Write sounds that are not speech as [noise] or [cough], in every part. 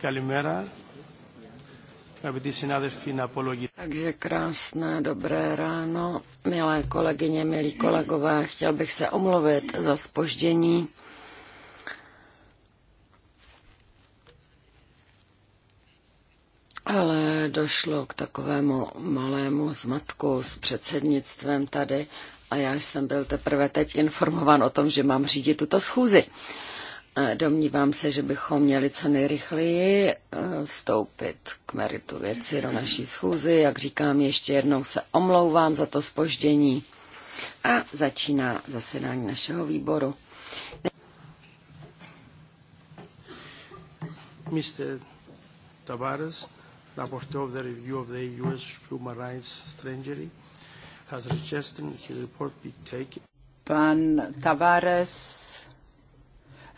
Καλημέρα. No, no, Takže krásné, dobré ráno, milé kolegyně, milí kolegové. Chtěl bych se omluvit za spoždění. došlo k takovému malému zmatku s předsednictvem tady a já jsem byl teprve teď informován o tom, že mám řídit tuto schůzi. E, domnívám se, že bychom měli co nejrychleji e, vstoupit k meritu věci do naší schůzy. Jak říkám, ještě jednou se omlouvám za to spoždění. A začíná zasedání našeho výboru. Mr. Tavares. Rapporteur of the Review of the US Human Rights Strategy, has requested his report be taken. Pan Tavares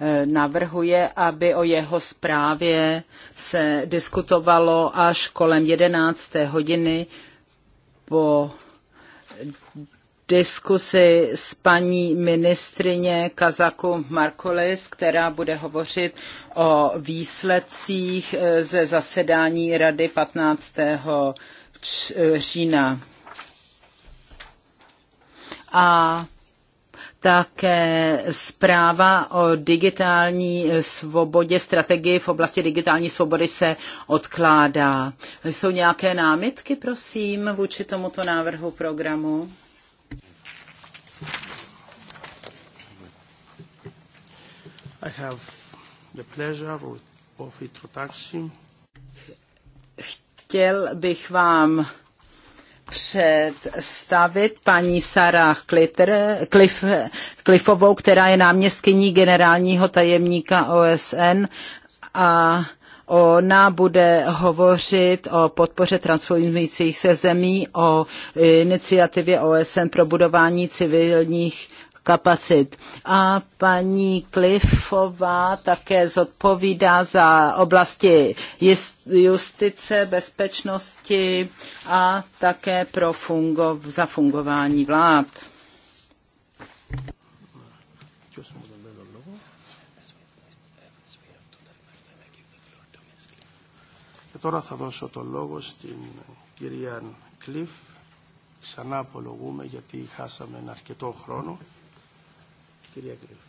eh, navrhuje, aby o jeho zprávě se diskutovalo až kolem 11. hodiny po diskusi s paní ministrině Kazaku Markolis, která bude hovořit o výsledcích eh, ze zasedání rady 15. Eh, října. A také zpráva o digitální eh, svobodě, strategii v oblasti digitální svobody se odkládá. Jsou nějaké námitky, prosím, vůči tomuto návrhu programu? Chtěl bych vám představit paní Sarah Klitter, Cliff, Cliffovou, která je náměstkyní generálního tajemníka OSN a Ona bude hovořit o podpoře transformujících se zemí, o iniciativě OSN pro budování civilních kapacit. A paní Cliffová také zodpovídá za oblasti justice, bezpečnosti a také pro fungo- za fungování vlád. Τώρα θα δώσω το λόγο στην κυρία Κλειφ. Ξανά απολογούμε γιατί χάσαμε ένα αρκετό χρόνο. Κυρία Κλήφ.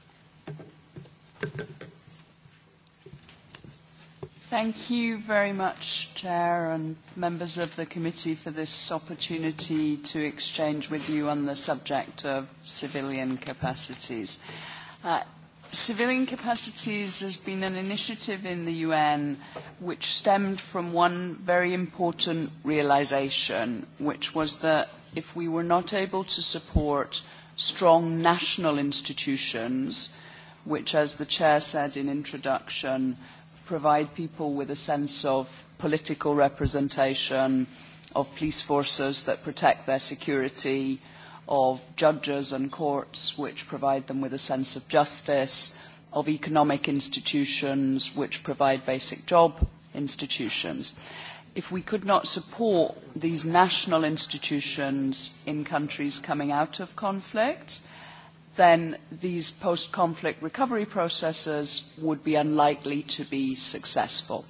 Thank you very much, Chair, and members of the committee for this opportunity to exchange with you on the subject of civilian capacities. Uh, civilian capacities has been an initiative in the UN which stemmed from one very important realization, which was that if we were not able to support strong national institutions, which, as the chair said in introduction, provide people with a sense of political representation, of police forces that protect their security, of judges and courts which provide them with a sense of justice, of economic institutions which provide basic job institutions if we could not support these national institutions in countries coming out of conflict, then these post-conflict recovery processes would be unlikely to be successful.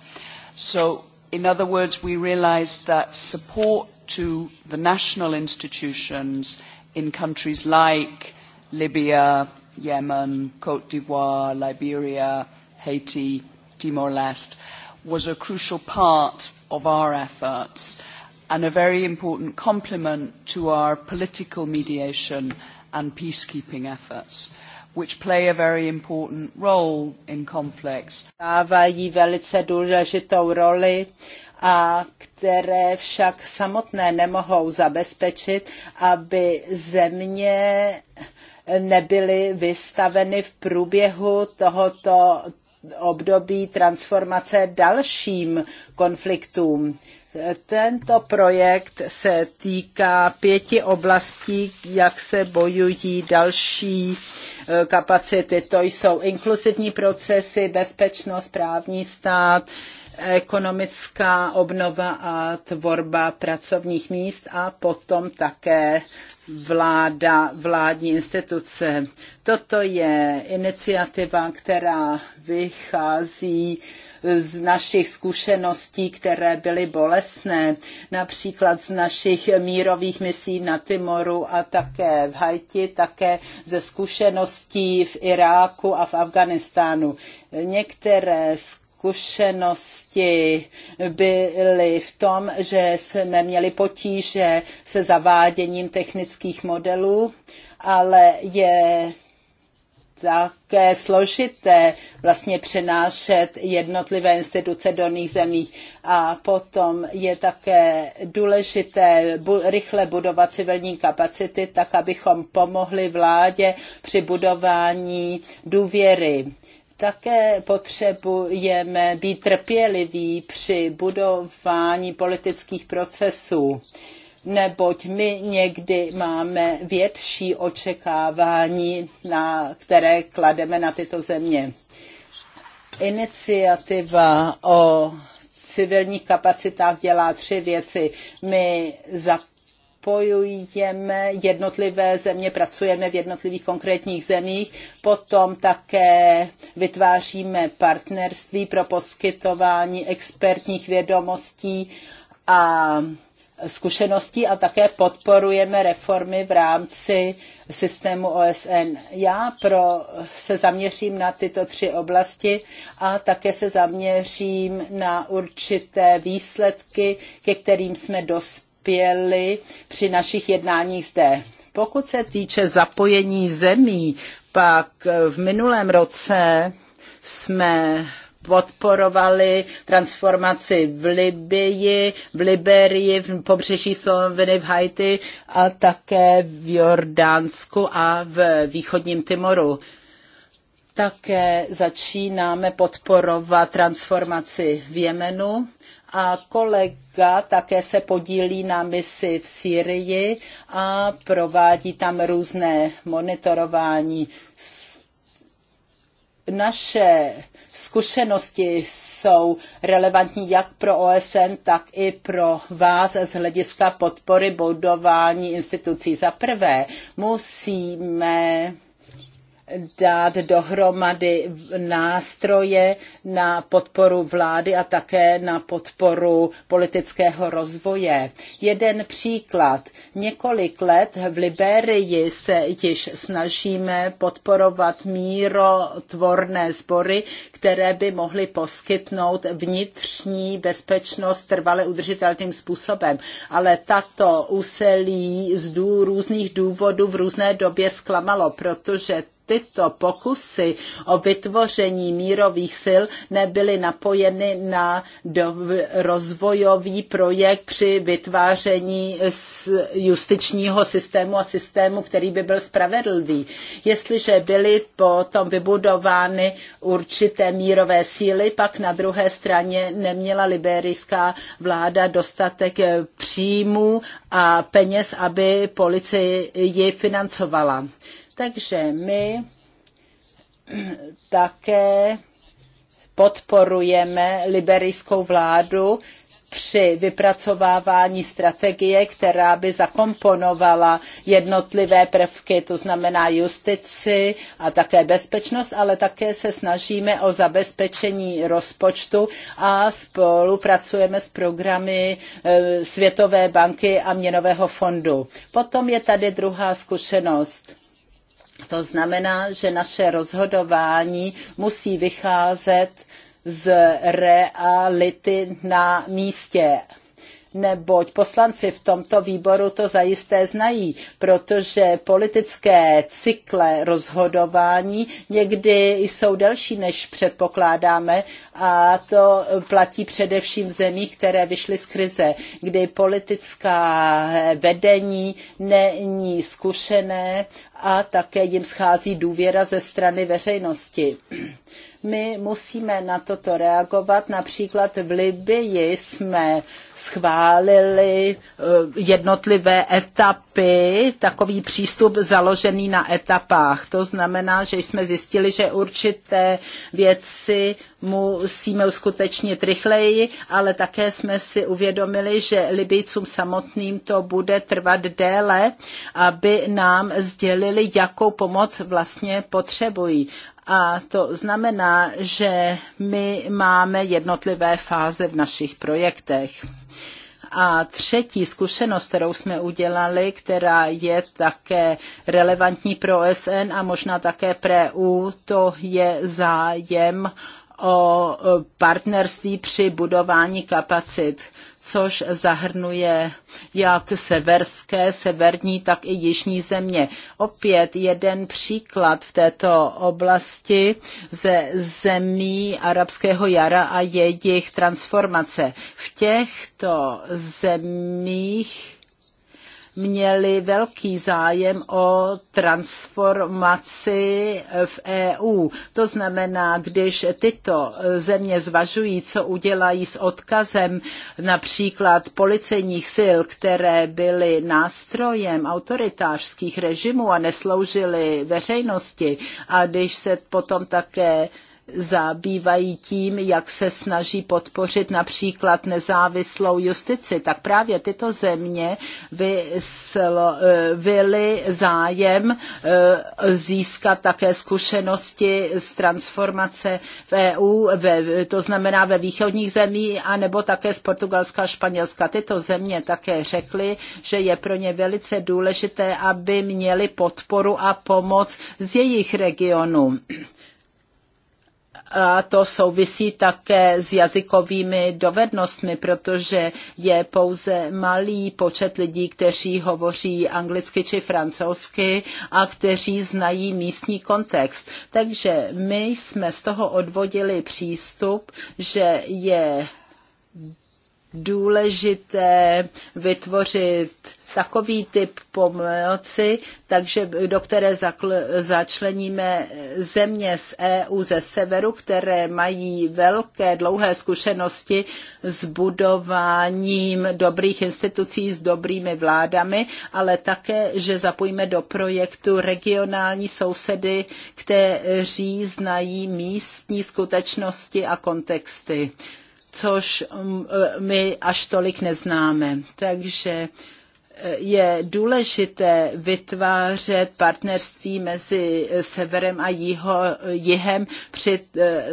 So, in other words, we realize that support to the national institutions in countries like Libya, Yemen, Cote d'Ivoire, Liberia, Haiti, Timor-Leste was a crucial part of our efforts and a very important complement to our political mediation and peacekeeping efforts which play a very important role in conflicts. Dávají velice důležitou roli a které však samotné nemohou zabezpečit, aby země nebyly vystaveny v průběhu tohoto období transformace dalším konfliktům. Tento projekt se týká pěti oblastí, jak se bojují další e, kapacity. To jsou inkluzivní procesy, bezpečnost, právní stát, ekonomická obnova a tvorba pracovních míst a potom také vláda, vládní instituce. Toto je iniciativa, která vychází z našich zkušeností, které byly bolestné, například z našich mírových misí na Timoru a také v Haiti, také ze zkušeností v Iráku a v Afganistánu. Některé zkušenosti zkušenosti byly v tom, že jsme měli potíže se zaváděním technických modelů, ale je také složité vlastně přenášet jednotlivé instituce do jiných zemí. A potom je také důležité bu- rychle budovat civilní kapacity, tak abychom pomohli vládě při budování důvěry. Také potřebujeme být trpěliví při budování politických procesů, neboť my někdy máme větší očekávání, na které klademe na tyto země. Iniciativa o civilních kapacitách dělá tři věci. My zap propojujeme jednotlivé země, pracujeme v jednotlivých konkrétních zemích, potom také vytváříme partnerství pro poskytování expertních vědomostí a zkušeností a také podporujeme reformy v rámci systému OSN. Já pro, se zaměřím na tyto tři oblasti a také se zaměřím na určité výsledky, ke kterým jsme dospěli trpěli při našich jednáních zde. Pokud se týče zapojení zemí, pak v minulém roce jsme podporovali transformaci v Libii, v Liberii, v pobřeží Sloveny, v Haiti a také v Jordánsku a v východním Timoru. Také začínáme podporovat transformaci v Jemenu a kolega také se podílí na misi v Syrii a provádí tam různé monitorování. Naše zkušenosti jsou relevantní jak pro OSN, tak i pro vás z hlediska podpory budování institucí. Za prvé musíme dát dohromady nástroje na podporu vlády a také na podporu politického rozvoje. Jeden příklad. Několik let v Liberii se již snažíme podporovat mírotvorné sbory, které by mohly poskytnout vnitřní bezpečnost trvale udržitelným způsobem. Ale tato úsilí z dů, různých důvodů v různé době zklamalo, protože tyto pokusy o vytvoření mírových sil nebyly napojeny na rozvojový projekt při vytváření justičního systému a systému, který by byl spravedlivý. Jestliže byly potom vybudovány určité mírové síly, pak na druhé straně neměla liberijská vláda dostatek eh, příjmů a peněz, aby policii ji financovala. Takže my také podporujeme liberijskou vládu při vypracovávání strategie, která by zakomponovala jednotlivé prvky, to znamená justici a také bezpečnost, ale také se snažíme o zabezpečení rozpočtu a spolupracujeme s programy e, Světové banky a Měnového fondu. Potom je tady druhá zkušenost to znamená, že naše rozhodování musí vycházet z reality na místě neboť poslanci v tomto výboru to zajisté znají, protože politické cykle rozhodování někdy jsou delší, než předpokládáme a to platí především v zemích, které vyšly z krize, kdy politická vedení není zkušené a také jim schází důvěra ze strany veřejnosti. My musíme na toto reagovat. Například v Libii jsme schválili eh, jednotlivé etapy, takový přístup založený na etapách. To znamená, že jsme zjistili, že určité věci musíme uskutečnit rychleji, ale také jsme si uvědomili, že Libijcům samotným to bude trvat déle, aby nám sdělili, jakou pomoc vlastně potřebují. A to znamená, že my máme jednotlivé fáze v našich projektech. A třetí zkušenost, kterou jsme udělali, která je také relevantní pro OSN a možná také pro EU, to je zájem o partnerství při budování kapacit což zahrnuje jak severské, severní, tak i jižní země. Opět jeden příklad v této oblasti ze zemí arabského jara a jejich transformace. V těchto zemích měli velký zájem o transformaci v EU. To znamená, když tyto země zvažují, co udělají s odkazem například policejních sil, které byly nástrojem autoritářských režimů a nesloužily veřejnosti, a když se potom také zabývají tím, jak se snaží podpořit například nezávislou justici, tak právě tyto země vyly eh, zájem eh, získat také zkušenosti z transformace v EU, to znamená ve východních zemí, anebo také z Portugalska a Španělska. Tyto země také řekly, že je pro ně velice důležité, aby měli podporu a pomoc z jejich regionu a to souvisí také s jazykovými dovednostmi, protože je pouze malý počet lidí, kteří hovoří anglicky či francouzsky a kteří znají místní kontext. Takže my jsme z toho odvodili přístup, že je důležité vytvořit takový typ pomoci, takže do které zakl, začleníme země z EU ze severu, které mají velké dlouhé zkušenosti s budováním dobrých institucí, s dobrými vládami, ale také, že zapojíme do projektu regionální sousedy, kteří znají místní skutečnosti a kontexty což mm, e, my až tolik neznáme. Takže e, je důležité vytvářet partnerství mezi severem a jiho, jihem při e,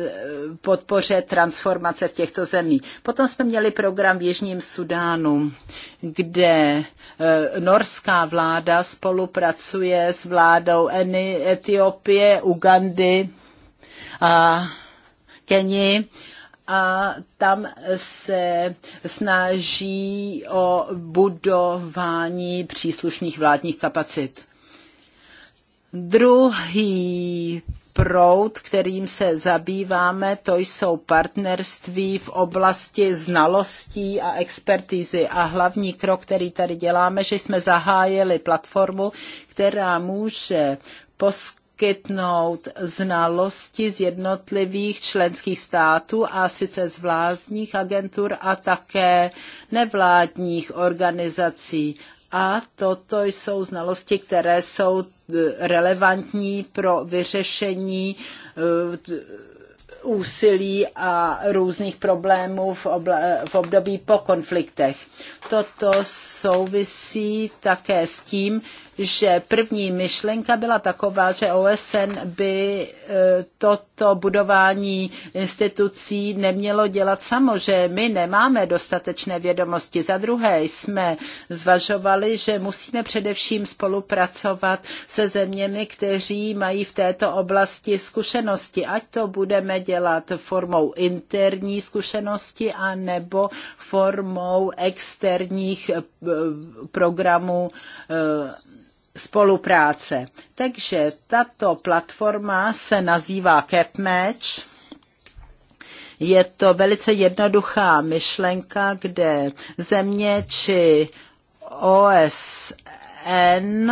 podpoře transformace v těchto zemí. Potom jsme měli program v Jižním Sudánu, kde norská vláda spolupracuje s vládou Etiopie, Ugandy a Kenii a tam se snaží o budování příslušných vládních kapacit. Druhý proud, kterým se zabýváme, to jsou partnerství v oblasti znalostí a expertízy. A hlavní krok, který tady děláme, že jsme zahájili platformu, která může poskytnout poskytnout znalosti z jednotlivých členských států a sice z vládních agentur a také nevládních organizací. A toto jsou znalosti, které jsou eh, relevantní pro vyřešení eh, úsilí a různých problémů v, v období po konfliktech. Toto souvisí také s tím, že první myšlenka byla taková, že OSN by e, toto budování institucí nemělo dělat samo, že my nemáme dostatečné vědomosti. Za druhé jsme zvažovali, že musíme především spolupracovat se zeměmi, kteří mají v této oblasti zkušenosti, ať to budeme dělat formou interní zkušenosti a nebo formou externích e, programů e, spolupráce. Takže tato platforma se nazývá CapMatch. Je to velice jednoduchá myšlenka, kde země či OSN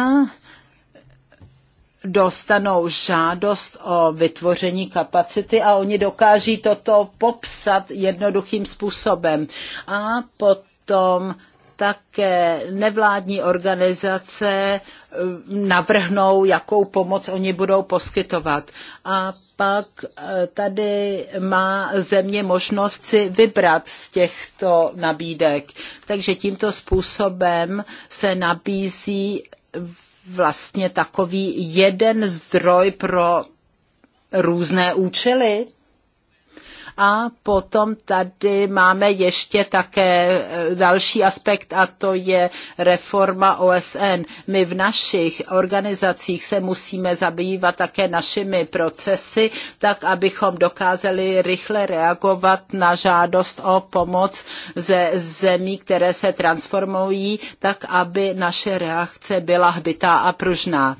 dostanou žádost o vytvoření kapacity a oni dokáží toto popsat jednoduchým způsobem. A potom také nevládní organizace eh, navrhnou, jakou pomoc oni budou poskytovat. A pak eh, tady má země možnost si vybrat z těchto nabídek. Takže tímto způsobem se nabízí vlastně takový jeden zdroj pro různé účely. A potom tady máme ještě také eh, další aspekt a to je reforma OSN. My v našich organizacích se musíme zabývat také našimi procesy, tak abychom dokázali rychle reagovat na žádost o pomoc ze zemí, které se transformují, tak aby naše reakce byla hbitá a pružná.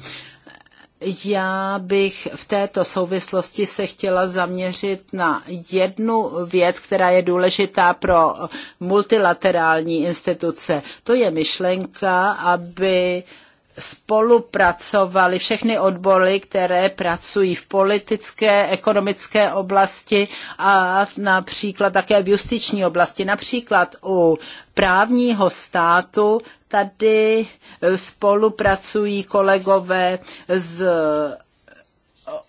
Já bych v této souvislosti se chtěla zaměřit na jednu věc, která je důležitá pro multilaterální instituce. To je myšlenka, aby uh, spolupracovali všechny odbory, které pracují v politické, ekonomické oblasti a například také v justiční oblasti. Například u právního státu tady spolupracují kolegové z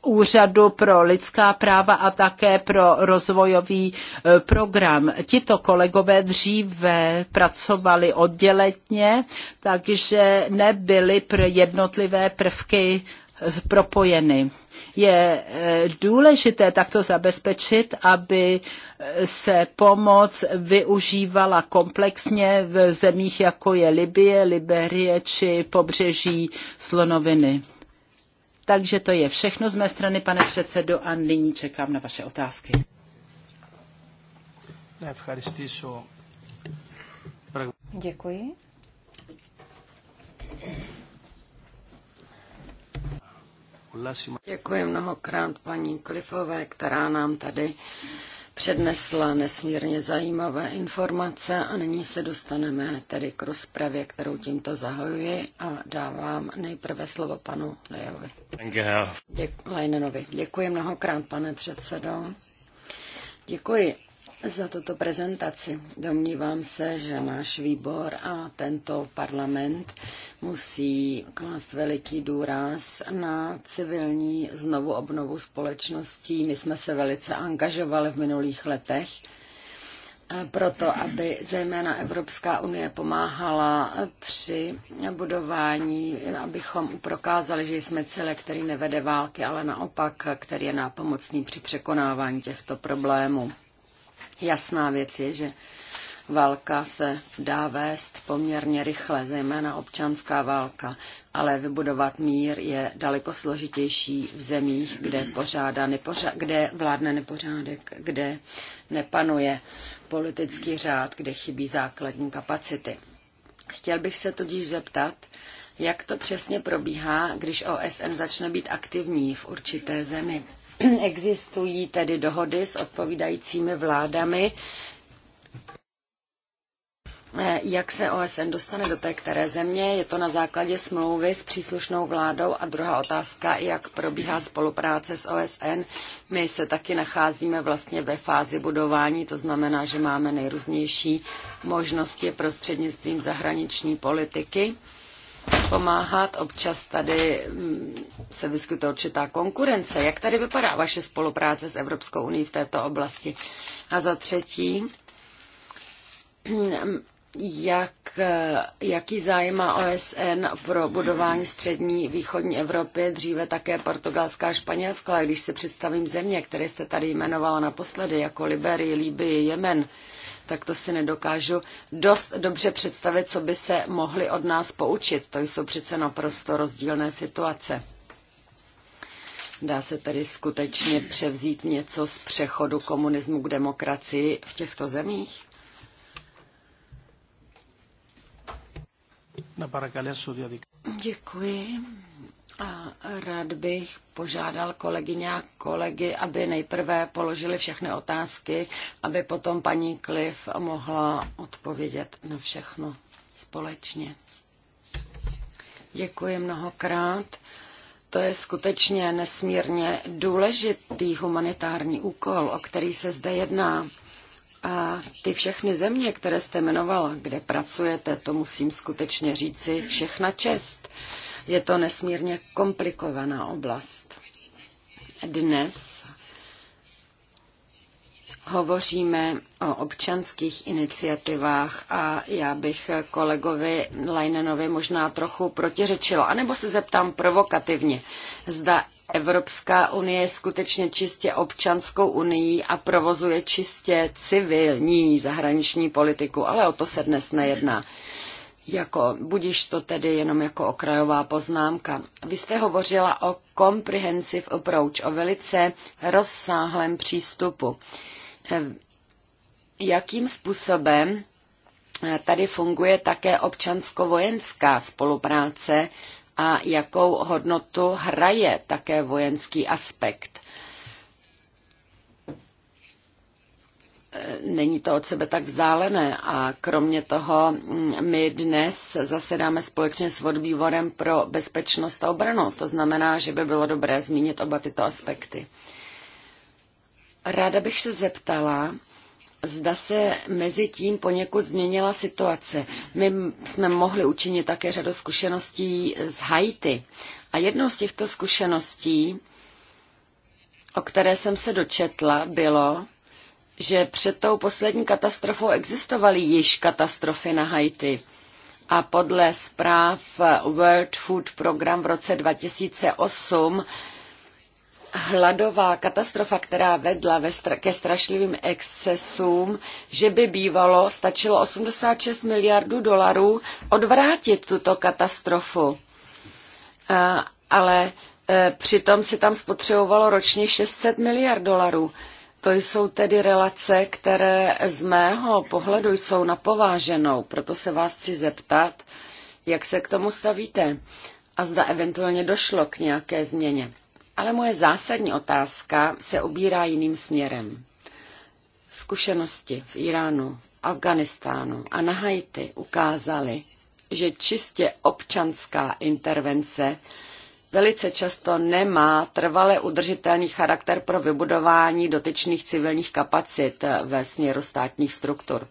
úřadu pro lidská práva a také pro rozvojový e, program. Tito kolegové dříve pracovali odděleně, takže nebyly pro jednotlivé prvky e, propojeny. Je e, důležité takto zabezpečit, aby se pomoc využívala komplexně v zemích, jako je Libye, Liberie či pobřeží Slonoviny. Takže to je všechno z mé strany, pane předsedo, a nyní čekám na vaše otázky. Děkuji. Děkuji mnohokrát paní Klifové, která nám tady přednesla nesmírně zajímavé informace a nyní se dostaneme tedy k rozpravě, kterou tímto zahajuji a dávám nejprve slovo panu Lejovi. Děk, Lejnenovi. Děkuji mnohokrát, pane předsedo. Děkuji za tuto prezentaci. Domnívám se, že náš výbor a tento parlament musí klást veliký důraz na civilní znovu obnovu společností. My jsme se velice angažovali v minulých letech eh, proto, aby zejména Evropská unie pomáhala při budování, abychom prokázali, že jsme cíle, který nevede války, ale naopak, který je nápomocný při překonávání těchto problémů. Jasná věc je, že válka se dá vést poměrně rychle, zejména občanská válka, ale vybudovat mír je daleko složitější v zemích, kde, pořádá nepořa- kde vládne nepořádek, kde nepanuje politický řád, kde chybí základní kapacity. Chtěl bych se tudíž zeptat, jak to přesně probíhá, když OSN začne být aktivní v určité zemi. [clears throat] Existují tedy dohody s odpovídajícími vládami, eh, jak se OSN dostane do té které země? Je to na základě smlouvy s příslušnou vládou a druhá otázka, jak probíhá spolupráce s OSN. My se taky nacházíme vlastně ve fázi budování, to znamená, že máme nejrůznější možnosti prostřednictvím zahraniční politiky pomáhat. Občas tady mm, se vyskytuje určitá konkurence. Jak tady vypadá vaše spolupráce s Evropskou unii v této oblasti? A za třetí, mm, jak, eh, jaký zájem má OSN pro budování střední východní Evropy, dříve také portugalská a španělská, když si představím země, které jste tady jmenovala naposledy, jako Liberii, Líbii, Jemen, tak to si nedokážu dost dobře představit, co by se mohli od nás poučit. To jsou přece naprosto rozdílné situace. Dá se tedy skutečně převzít něco z přechodu komunismu k demokracii v těchto zemích? Děkuji. A rád bych požádal kolegyně a kolegy, aby nejprve položili všechny otázky, aby potom paní Kliv mohla odpovědět na všechno společně. Děkuji mnohokrát. To je skutečně nesmírně důležitý humanitární úkol, o který se zde jedná. A ty všechny země, které jste jmenovala, kde pracujete, to musím skutečně říci, všechna čest. Uh, je to nesmírně komplikovaná oblast. Dnes hovoříme o občanských iniciativách a já bych kolegovi Leinenovi možná trochu protiřečila, anebo se zeptám provokativně, zda Evropská unie je skutečně čistě občanskou unii a provozuje čistě civilní zahraniční politiku, ale o to se dnes nejedná jako, budíš to tedy jenom jako okrajová poznámka. Vy jste hovořila o comprehensive approach, o velice rozsáhlém přístupu. Ehm, jakým způsobem eh, tady funguje také občansko-vojenská spolupráce a jakou hodnotu hraje také vojenský aspekt? není to od sebe tak vzdálené a kromě toho mm, my dnes zasedáme společně s odbývorem pro bezpečnost a obranu. To znamená, že by bylo dobré zmínit oba tyto aspekty. Ráda bych se zeptala, zda se mezi tím poněkud změnila situace. My jsme mohli učinit také řadu zkušeností z Haiti. A jednou z těchto zkušeností, o které jsem se dočetla, bylo, že před tou poslední katastrofou existovaly již katastrofy na Haiti. A podle zpráv World Food Program v roce 2008 hladová katastrofa, která vedla ve stra- ke strašlivým excesům, že by bývalo stačilo 86 miliardů dolarů odvrátit tuto katastrofu. A, ale e, přitom se tam spotřebovalo ročně 600 miliard dolarů. To jsou tedy relace, které z mého pohledu jsou napováženou, proto se vás chci zeptat, jak se k tomu stavíte a zda eventuálně došlo k nějaké změně. Ale moje zásadní otázka se ubírá jiným směrem. Zkušenosti v Iránu, v Afganistánu a na Haiti ukázaly, že čistě občanská intervence velice často nemá trvale udržitelný charakter pro vybudování dotyčných civilních kapacit ve směru státních struktur.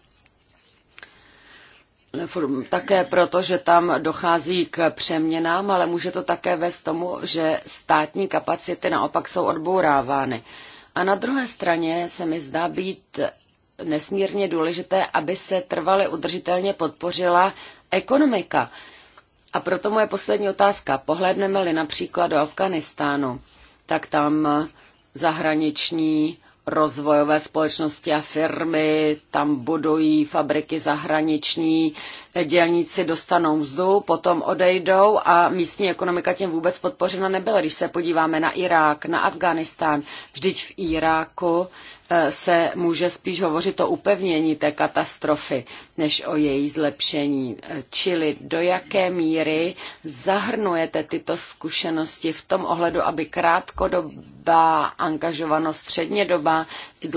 Také proto, že tam dochází k přeměnám, ale může to také vést tomu, že státní kapacity naopak jsou odbourávány. A na druhé straně se mi zdá být nesmírně důležité, aby se trvale udržitelně podpořila ekonomika. A proto moje poslední otázka. pohlédneme li například do Afganistánu, tak tam zahraniční rozvojové společnosti a firmy, tam budují fabriky zahraniční, dělníci dostanou mzdu, potom odejdou a místní ekonomika tím vůbec podpořena nebyla. Když se podíváme na Irák, na Afganistán, vždyť v Iráku E, se může spíš hovořit o upevnění té katastrofy, než o její zlepšení. E, čili do jaké míry zahrnujete tyto zkušenosti v tom ohledu, aby krátkodobá angažovanost, doba, i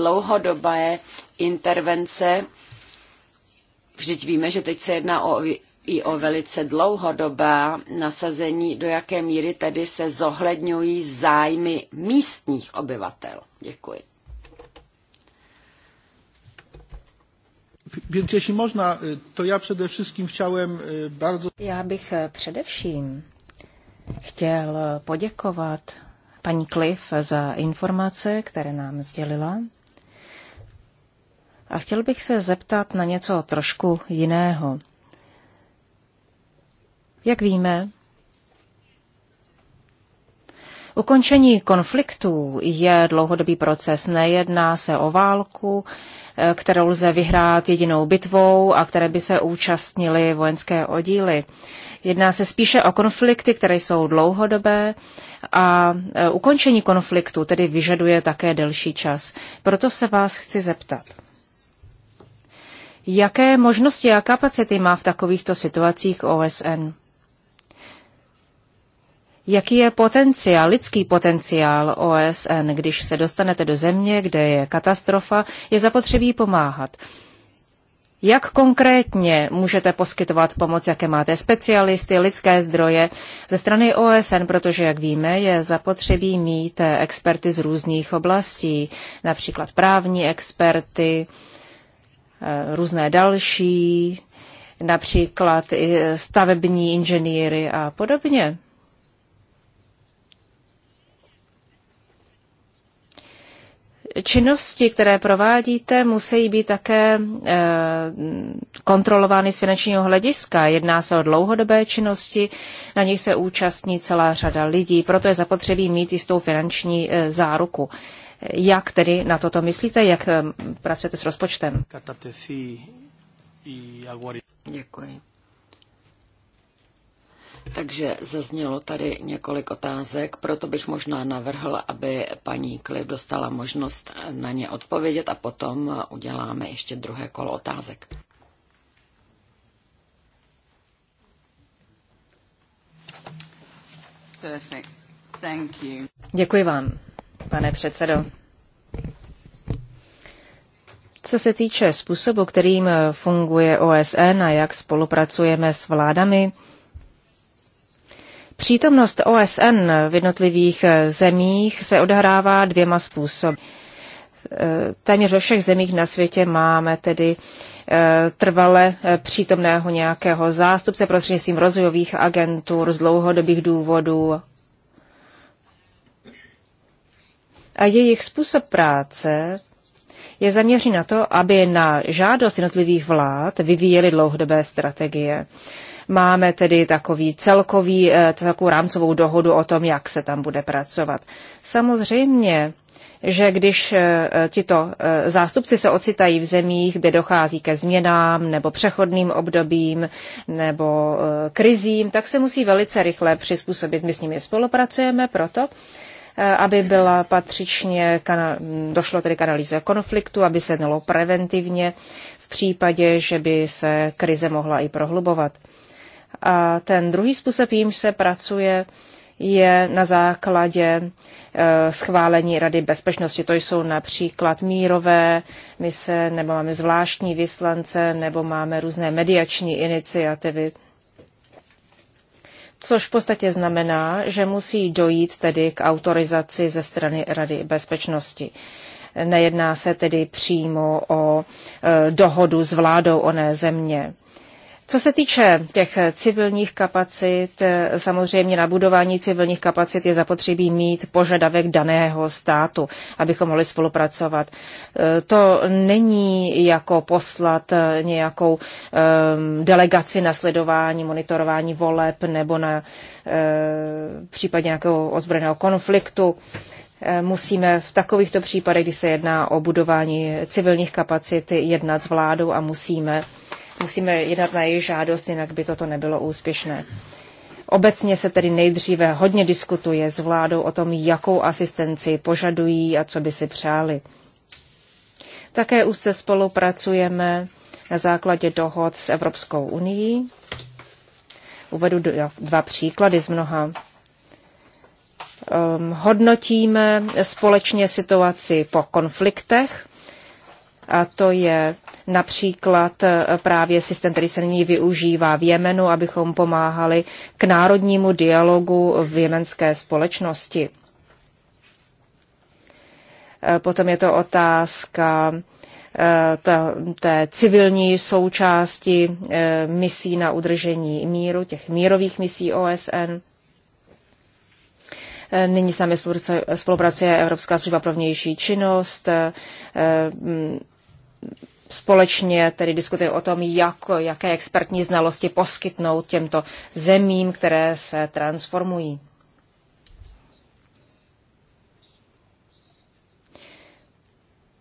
je intervence Vždyť víme, že teď se jedná o, i o velice dlouhodobá nasazení, do jaké míry tedy se zohledňují zájmy místních obyvatel. Děkuji. Więc jeśli można, to ja przede wszystkim chciałem bardzo... Já bych e, především chtěl poděkovat paní Cliff za informace, které nám sdělila. A chtěl bych se zeptat na něco trošku jiného. Jak víme, ukončení konfliktů je dlouhodobý proces. Nejedná se o válku, kterou lze vyhrát jedinou bitvou a které by se účastnily vojenské oddíly. Jedná se spíše o konflikty, které jsou dlouhodobé a e, ukončení konfliktu tedy vyžaduje také delší čas. Proto se vás chci zeptat. Jaké možnosti a kapacity má v takovýchto situacích OSN? Jaký je potenciál, lidský potenciál OSN, když se dostanete do země, kde je katastrofa, je zapotřebí pomáhat. Jak konkrétně můžete poskytovat pomoc, jaké máte specialisty, lidské zdroje ze strany OSN, protože, jak víme, je zapotřebí mít experty z různých oblastí, například právní experty, eh, různé další, například stavební inženýry a podobně. Činnosti, které provádíte, musí být také eh, kontrolovány z finančního hlediska. Jedná se o dlouhodobé činnosti, na nich se účastní celá řada lidí, proto je zapotřebí mít jistou finanční eh, záruku. Jak tedy na toto myslíte, jak eh, pracujete s rozpočtem? Děkuji. Takže zaznělo tady několik otázek, proto bych možná navrhl, aby paní Klip dostala možnost na ně odpovědět a potom uděláme ještě druhé kolo otázek. Perfect. Thank you. Děkuji vám, pane předsedo. Co se týče způsobu, kterým funguje OSN a jak spolupracujeme s vládami, Přítomnost OSN v jednotlivých eh, zemích se odehrává dvěma způsoby. Eh, téměř ve všech zemích na světě máme tedy eh, trvale přítomného nějakého zástupce prostřednictvím rozvojových agentur z dlouhodobých důvodů. A jejich způsob práce je zaměřen na to, aby na žádost jednotlivých vlád vyvíjeli dlouhodobé strategie. Máme tedy takový celkový, eh, takovou rámcovou dohodu o tom, jak se tam bude pracovat. Samozřejmě, že když eh, tito eh, zástupci se ocitají v zemích, kde dochází ke změnám nebo přechodným obdobím nebo krizím, tak se musí velice rychle přizpůsobit. My s nimi spolupracujeme proto, aby byla patřičně, došlo tedy k analýze konfliktu, aby se jednalo preventivně v případě, že by se krize mohla i prohlubovat. A ten druhý způsob, jímž se pracuje, je na základě e, schválení Rady bezpečnosti. To jsou například mírové mise, nebo máme zvláštní vyslance, nebo máme různé mediační iniciativy. Což v podstatě znamená, že musí dojít tedy k autorizaci ze strany Rady bezpečnosti. Nejedná se tedy přímo o e, dohodu s vládou oné země co se týče těch civilních kapacit, eh, samozřejmě na budování civilních kapacit je zapotřebí mít požadavek daného státu, abychom mohli spolupracovat. Eh, to není jako poslat eh, nějakou ehm, delegaci na sledování, monitorování voleb nebo na případ nějakého ozbrojeného konfliktu musíme v takovýchto případech, kdy se jedná o budování civilních kapacit, jednat s vládou a musíme musíme jednat na jejich žádost, jinak by toto nebylo úspěšné. Obecně se tedy nejdříve hodně diskutuje s vládou o tom, jakou asistenci požadují a co by si přáli. Také už se spolupracujeme na základě dohod s Evropskou unii. Uvedu dva příklady z mnoha. Ehm, hodnotíme společně situaci po konfliktech, a to je například e, právě systém, který se nyní využívá v Jemenu, abychom pomáhali k národnímu dialogu v jemenské společnosti. E, potom je to otázka e, té civilní součásti misí na udržení míru, těch mírových misí OSN. Nyní s námi spolupracuje Evropská služba pro vnější činnost, společně tedy diskutuje o tom, jak, jaké expertní znalosti poskytnout těmto zemím, které se transformují.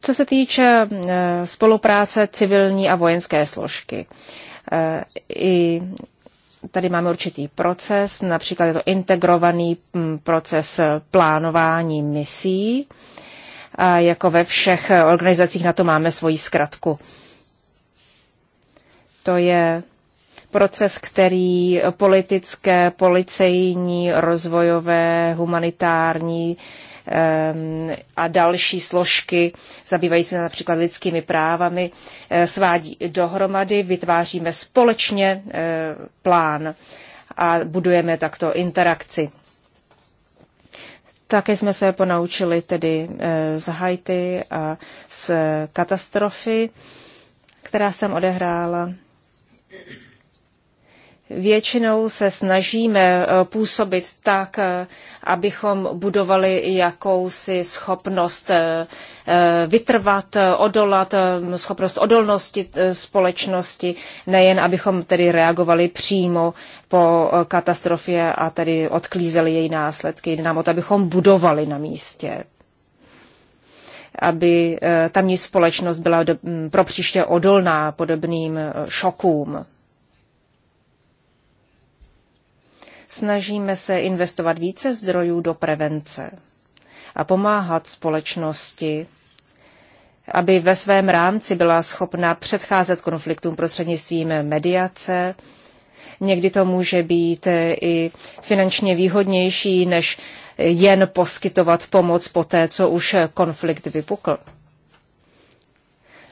Co se týče eh, spolupráce civilní a vojenské složky, eh, i tady máme určitý proces, například je to integrovaný hm, proces plánování misí, a jako ve všech organizacích na to máme svoji zkratku. To je proces, který politické, policejní, rozvojové, humanitární a další složky zabývající se například lidskými právami eh, svádí dohromady, vytváříme společně eh, plán a budujeme takto interakci. Také jsme se ponaučili tedy eh, z Haiti a z katastrofy, která se tam odehrála. Většinou se snažíme eh, působit tak, eh, abychom budovali jakousi schopnost eh, vytrvat, odolat, schopnost odolnosti společnosti, nejen abychom tedy reagovali přímo po katastrofě a tedy odklízeli její následky. Jde nám o to, abychom budovali na místě aby tamní společnost byla pro příště odolná podobným šokům. Snažíme se investovat více zdrojů do prevence a pomáhat společnosti, aby ve svém rámci byla schopna předcházet konfliktům prostřednictvím mediace. Někdy to může být i finančně výhodnější, než jen poskytovat pomoc po té, co už konflikt vypukl.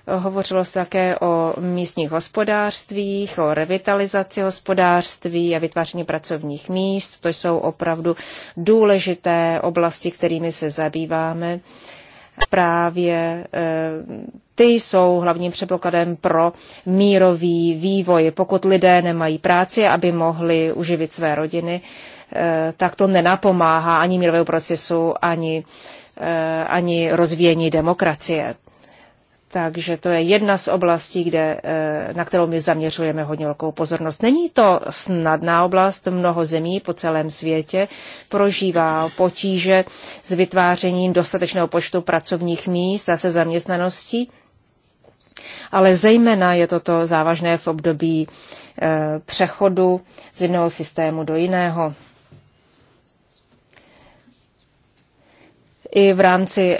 Hovořilo se také o místních hospodářstvích, o revitalizaci hospodářství a vytváření pracovních míst. To jsou opravdu důležité oblasti, kterými se zabýváme. Právě eh, ty jsou hlavním předpokladem pro mírový vývoj. Pokud lidé nemají práci, aby mohli uživit své rodiny, eh, tak to nenapomáhá ani mírovému procesu, ani, eh, ani rozvíjení demokracie. Takže to je jedna z oblastí, kde, eh, na kterou my zaměřujeme hodně velkou pozornost. Není to snadná oblast, mnoho zemí po celém světě prožívá potíže s vytvářením dostatečného počtu pracovních míst a se zaměstnaností. Ale zejména je toto závažné v období eh, přechodu z jednoho systému do jiného. I v rámci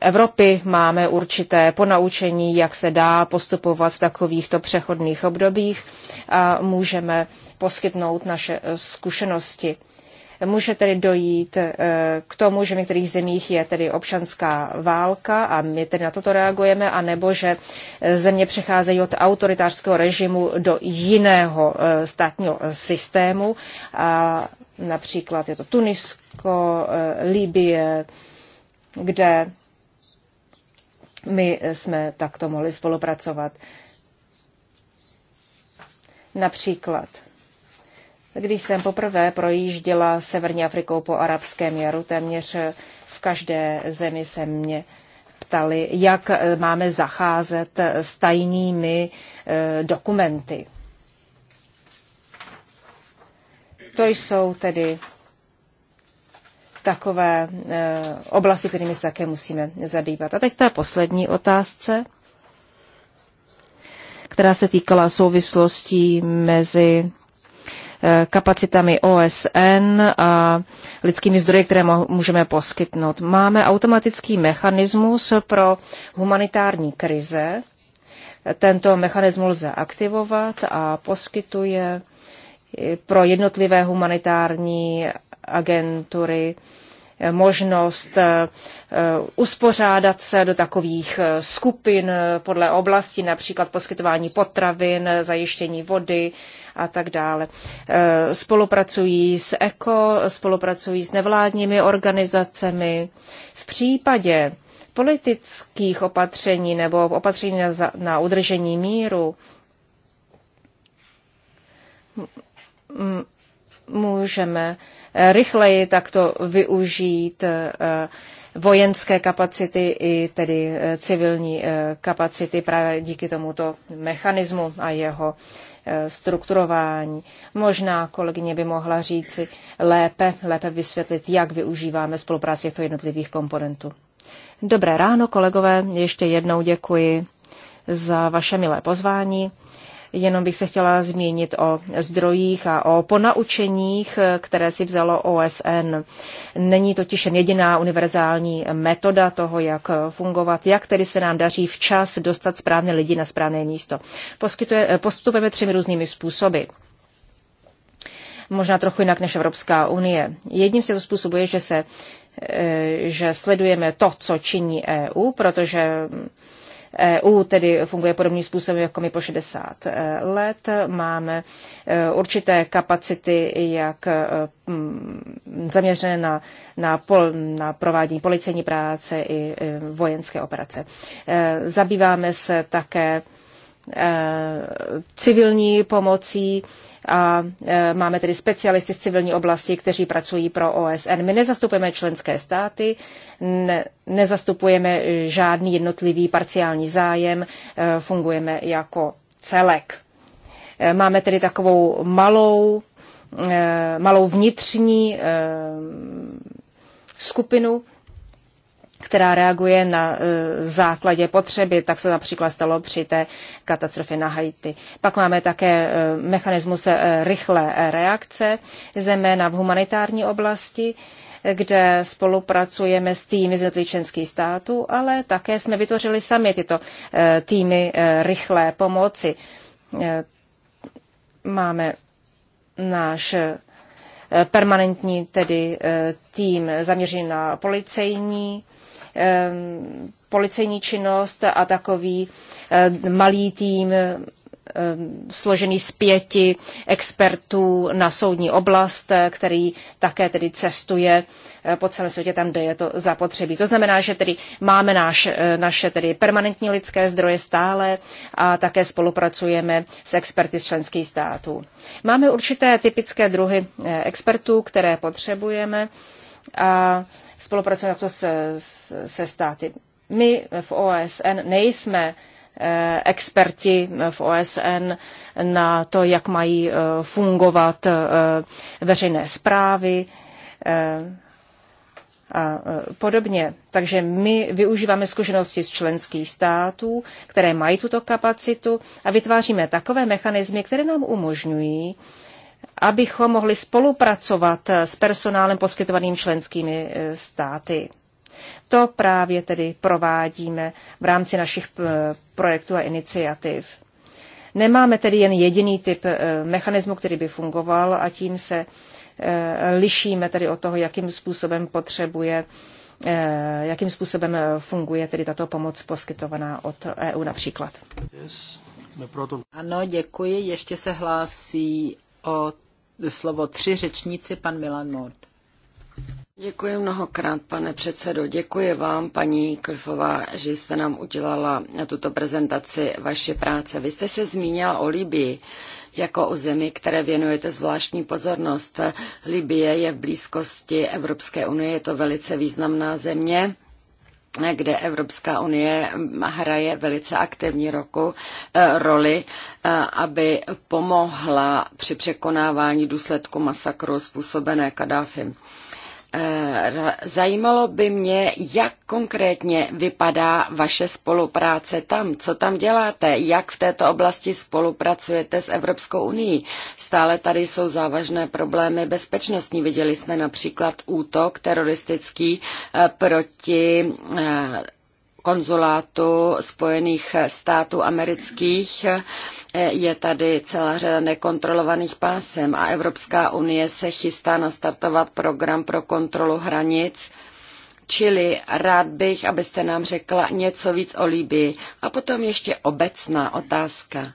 Evropy máme určité ponaučení, jak se dá postupovat v takovýchto přechodných obdobích a můžeme poskytnout naše eh, zkušenosti může tedy dojít eh, k tomu, že v některých zemích je tedy občanská válka a my tedy na toto reagujeme, anebo že eh, země přecházejí od autoritářského režimu do jiného státního systému. A například je to Tunisko, Libie, kde my jsme takto mohli spolupracovat. Například, když jsem poprvé projížděla Severní Afrikou po arabském jaru, téměř v každé zemi se mě ptali, jak eh, máme zacházet eh, s tajnými eh, dokumenty. To jsou tedy takové eh, oblasti, kterými se také musíme zabývat. A teď ta poslední otázce, která se týkala souvislostí mezi eh, kapacitami OSN a lidskými zdroji, které můžeme poskytnout. Máme automatický mechanismus pro humanitární krize. Tento mechanismus lze aktivovat a poskytuje pro jednotlivé humanitární agentury možnost eh, eh, uspořádat se do takových eh, skupin podle oblasti, například poskytování potravin, zajištění vody a tak dále. Spolupracují s ECO, spolupracují s nevládními organizacemi. V případě politických opatření nebo opatření na, na udržení míru můžeme rychleji takto využít eh, vojenské kapacity i tedy eh, civilní eh, kapacity právě díky tomuto mechanismu a jeho strukturování. Možná kolegyně by mohla říci lépe, lépe vysvětlit, jak využíváme spolupráci těchto jednotlivých komponentů. Dobré ráno, kolegové, ještě jednou děkuji za vaše milé pozvání. Jenom bych se chtěla zmínit o zdrojích a o ponaučeních, které si vzalo OSN. Není totiž jediná univerzální metoda toho, jak fungovat, jak tedy se nám daří včas dostat správné lidi na správné místo. Poskytuje, postupujeme třemi různými způsoby možná trochu jinak než Evropská unie. Jedním z těchto způsobů je, že, se, eh, že sledujeme to, co činí EU, protože EU tedy funguje podobným způsobem jako my po 60 e, let. Máme e, určité kapacity, jak e, zaměřené na, na, pol, na provádění policejní práce i vojenské operace. Zabýváme se také Eh, civilní pomocí a eh, máme tedy specialisty z civilní oblasti, kteří pracují pro OSN. My nezastupujeme členské státy, ne, nezastupujeme žádný jednotlivý parciální zájem, eh, fungujeme jako celek. Máme tedy takovou malou, malou vnitřní skupinu, která reaguje na e, základě potřeby. Tak se například stalo při té katastrofě na Haiti. Pak máme také e, mechanismus e, rychlé reakce, zejména v humanitární oblasti kde spolupracujeme s týmy z členských států, ale také jsme vytvořili sami tyto týmy rychlé pomoci. Máme náš permanentní tedy tým zaměřený na policejní policejní činnost a takový eh, malý tým složený z pěti expertů na soudní oblast, eh, který také tedy cestuje eh, po celém světě tam, kde je to zapotřebí. To znamená, že tedy máme náš, naše tedy permanentní lidské zdroje stále a také spolupracujeme s experty z členských států. Máme určité typické druhy expertů, které potřebujeme a spolupracujeme takto se, se státy. My v OSN nejsme eh, experti v OSN na to, jak mají eh, fungovat eh, veřejné zprávy a podobně. Takže my využíváme zkušenosti z členských států, které mají tuto kapacitu a vytváříme takové mechanismy, které nám umožňují uh, abychom mohli spolupracovat s personálem poskytovaným členskými eh, státy. To právě tedy provádíme v rámci našich eh, projektů a iniciativ. Nemáme tedy jen jediný typ eh, mechanismu, který by fungoval a tím se lišíme tedy od toho, jakým způsobem potřebuje, jakým způsobem funguje tedy tato pomoc poskytovaná od EU například. Ano, děkuji. Ještě se hlásí o slovo tři řečníci, pan Milan Mord. Děkuji mnohokrát, pane předsedo. Děkuji vám, paní Klifová, že jste nám udělala tuto prezentaci vaší práce. Vy jste se zmínila o Libii jako o zemi, které věnujete zvláštní pozornost. Libie je v blízkosti Evropské unie, je to velice významná země kde Evropská unie hraje velice aktivní roku, eh, roli, eh, aby pomohla při překonávání důsledku masakru způsobené Kadáfim. Eh, zajímalo by mě, jak konkrétně vypadá vaše spolupráce tam, co tam děláte, jak v této oblasti spolupracujete s Evropskou unii. Stále tady jsou závažné problémy bezpečnostní. Viděli jsme například útok teroristický eh, proti eh, konzulátu Spojených států amerických je tady celá řada nekontrolovaných pásem a Evropská unie se chystá nastartovat program pro kontrolu hranic. Čili rád bych, abyste nám řekla něco víc o Libii. A potom ještě obecná otázka.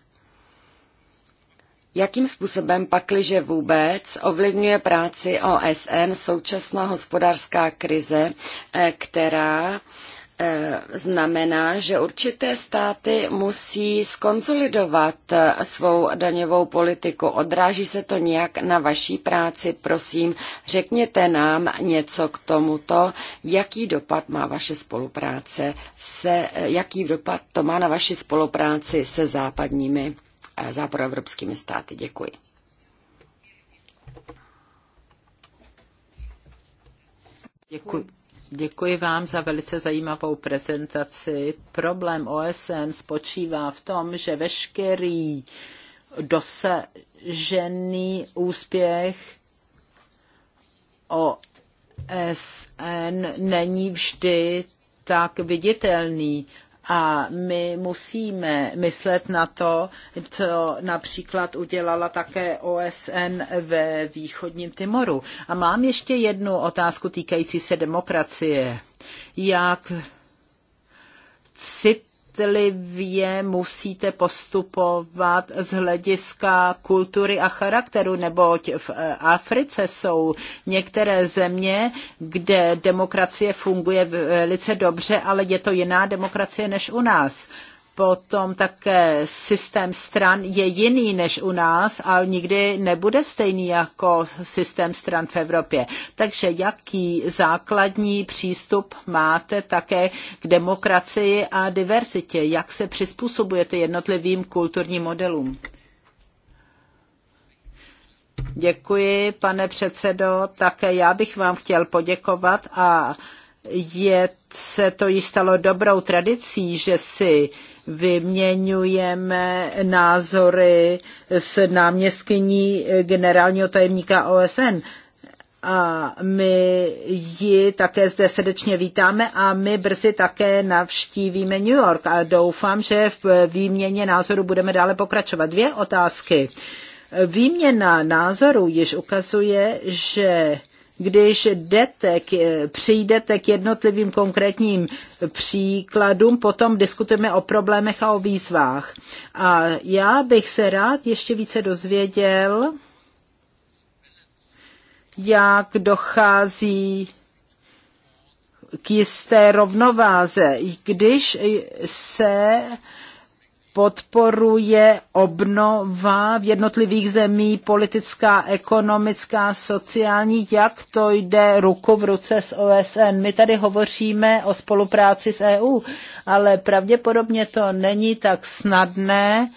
Jakým způsobem pakliže vůbec ovlivňuje práci OSN současná hospodářská krize, eh, která Eh, znamená, že určité státy musí skonsolidovat eh, svou daňovou politiku. Odráží se to nějak na vaší práci? Prosím, řekněte nám něco k tomuto. Jaký dopad má vaše spolupráce se, eh, jaký dopad to má na vaši spolupráci se západními, západoevropskými státy? Děkuji. Děkuji. Děkuji vám za velice zajímavou prezentaci. Problém OSN spočívá v tom, že veškerý dosažený úspěch OSN není vždy tak viditelný a my musíme myslet na to, co například udělala také OSN ve východním Timoru. A mám ještě jednu otázku týkající se demokracie. Jak cit citlivě musíte postupovat z hlediska kultury a charakteru, neboť v eh, Africe jsou některé země, kde demokracie funguje velice dobře, ale je to jiná demokracie než u nás potom také systém stran je jiný než u nás a nikdy nebude stejný jako systém stran v Evropě. Takže jaký základní přístup máte také k demokracii a diverzitě? Jak se přizpůsobujete jednotlivým kulturním modelům? Děkuji, pane předsedo. Také já bych vám chtěl poděkovat a je se to již stalo dobrou tradicí, že si uh, vyměňujeme názory s náměstkyní generálního tajemníka OSN a my ji také zde srdečně vítáme a my brzy také navštívíme New York a doufám, že v výměně názoru budeme dále pokračovat. Dvě otázky. Výměna názoru již ukazuje, že když jdete k, přijdete k jednotlivým konkrétním příkladům, potom diskutujeme o problémech a o výzvách. A já bych se rád ještě více dozvěděl, jak dochází k jisté rovnováze, když se podporuje obnova v jednotlivých zemí, politická, ekonomická, sociální, jak to jde ruku v ruce s OSN. My tady hovoříme o spolupráci s EU, ale pravděpodobně to není tak snadné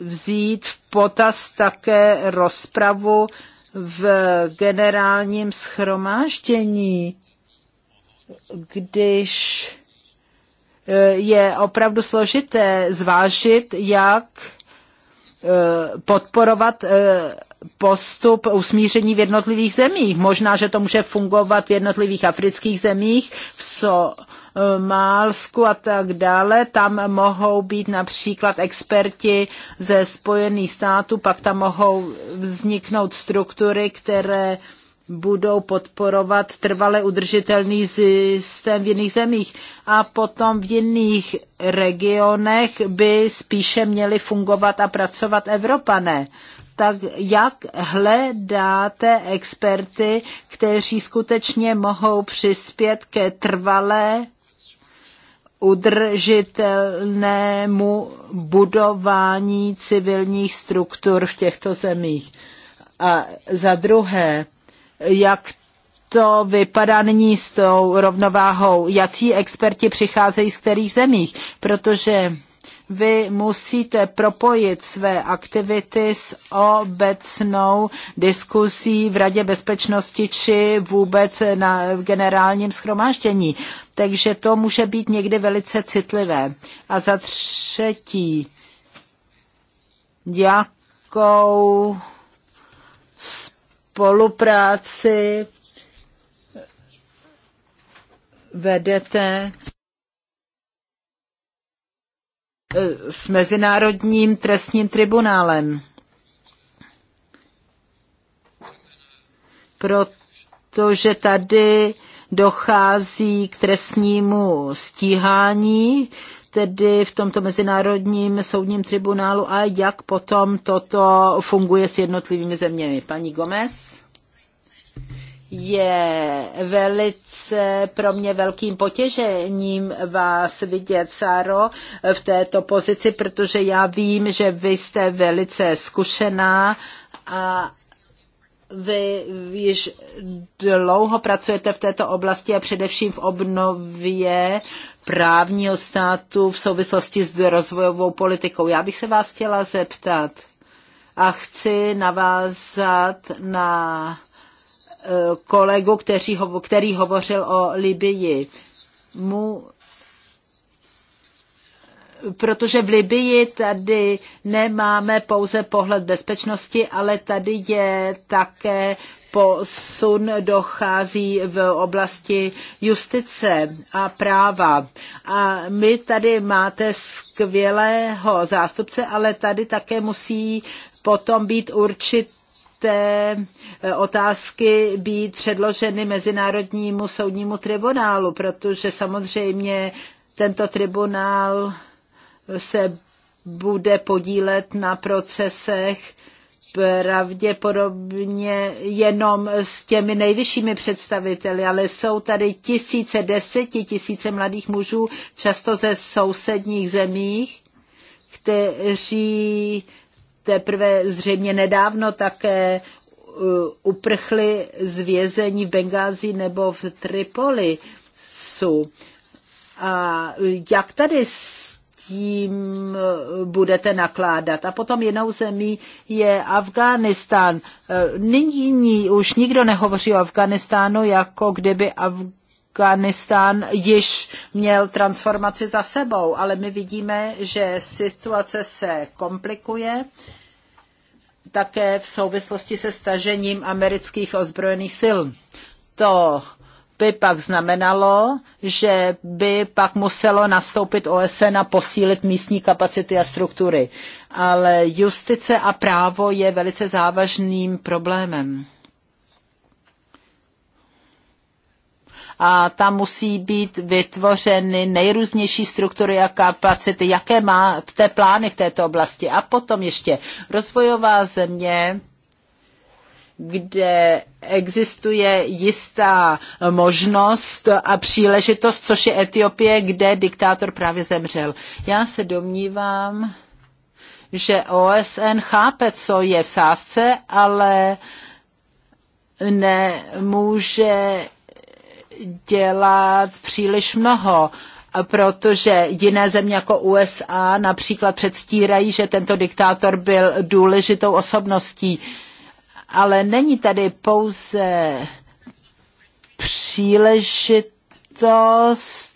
vzít v potaz také rozpravu v generálním schromáždění, když Eh, je opravdu složité zvážit, jak eh, podporovat eh, postup usmíření v jednotlivých zemích. Možná, že to může fungovat v jednotlivých afrických zemích, v Somálsku a tak dále. Tam mohou být například experti ze Spojených států, pak tam mohou vzniknout struktury, které uh, budou podporovat trvale udržitelný systém v jiných zemích a potom v jiných regionech by spíše měli fungovat a pracovat Evropané. Tak jak hledáte experty, kteří skutečně mohou přispět ke trvalé udržitelnému budování civilních struktur v těchto zemích? A za druhé, jak to vypadá nyní s tou rovnováhou, jací experti přicházejí z kterých zemích, protože vy musíte propojit své aktivity s obecnou diskusí v Radě bezpečnosti či vůbec na v generálním schromáždění. Takže to může být někdy velice citlivé. A za třetí, jakou spolupráci vedete eh, s Mezinárodním trestním tribunálem. Protože tady dochází k trestnímu stíhání tedy v tomto mezinárodním soudním tribunálu a jak potom toto funguje s jednotlivými zeměmi. Paní Gomez? je velice pro mě velkým potěžením vás vidět, Sáro, v této pozici, protože já vím, že vy jste velice zkušená a vy již dlouho pracujete v této oblasti a především v obnově právního státu v souvislosti s rozvojovou politikou. Já bych se vás chtěla zeptat a chci navázat na e, kolegu, který, který hovořil o Libii. Mu, protože v Libii tady nemáme pouze pohled bezpečnosti, ale tady je také posun dochází v oblasti justice a práva. A my tady máte skvělého zástupce, ale tady také musí potom být určit té eh, otázky být předloženy Mezinárodnímu soudnímu tribunálu, protože samozřejmě tento tribunál se bude podílet na procesech pravděpodobně jenom s těmi nejvyššími představiteli, ale jsou tady tisíce, deseti tisíce mladých mužů, často ze sousedních zemích, kteří teprve zřejmě nedávno také uh, uprchli z vězení v Bengázi nebo v Tripolisu. A jak tady tím eh, budete nakládat. A potom jinou zemí je Afghánistán. Eh, nyní už nikdo nehovoří o Afghánistánu, jako kdyby Afghánistán Afganistán již měl transformaci za sebou, ale my vidíme, že situace se komplikuje také v souvislosti se stažením amerických ozbrojených sil. To by pak znamenalo, že by pak muselo nastoupit OSN a posílit místní kapacity a struktury. Ale justice a právo je velice závažným problémem. a tam musí být vytvořeny nejrůznější struktury a kapacity, jaké má té plány v této oblasti. A potom ještě rozvojová země kde existuje jistá možnost a příležitost, což je Etiopie, kde diktátor právě zemřel. Já se domnívám, že OSN chápe, co je v sázce, ale nemůže dělat příliš mnoho, protože jiné země jako USA například předstírají, že tento diktátor byl důležitou osobností. Uh, ale není tady pouze příležitost,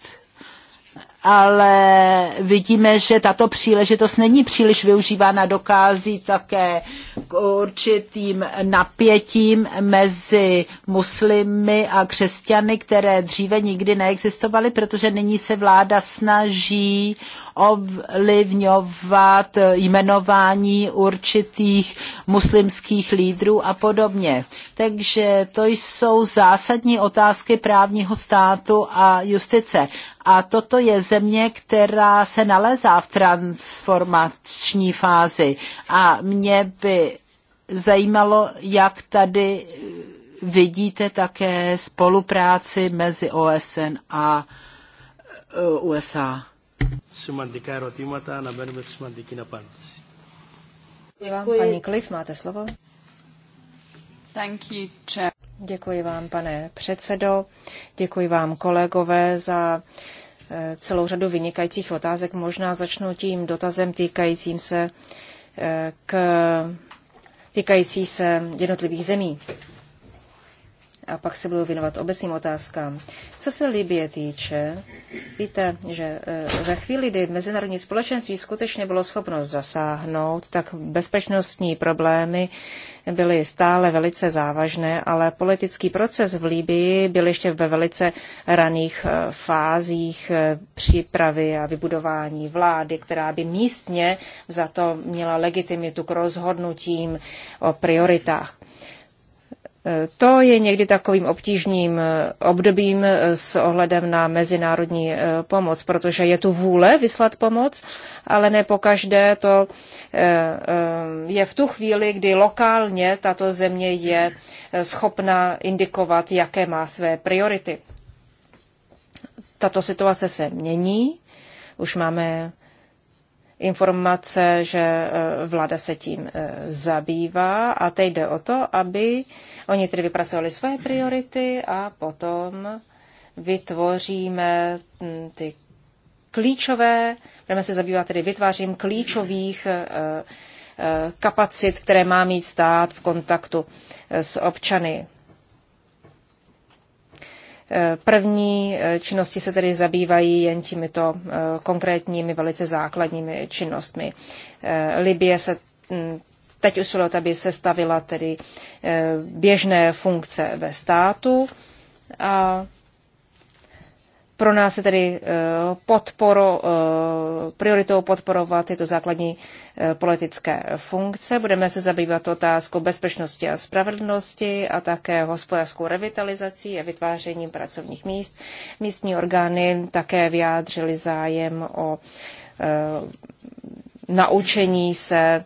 ale vidíme, že tato příležitost není příliš využívána, dokází také k určitým napětím mezi muslimy a křesťany, které dříve nikdy neexistovaly, protože nyní se vláda snaží ovlivňovat jmenování určitých muslimských lídrů a podobně. Takže to jsou zásadní otázky právního státu a justice. A toto je země, která se nalezá v transformační fázi. A mě by zajímalo, jak tady vidíte také spolupráci mezi OSN a e, USA. Σημαντικά ερωτήματα, αναμένουμε σημαντική απάντηση. Děkuji. Paní Cliff, máte slovo. Thank you, chair. Děkuji vám, pane předsedo. Děkuji vám, kolegové, za eh, celou řadu vynikajících otázek. Možná začnu tím dotazem týkajícím se eh, k týkající se jednotlivých zemí a pak se budu věnovat obecným otázkám. Co se Libie týče, víte, že e, ve chvíli, kdy mezinárodní společenství skutečně bylo schopno zasáhnout, tak bezpečnostní problémy byly stále velice závažné, ale politický proces v Libii byl ještě ve velice raných e, fázích e, přípravy a vybudování vlády, která by místně za to měla legitimitu k rozhodnutím o prioritách. To je někdy takovým obtížným eh, obdobím eh, s ohledem na mezinárodní eh, pomoc, protože je tu vůle vyslat pomoc, ale ne pokaždé to je v tu chvíli, kdy lokálně tato země je schopna indikovat, jaké má své priority. Tato situace se mění, už máme informace, že e, vláda se tím e, zabývá a teď jde o to, aby oni tedy vypracovali své priority a potom vytvoříme ty klíčové, budeme se zabývat tedy vytvářím klíčových e, kapacit, které má mít stát v kontaktu s občany. Eh, první eh, činnosti se tedy zabývají jen těmito eh, konkrétními, velice základními činnostmi. Libie se hm, teď usilovat, aby se stavila tedy běžné funkce ve státu. A pro nás je tedy eh, podporo, eh, prioritou podporovat tyto základní eh, politické funkce. Budeme se zabývat otázkou bezpečnosti a spravedlnosti a také hospodářskou revitalizací a vytvářením pracovních míst. Místní orgány také vyjádřily zájem o naučení se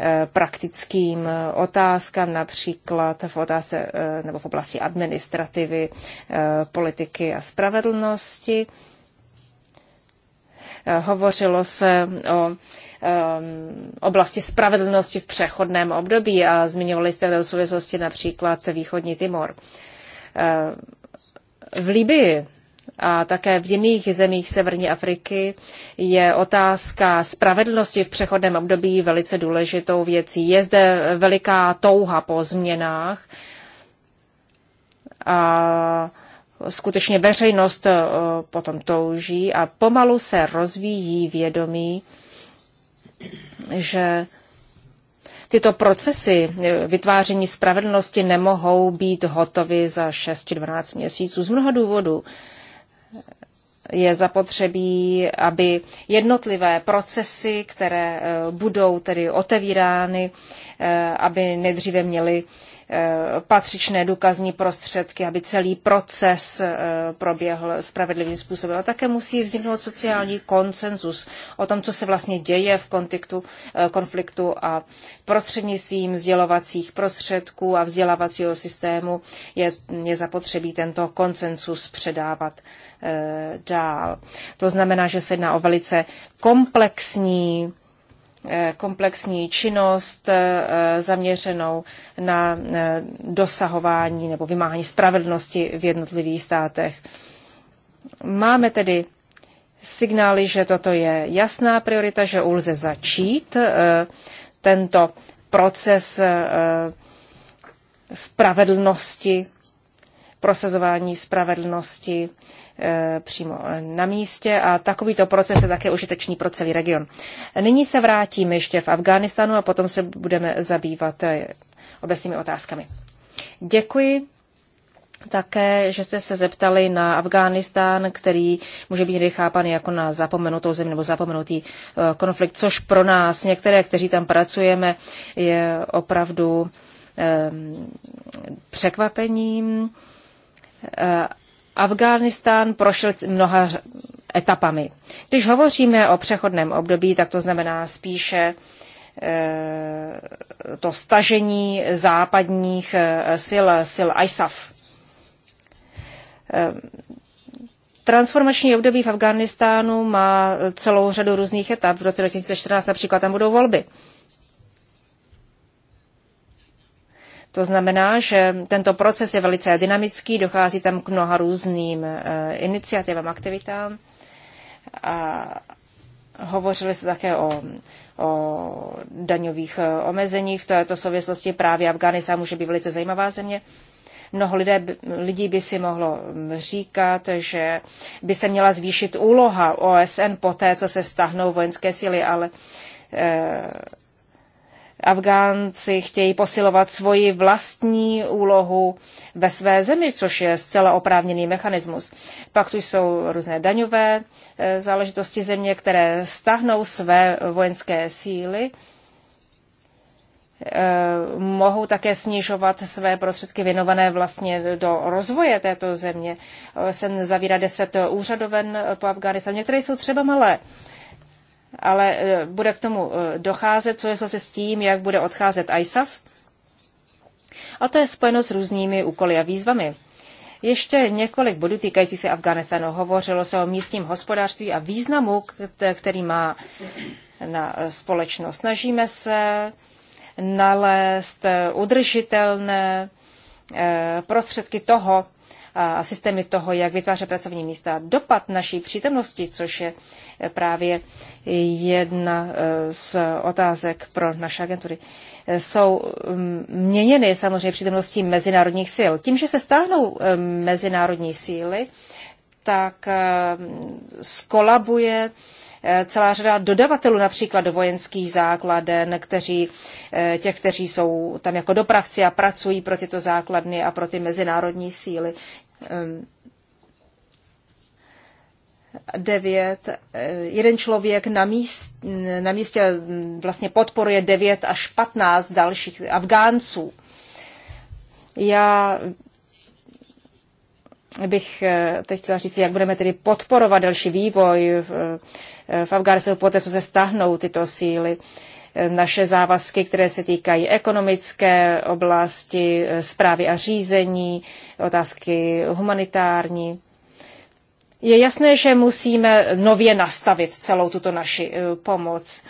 Eh, praktickým eh, otázkám, například v otázce eh, nebo v oblasti administrativy, politiky a spravedlnosti. Hovořilo se o ehm, oblasti spravedlnosti v přechodném období a zmiňovali jste v souvislosti například východní Timor. V Libii a také v jiných zemích severní Afriky je otázka spravedlnosti v přechodném období velice důležitou věcí. Je zde veliká touha po změnách a skutečně veřejnost eh, potom touží a pomalu se rozvíjí vědomí, že tyto procesy eh, vytváření spravedlnosti nemohou být hotovy za 6-12 měsíců z mnoha důvodů je zapotřebí, aby jednotlivé procesy, které eh, budou tedy otevírány, eh, aby nejdříve měly Eh, patřičné důkazní prostředky, aby celý proces eh, proběhl spravedlivým způsobem. A také musí vzniknout sociální konsenzus o tom, co se vlastně děje v konfliktu, eh, konfliktu a prostřednictvím sdělovacích prostředků a vzdělávacího systému je, je zapotřebí tento konsenzus předávat dál. To znamená, že se jedná o velice komplexní Eh, komplexní činnost eh, zaměřenou na eh, dosahování nebo vymáhání spravedlnosti v jednotlivých státech. Máme tedy signály, že toto je jasná priorita, že lze začít tento proces spravedlnosti, prosazování spravedlnosti E, přímo na místě a takovýto proces je také užitečný pro celý region. Nyní se vrátím ještě v Afghánistánu a potom se budeme zabývat e, obecnými otázkami. Děkuji také, že jste se zeptali na Afghánistán, který může být chápaný jako na zapomenutou zemi nebo zapomenutý e, konflikt, což pro nás, některé, kteří tam pracujeme, je opravdu překvapením Afghánistán prošel mnoha etapami. Když hovoříme o přechodném období, tak to znamená spíše eh, to stažení západních eh, sil, sil ISAF. Eh, transformační období v Afghánistánu má celou řadu různých etap. V roce 2014 například tam budou volby. To znamená, že tento proces je velice dynamický, dochází tam k mnoha různým e, iniciativám, aktivitám. A hovořili se také o, o daňových e, omezeních. V této souvislosti právě Afganistán může být velice zajímavá země. Mnoho lidé, lidí by si mohlo říkat, že by se měla zvýšit úloha OSN po té, co se stahnou vojenské síly, ale eh, Afgánci chtějí posilovat svoji vlastní úlohu ve své zemi, což je zcela oprávněný mechanismus. Pak tu jsou různé daňové e, záležitosti země, které stahnou své vojenské síly e, mohou také snižovat své prostředky věnované vlastně do rozvoje této země. E, Sen zavírá deset úřadoven po Afganistánu. Některé jsou třeba malé, ale e, bude k tomu e, docházet, co je zase s tím, jak bude odcházet ISAF. A to je spojeno s různými úkoly a výzvami. Ještě několik bodů týkající se Afganistanu. Hovořilo se o místním hospodářství a významu, který má na společnost. Snažíme se nalézt udržitelné e, prostředky toho, a systémy toho, jak vytvářet pracovní místa. Dopad naší přítomnosti, což je e, právě jedna e, z otázek pro naše agentury, e, jsou měněny samozřejmě přítomností mezinárodních sil. Tím, že se stáhnou mezinárodní síly, tak skolabuje celá řada dodavatelů například do vojenských základen, kteří, těch, kteří jsou tam jako dopravci a pracují pro tyto základny a pro ty mezinárodní síly. Ehm, devět, eh, jeden člověk na, míst, na místě hm, vlastně podporuje devět až patnáct dalších Afgánců. Já bych eh, teď chtěla říct, jak budeme tedy podporovat další vývoj v, eh, v Afghánistánu poté, co se stáhnou tyto síly. Uh, naše závazky, které se týkají ekonomické oblasti, eh, zprávy a řízení, otázky humanitární. Je jasné, že musíme nově nastavit celou tuto naši eh, pomoc.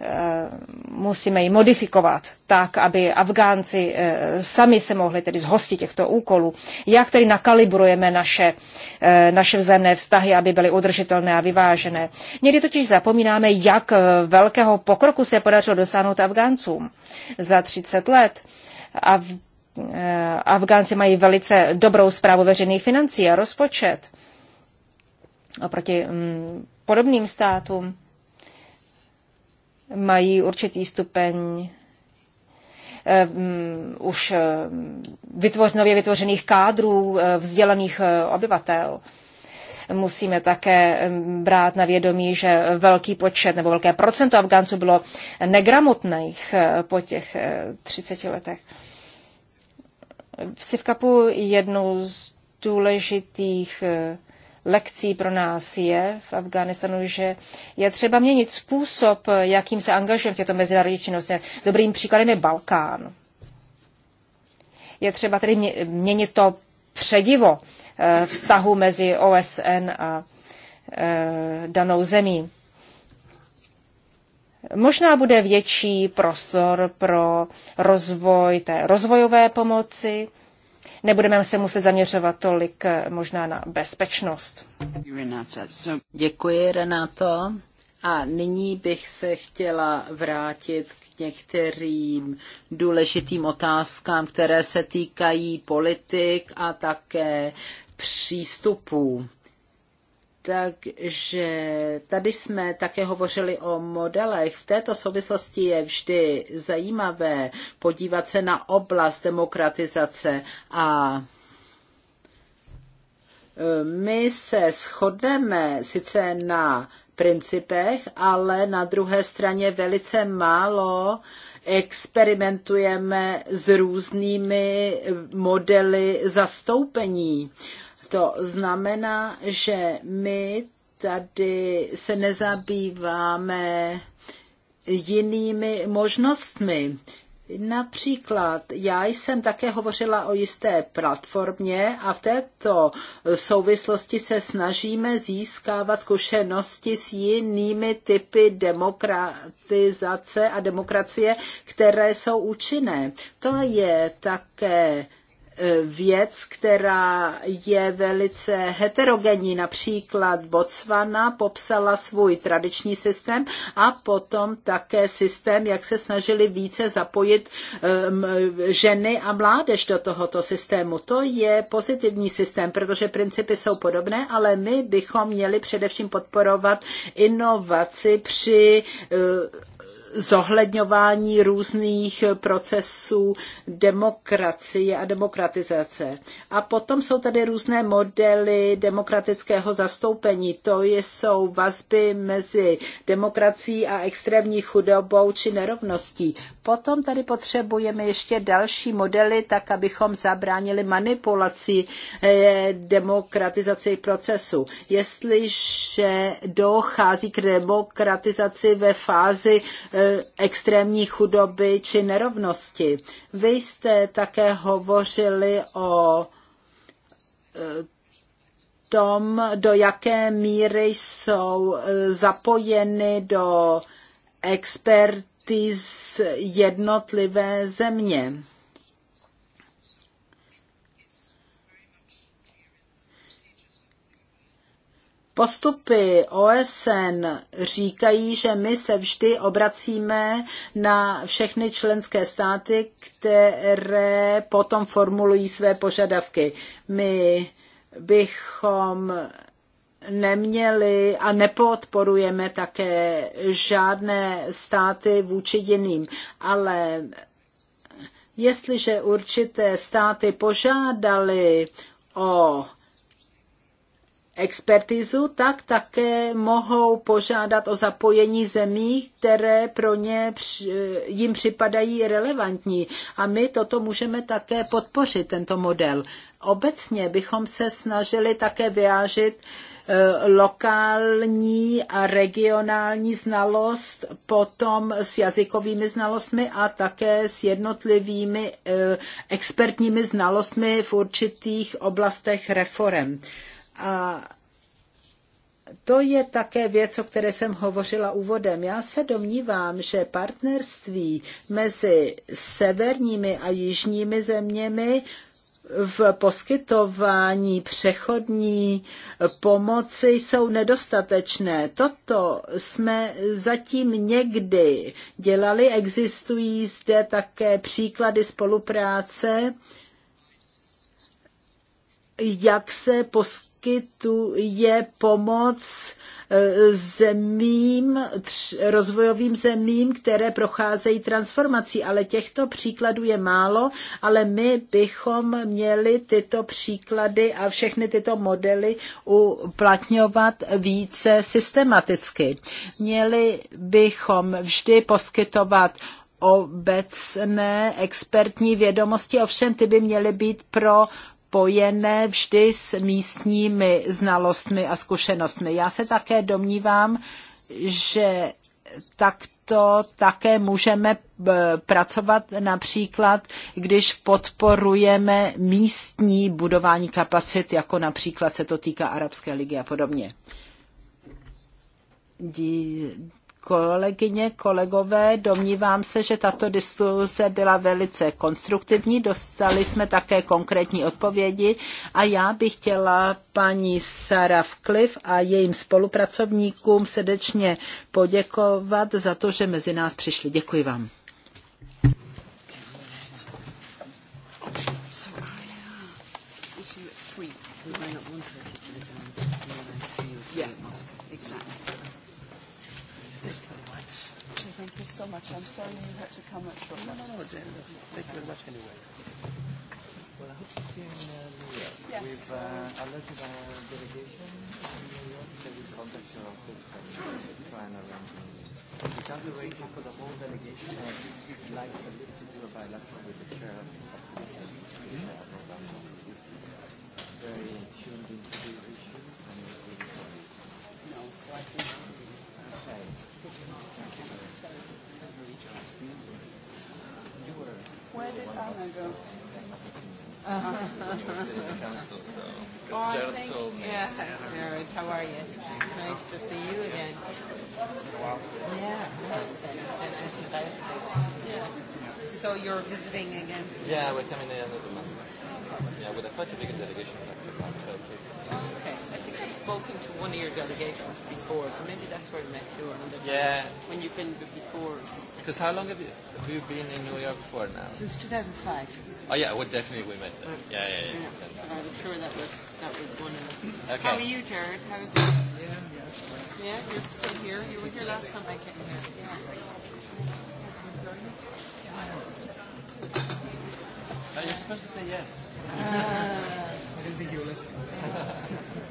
Eh, musíme ji modifikovat tak, aby Afgánci eh, sami se mohli tedy zhostit těchto úkolů. Jak tedy nakalibrujeme naše, eh, naše vzájemné vztahy, aby byly udržitelné a vyvážené. Někdy totiž zapomínáme, jak velkého pokroku se podařilo dosáhnout Afgáncům za 30 let. A v, Afgánci mají velice dobrou zprávu veřejných financí a rozpočet oproti mm, podobným státům mají určitý stupeň eh, už eh, vytvoř, nově vytvořených kádrů eh, vzdělaných obyvatel. Musíme také brát na vědomí, že velký počet nebo velké procento Afgánců bylo negramotných po těch 30 letech. V Sivkapu jednou z důležitých lekcí pro nás je v Afganistanu, že je třeba měnit způsob, jakým se angažujeme v těchto mezinárodních činnostech. Dobrým příkladem je Balkán. Je třeba tedy měnit to předivo eh, vztahu mezi OSN a eh, danou zemí. Možná bude větší prostor pro rozvoj té rozvojové pomoci, nebudeme se muset zaměřovat tolik eh, možná na bezpečnost. Děkuji, Renato. A nyní bych se chtěla vrátit k některým důležitým otázkám, které se týkají politik a také přístupů. Takže tady jsme také hovořili o modelech. V této souvislosti je vždy zajímavé podívat se na oblast demokratizace a eh, my se shodneme sice na principech, ale na druhé straně velice málo experimentujeme s různými modely zastoupení. To znamená, že my tady se nezabýváme jinými možnostmi. Například já jsem také hovořila o jisté platformě a v této souvislosti se snažíme získávat zkušenosti s jinými typy demokratizace a demokracie, které jsou účinné. To je také věc, která je velice heterogenní. Například Botswana popsala svůj tradiční systém a potom také systém, jak se snažili více zapojit um, ženy a mládež do tohoto systému. To je pozitivní systém, protože principy jsou podobné, ale my bychom měli především podporovat inovaci při zohledňování různých procesů demokracie a demokratizace. A potom jsou tady různé modely demokratického zastoupení. To jsou vazby mezi demokracií a extrémní chudobou či nerovností. Potom tady potřebujeme ještě další modely, tak abychom zabránili manipulaci eh, demokratizaci procesu. Jestliže dochází k demokratizaci ve fázi eh, extrémní chudoby či nerovnosti. Vy jste také hovořili o eh, tom, do jaké míry jsou zapojeny do expert ty z jednotlivé země. Postupy OSN říkají, že my se vždy obracíme na všechny členské státy, které potom formulují své požadavky. My bychom neměli a nepodporujeme také žádné státy vůči jiným, ale jestliže určité státy požádali o expertizu, tak také mohou požádat o zapojení zemí, které pro ně jim připadají relevantní. A my toto můžeme také podpořit, tento model. Obecně bychom se snažili také vyjážit Eh, lokální a regionální znalost, potom s jazykovými znalostmi a také s jednotlivými eh, expertními znalostmi v určitých oblastech reform. A to je také věc, o které jsem hovořila úvodem. Já se domnívám, že partnerství mezi severními a jižními zeměmi v poskytování přechodní pomoci jsou nedostatečné. Toto jsme zatím někdy dělali. Existují zde také příklady spolupráce, jak se poskytovat poskytuje pomoc eh, zemím, rozvojovým zemím, které procházejí transformací, ale těchto příkladů je málo, ale my bychom měli tyto příklady a všechny tyto modely uplatňovat více systematicky. Měli bychom vždy poskytovat obecné expertní vědomosti, ovšem ty by měly být pro spojené vždy s místními znalostmi a zkušenostmi. Já se také domnívám, že takto také můžeme eh, pracovat například, když podporujeme místní budování kapacit, jako například se to týká Arabské ligy a podobně. Kolegyně, kolegové, domnívám se, že tato diskuze byla velice konstruktivní. Dostali jsme také konkrétní odpovědi a já bych chtěla paní Sarah Cliff a jejím spolupracovníkům srdečně poděkovat za to, že mezi nás přišli. Děkuji vám. so much. I'm sorry you had to come at short notice. No, no, no, thank you very much anyway. Well, I hope to see you in uh, New York. Yes. We've uh, alerted our delegation in New York. They will contact your office and try and arrange a meeting. It's under arranging for the whole delegation. I we'd like at least to do a bilateral with the chair of the subcommittee. Mm -hmm. He's Very tuned into these issues. And no, so I think... Where did Anna Oh, think, Yeah, Gerald, how are you? Nice to see you again. Yeah, it's been, been nice to Yeah. So you're visiting again? Yeah, we're coming in another month. Yeah, with a quite a bigger delegation back to so Okay, I think I've spoken to one of your delegations before, so maybe that's where I met you. yeah. When you've been before or something. Because how long have you, have you been in New York for now? Since 2005. Oh yeah, well definitely we met then. Yeah, yeah, yeah. yeah. I'm sure that was that was one of them. Okay. How are you, Jared? How's it? Yeah, yeah. Yeah, you're still here. You were here last time I came here. Yeah. Uh, you're supposed to say yes. Uh, I didn't think you were listening. [laughs]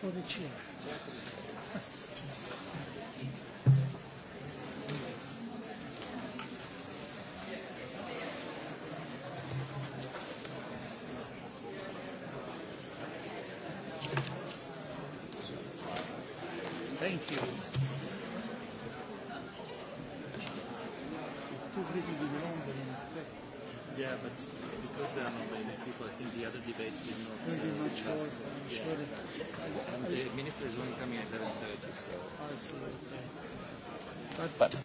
for the chair. Thank you. Yeah, but because there are not many people, I think the other debates will not. Uh, Very much. Yeah. The minister is only coming at 11.30, so...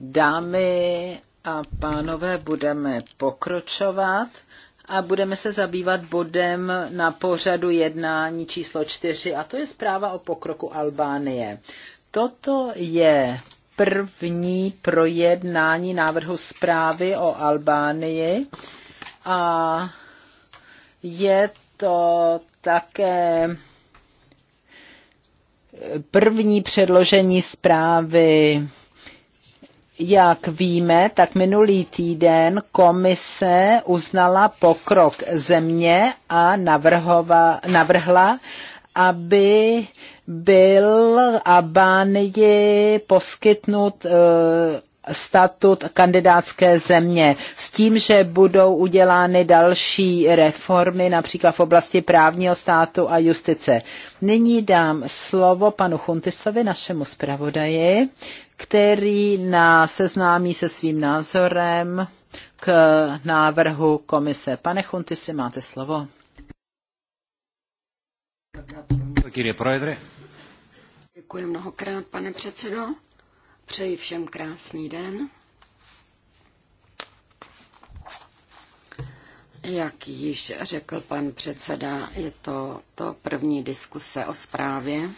Dámy a pánové, budeme pokročovat a budeme se zabývat bodem na pořadu jednání číslo čtyři a to je zpráva o pokroku Albánie. Toto je první projednání návrhu zprávy o Albánii a je to také první předložení zprávy. Jak víme, tak minulý týden komise uznala pokrok země a navrhova, navrhla, aby byl Abánii poskytnut eh, statut kandidátské země s tím, že budou udělány další reformy, například v oblasti právního státu a justice. Nyní dám slovo panu Chuntisovi, našemu zpravodaji, který nás seznámí se svým názorem k návrhu komise. Pane Chuntisi, máte slovo. Děkuji mnohokrát, pane předsedo. Přeji všem krásný den. Jak již řekl pan předseda, je to, to první diskuse o zprávě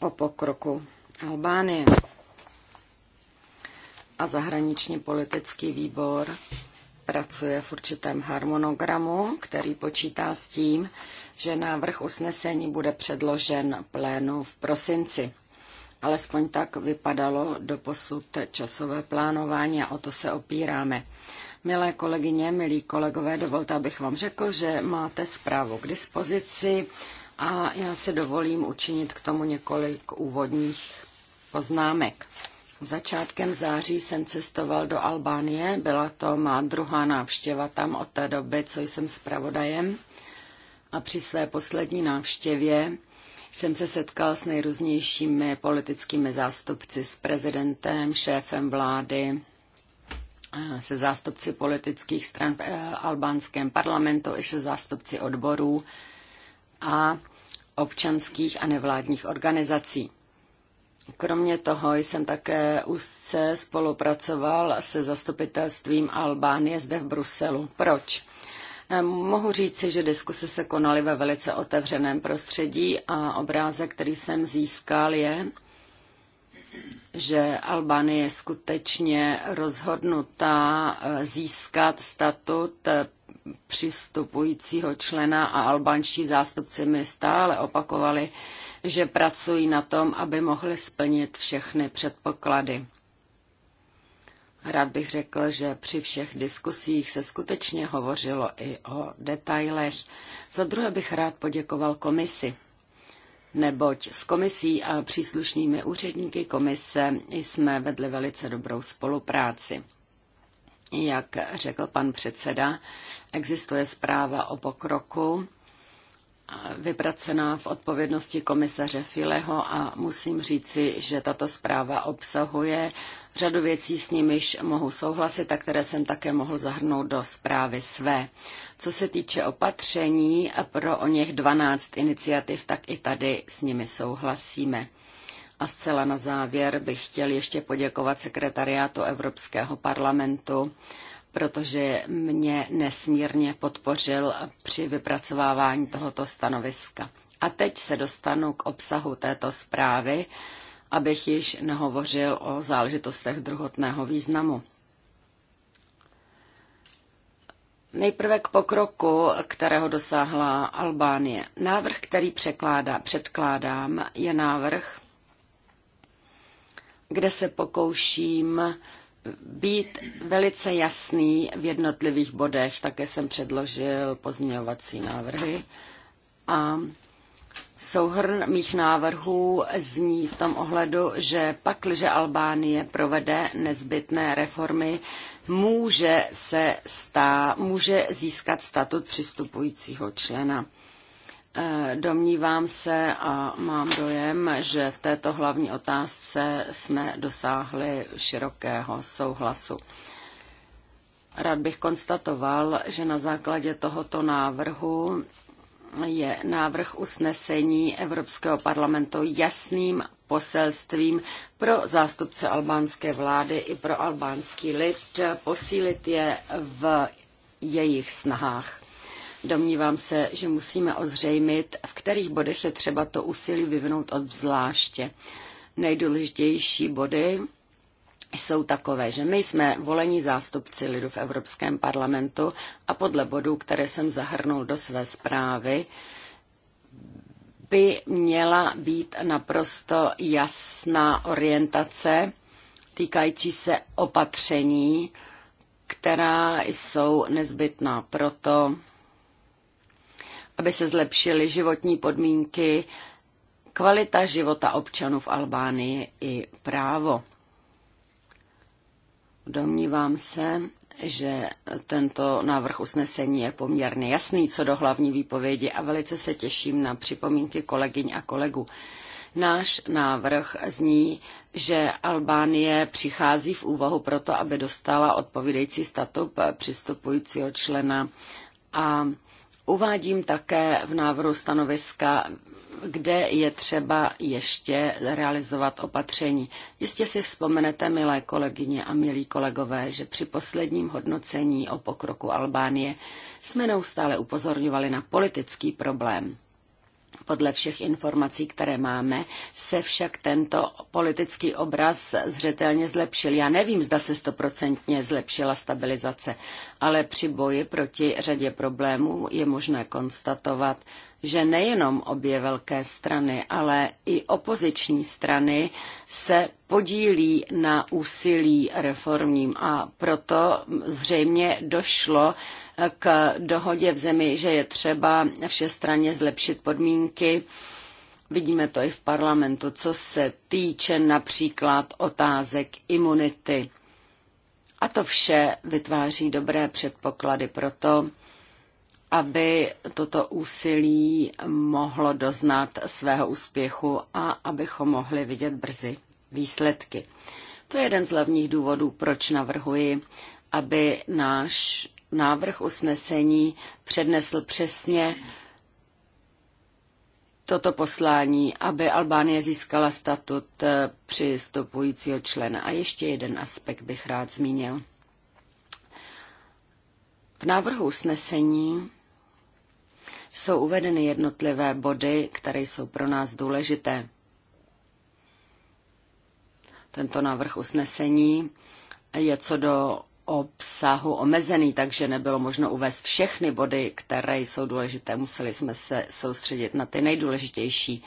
o pokroku Albánie. A zahraniční politický výbor pracuje v určitém harmonogramu, který počítá s tím, že návrh usnesení bude předložen plénu v prosinci. Alespoň tak vypadalo do posud časové plánování a o to se opíráme. Milé kolegyně, milí kolegové, dovolte, abych vám řekl, že máte zprávu k dispozici a já si dovolím učinit k tomu několik úvodních poznámek. Začátkem září jsem cestoval do Albánie, byla to má druhá návštěva tam od té doby, co jsem zpravodajem. A při své poslední návštěvě jsem se setkal s nejrůznějšími politickými zástupci, s prezidentem, šéfem vlády, eh, se zástupci politických stran v eh, albánském parlamentu i se zástupci odborů a občanských a nevládních organizací. Kromě toho jsem také úzce spolupracoval se zastupitelstvím Albánie zde v Bruselu. Proč? Ehm, mohu říci, že diskuse se konaly ve velice otevřeném prostředí a obrázek, který jsem získal, je, že Albánie je skutečně rozhodnutá eh, získat statut eh, přistupujícího člena a albánští zástupci mi stále opakovali, že pracují na tom, aby mohli splnit všechny předpoklady. Rád bych řekl, že při všech diskusích se skutečně hovořilo i o detailech. Za druhé bych rád poděkoval komisi, neboť s komisí a příslušnými úředníky komise jsme vedli velice dobrou spolupráci. Jak řekl pan předseda, existuje zpráva o pokroku vypracená v odpovědnosti komisaře Fileho a musím říci, že tato zpráva obsahuje řadu věcí, s nimiž mohu souhlasit a které jsem také mohl zahrnout do zprávy své. Co se týče opatření pro o něch 12 iniciativ, tak i tady s nimi souhlasíme. A zcela na závěr bych chtěl ještě poděkovat sekretariátu Evropského parlamentu, protože mě nesmírně podpořil při vypracovávání tohoto stanoviska. A teď se dostanu k obsahu této zprávy, abych již nehovořil o záležitostech druhotného významu. Nejprve k pokroku, kterého dosáhla Albánie. Návrh, který překládá, předkládám, je návrh, kde se pokouším být velice jasný v jednotlivých bodech. Také jsem předložil pozměňovací návrhy a Souhrn mých návrhů zní v tom ohledu, že pak, když Albánie provede nezbytné reformy, může, se stá, může získat statut přistupujícího člena. Eh, domnívám se a mám dojem, že v této hlavní otázce jsme dosáhli širokého souhlasu. Rád bych konstatoval, že na základě tohoto návrhu je návrh usnesení Evropského parlamentu jasným poselstvím pro zástupce albánské vlády i pro albánský lid posílit je v jejich snahách. Domnívám se, že musíme ozřejmit, v kterých bodech je třeba to úsilí vyvinout obzvláště. Nejdůležitější body jsou takové, že my jsme volení zástupci lidu v Evropském parlamentu a podle bodů, které jsem zahrnul do své zprávy, by měla být naprosto jasná orientace týkající se opatření, která jsou nezbytná proto, aby se zlepšily životní podmínky, kvalita života občanů v Albánii i právo. Domnívám se, že tento návrh usnesení je poměrně jasný co do hlavní výpovědi a velice se těším na připomínky kolegyň a kolegu. Náš návrh zní, že Albánie přichází v úvahu proto, aby dostala odpovídající statut přistupujícího člena a Uvádím také v návrhu stanoviska, kde je třeba ještě realizovat opatření. Jistě si vzpomenete, milé kolegyně a milí kolegové, že při posledním hodnocení o pokroku Albánie jsme neustále upozorňovali na politický problém. Podle všech informací, které máme, se však tento politický obraz zřetelně zlepšil. Já nevím, zda se stoprocentně zlepšila stabilizace, ale při boji proti řadě problémů je možné konstatovat, že nejenom obě velké strany, ale i opoziční strany se podílí na úsilí reformním a proto zřejmě došlo k dohodě v zemi, že je třeba všestranně zlepšit podmínky Vidíme to i v parlamentu, co se týče například otázek imunity. A to vše vytváří dobré předpoklady pro to, aby toto úsilí mohlo doznat svého úspěchu a abychom mohli vidět brzy výsledky. To je jeden z hlavních důvodů, proč navrhuji, aby náš návrh usnesení přednesl přesně toto poslání, aby Albánie získala statut eh, přistupujícího člena. A ještě jeden aspekt bych rád zmínil. V návrhu usnesení jsou uvedeny jednotlivé body, které jsou pro nás důležité. Tento návrh usnesení je co do obsahu omezený, takže nebylo možno uvést všechny body, které jsou důležité. Museli jsme se soustředit na ty nejdůležitější.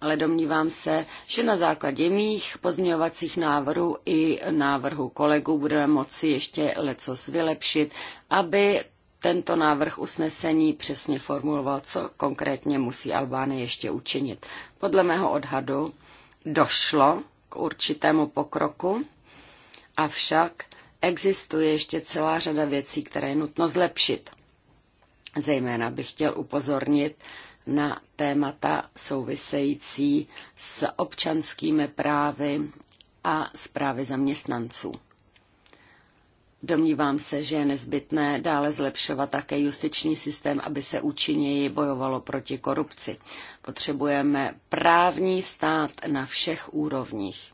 Ale domnívám se, že na základě mých pozměňovacích návrhů i návrhů kolegů budeme moci ještě lecos vylepšit, aby tento návrh usnesení přesně formuloval, co konkrétně musí Albány ještě učinit. Podle mého odhadu došlo k určitému pokroku, avšak existuje ještě celá řada věcí, které je nutno zlepšit. Zejména bych chtěl upozornit na témata související s občanskými právy a zprávy zaměstnanců. Domnívám se, že je nezbytné dále zlepšovat také justiční systém, aby se účinněji bojovalo proti korupci. Potřebujeme právní stát na všech úrovních.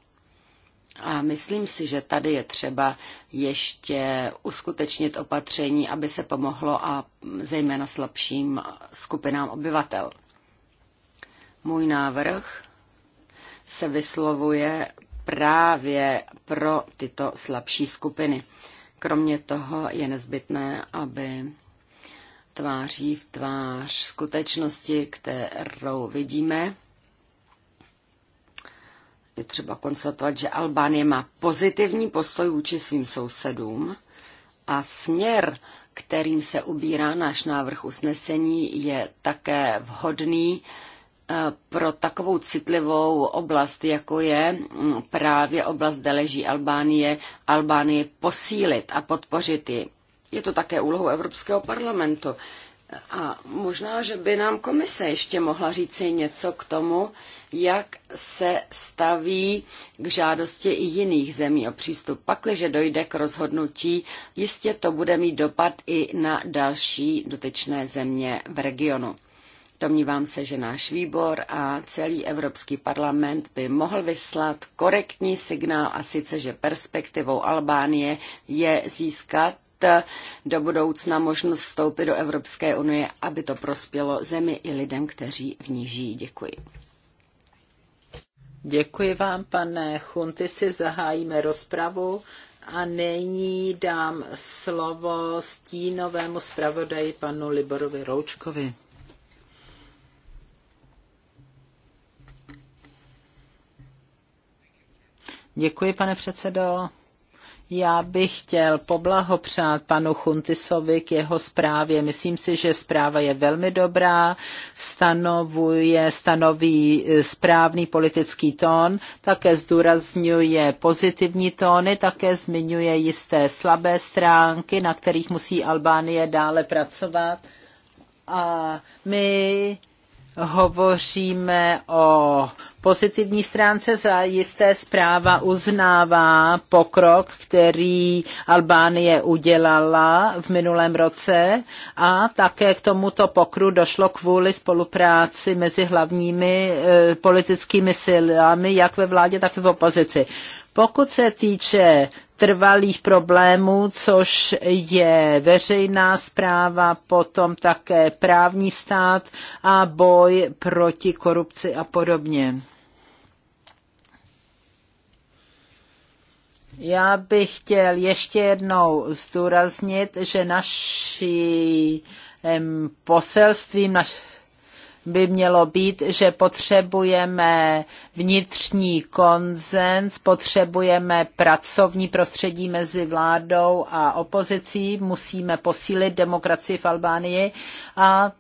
A myslím si, že tady je třeba ještě uskutečnit opatření, aby se pomohlo a zejména slabším skupinám obyvatel. Můj návrh se vyslovuje právě pro tyto slabší skupiny. Kromě toho je nezbytné, aby tváří v tvář skutečnosti, kterou vidíme, je třeba konstatovat, že Albánie má pozitivní postoj vůči svým sousedům a směr, kterým se ubírá náš návrh usnesení, je také vhodný pro takovou citlivou oblast, jako je mm, právě oblast, kde leží Albánie, Albánii posílit a podpořit ji. Je to také úlohou Evropského parlamentu. A možná, že by nám komise ještě mohla říci něco k tomu, jak se staví k žádosti i jiných zemí o přístup. Pakliže dojde k rozhodnutí, jistě to bude mít dopad i na další dotyčné země v regionu. Domnívám se, že náš výbor a celý Evropský parlament by mohl vyslat korektní signál a sice, že perspektivou Albánie je získat do budoucna možnost vstoupit do Evropské unie, aby to prospělo zemi i lidem, kteří v ní žijí. Děkuji. Děkuji vám, pane Chunty, si zahájíme rozpravu a nyní dám slovo stínovému zpravodaji panu Liborovi Roučkovi. Děkuji, pane předsedo. Já bych chtěl poblahopřát panu Chuntisovi k jeho zprávě. Myslím si, že zpráva je velmi dobrá, stanovuje, stanoví správný politický tón, také zdůrazňuje pozitivní tóny, také zmiňuje jisté slabé stránky, na kterých musí Albánie dále pracovat. A my hovoříme o pozitivní stránce zajisté zpráva uznává pokrok, který Albánie udělala v minulém roce a také k tomuto pokru došlo kvůli spolupráci mezi hlavními e, politickými silami, jak ve vládě, tak i v opozici. Pokud se týče trvalých problémů, což je veřejná zpráva, potom také právní stát a boj proti korupci a podobně. Já bych chtěl ještě jednou zdůraznit, že naší poselstvím naš, by mělo být, že potřebujeme vnitřní konzens, potřebujeme pracovní prostředí mezi vládou a opozicí, musíme posílit demokracii v Albánii a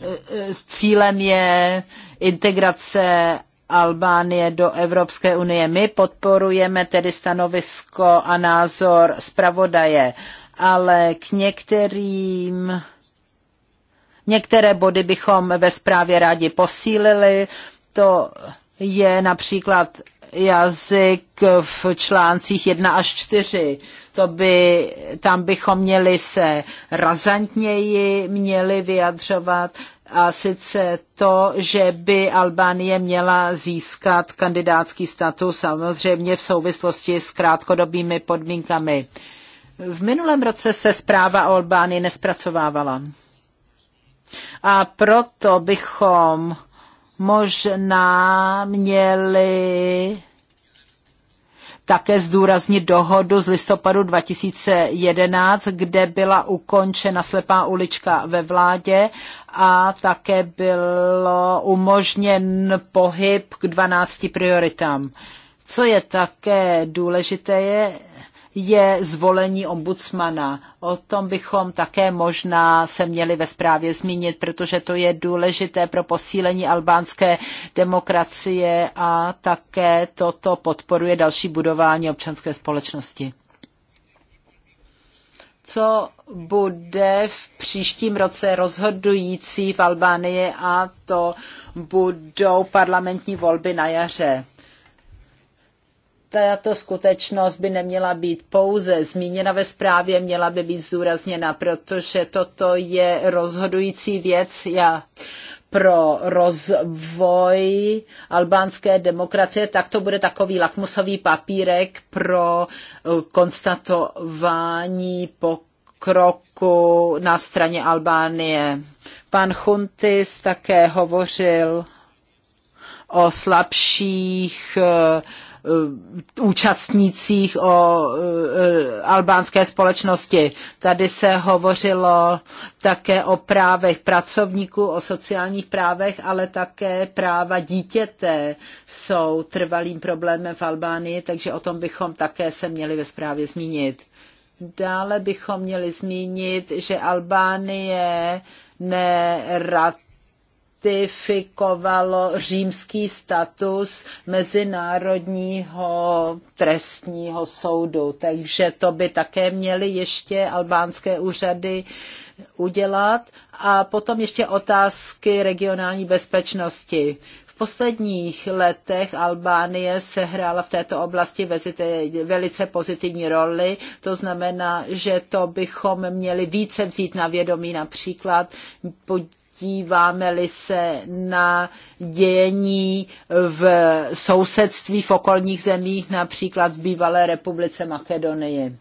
e, e, cílem je integrace Albánie do Evropské unie. My podporujeme tedy stanovisko a názor zpravodaje, ale k některým některé body bychom ve zprávě rádi posílili. To je například jazyk v článcích 1 až 4. To by, tam bychom měli se razantněji měli vyjadřovat a sice to, že by Albánie měla získat kandidátský status samozřejmě v souvislosti s krátkodobými podmínkami. V minulém roce se zpráva o Albánii nespracovávala. A proto bychom možná měli také zdůraznit dohodu z listopadu 2011, kde byla ukončena slepá ulička ve vládě a také bylo umožněn pohyb k 12 prioritám. Co je také důležité, je, je zvolení ombudsmana. O tom bychom také možná se měli ve zprávě zmínit, protože to je důležité pro posílení albánské demokracie a také toto podporuje další budování občanské společnosti co bude v příštím roce rozhodující v Albánii a to budou parlamentní volby na jaře tato skutečnost by neměla být pouze zmíněna ve zprávě, měla by být zdůrazněna, protože toto je rozhodující věc já, pro rozvoj albánské demokracie, tak to bude takový lakmusový papírek pro uh, konstatování pokroku na straně Albánie. Pan Chuntis také hovořil o slabších uh, Eh, účastnících o eh, albánské společnosti. Tady se hovořilo také o právech pracovníků, o sociálních právech, ale také práva dítěte jsou trvalým problémem v Albánii, takže o tom bychom také se měli ve zprávě zmínit. Dále bychom měli zmínit, že Albánie nerad ratifikovalo římský status Mezinárodního trestního soudu. Takže to by také měly ještě albánské úřady udělat. A potom ještě otázky regionální bezpečnosti V posledních letech Albánie sehrála v této oblasti velice pozitivní roli. To znamená, že to bychom měli více vzít na vědomí. Například díváme-li se na dění v sousedství v okolních zemích, například v bývalé republice Makedonie.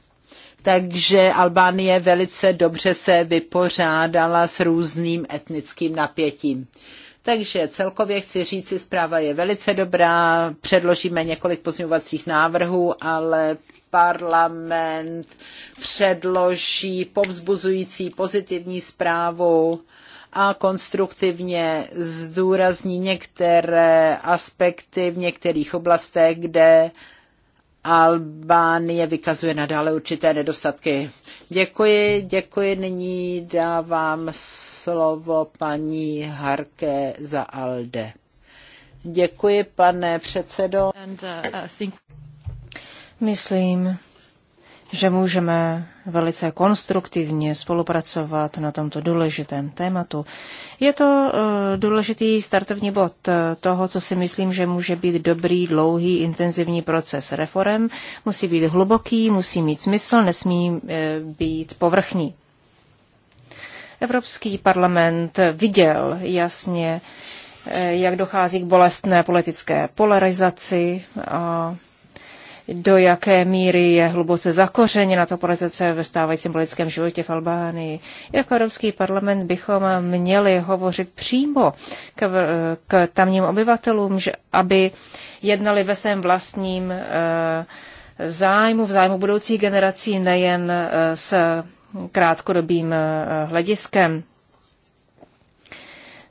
Takže Albánie velice dobře se vypořádala s různým etnickým napětím. Takže celkově chci říci, zpráva je velice dobrá, předložíme několik pozměňovacích návrhů, ale parlament předloží povzbuzující pozitivní zprávu a konstruktivně zdůrazní některé aspekty v některých oblastech, kde Albánie vykazuje nadále určité nedostatky. Děkuji, děkuji. Nyní dávám slovo paní Harke za ALDE. Děkuji, pane předsedo. Uh, uh, Myslím, že můžeme velice konstruktivně spolupracovat na tomto důležitém tématu. Je to eh, důležitý startovní bod eh, toho, co si myslím, že může být dobrý, dlouhý, intenzivní proces reform. Musí být hluboký, musí mít smysl, nesmí eh, být povrchní. Evropský parlament viděl jasně, jak dochází k bolestné politické polarizaci a do jaké míry je hluboce zakořeněna ta politizace ve stávajícím politickém životě v Albánii. Jako Evropský parlament bychom měli hovořit přímo k, k tamním obyvatelům, že, aby jednali ve svém vlastním eh, zájmu, v zájmu budoucích generací, nejen eh, s krátkodobým eh, hlediskem.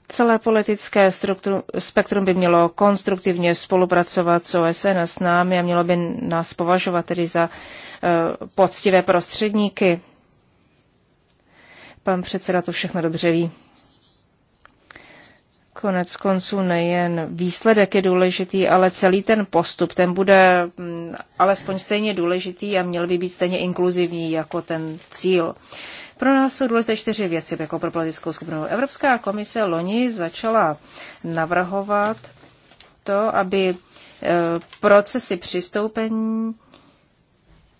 Celé politické struktru, spektrum by mělo konstruktivně spolupracovat s OSN a s námi a mělo by nás považovat tedy za uh, poctivé prostředníky. Pan předseda to všechno dobře ví. Konec konců nejen výsledek je důležitý, ale celý ten postup, ten bude mm, alespoň stejně důležitý a měl by být stejně inkluzivní jako ten cíl. Pro nás jsou důležité čtyři věci, jako pro politickou skupinu. Evropská komise loni začala navrhovat to, aby e, procesy přistoupení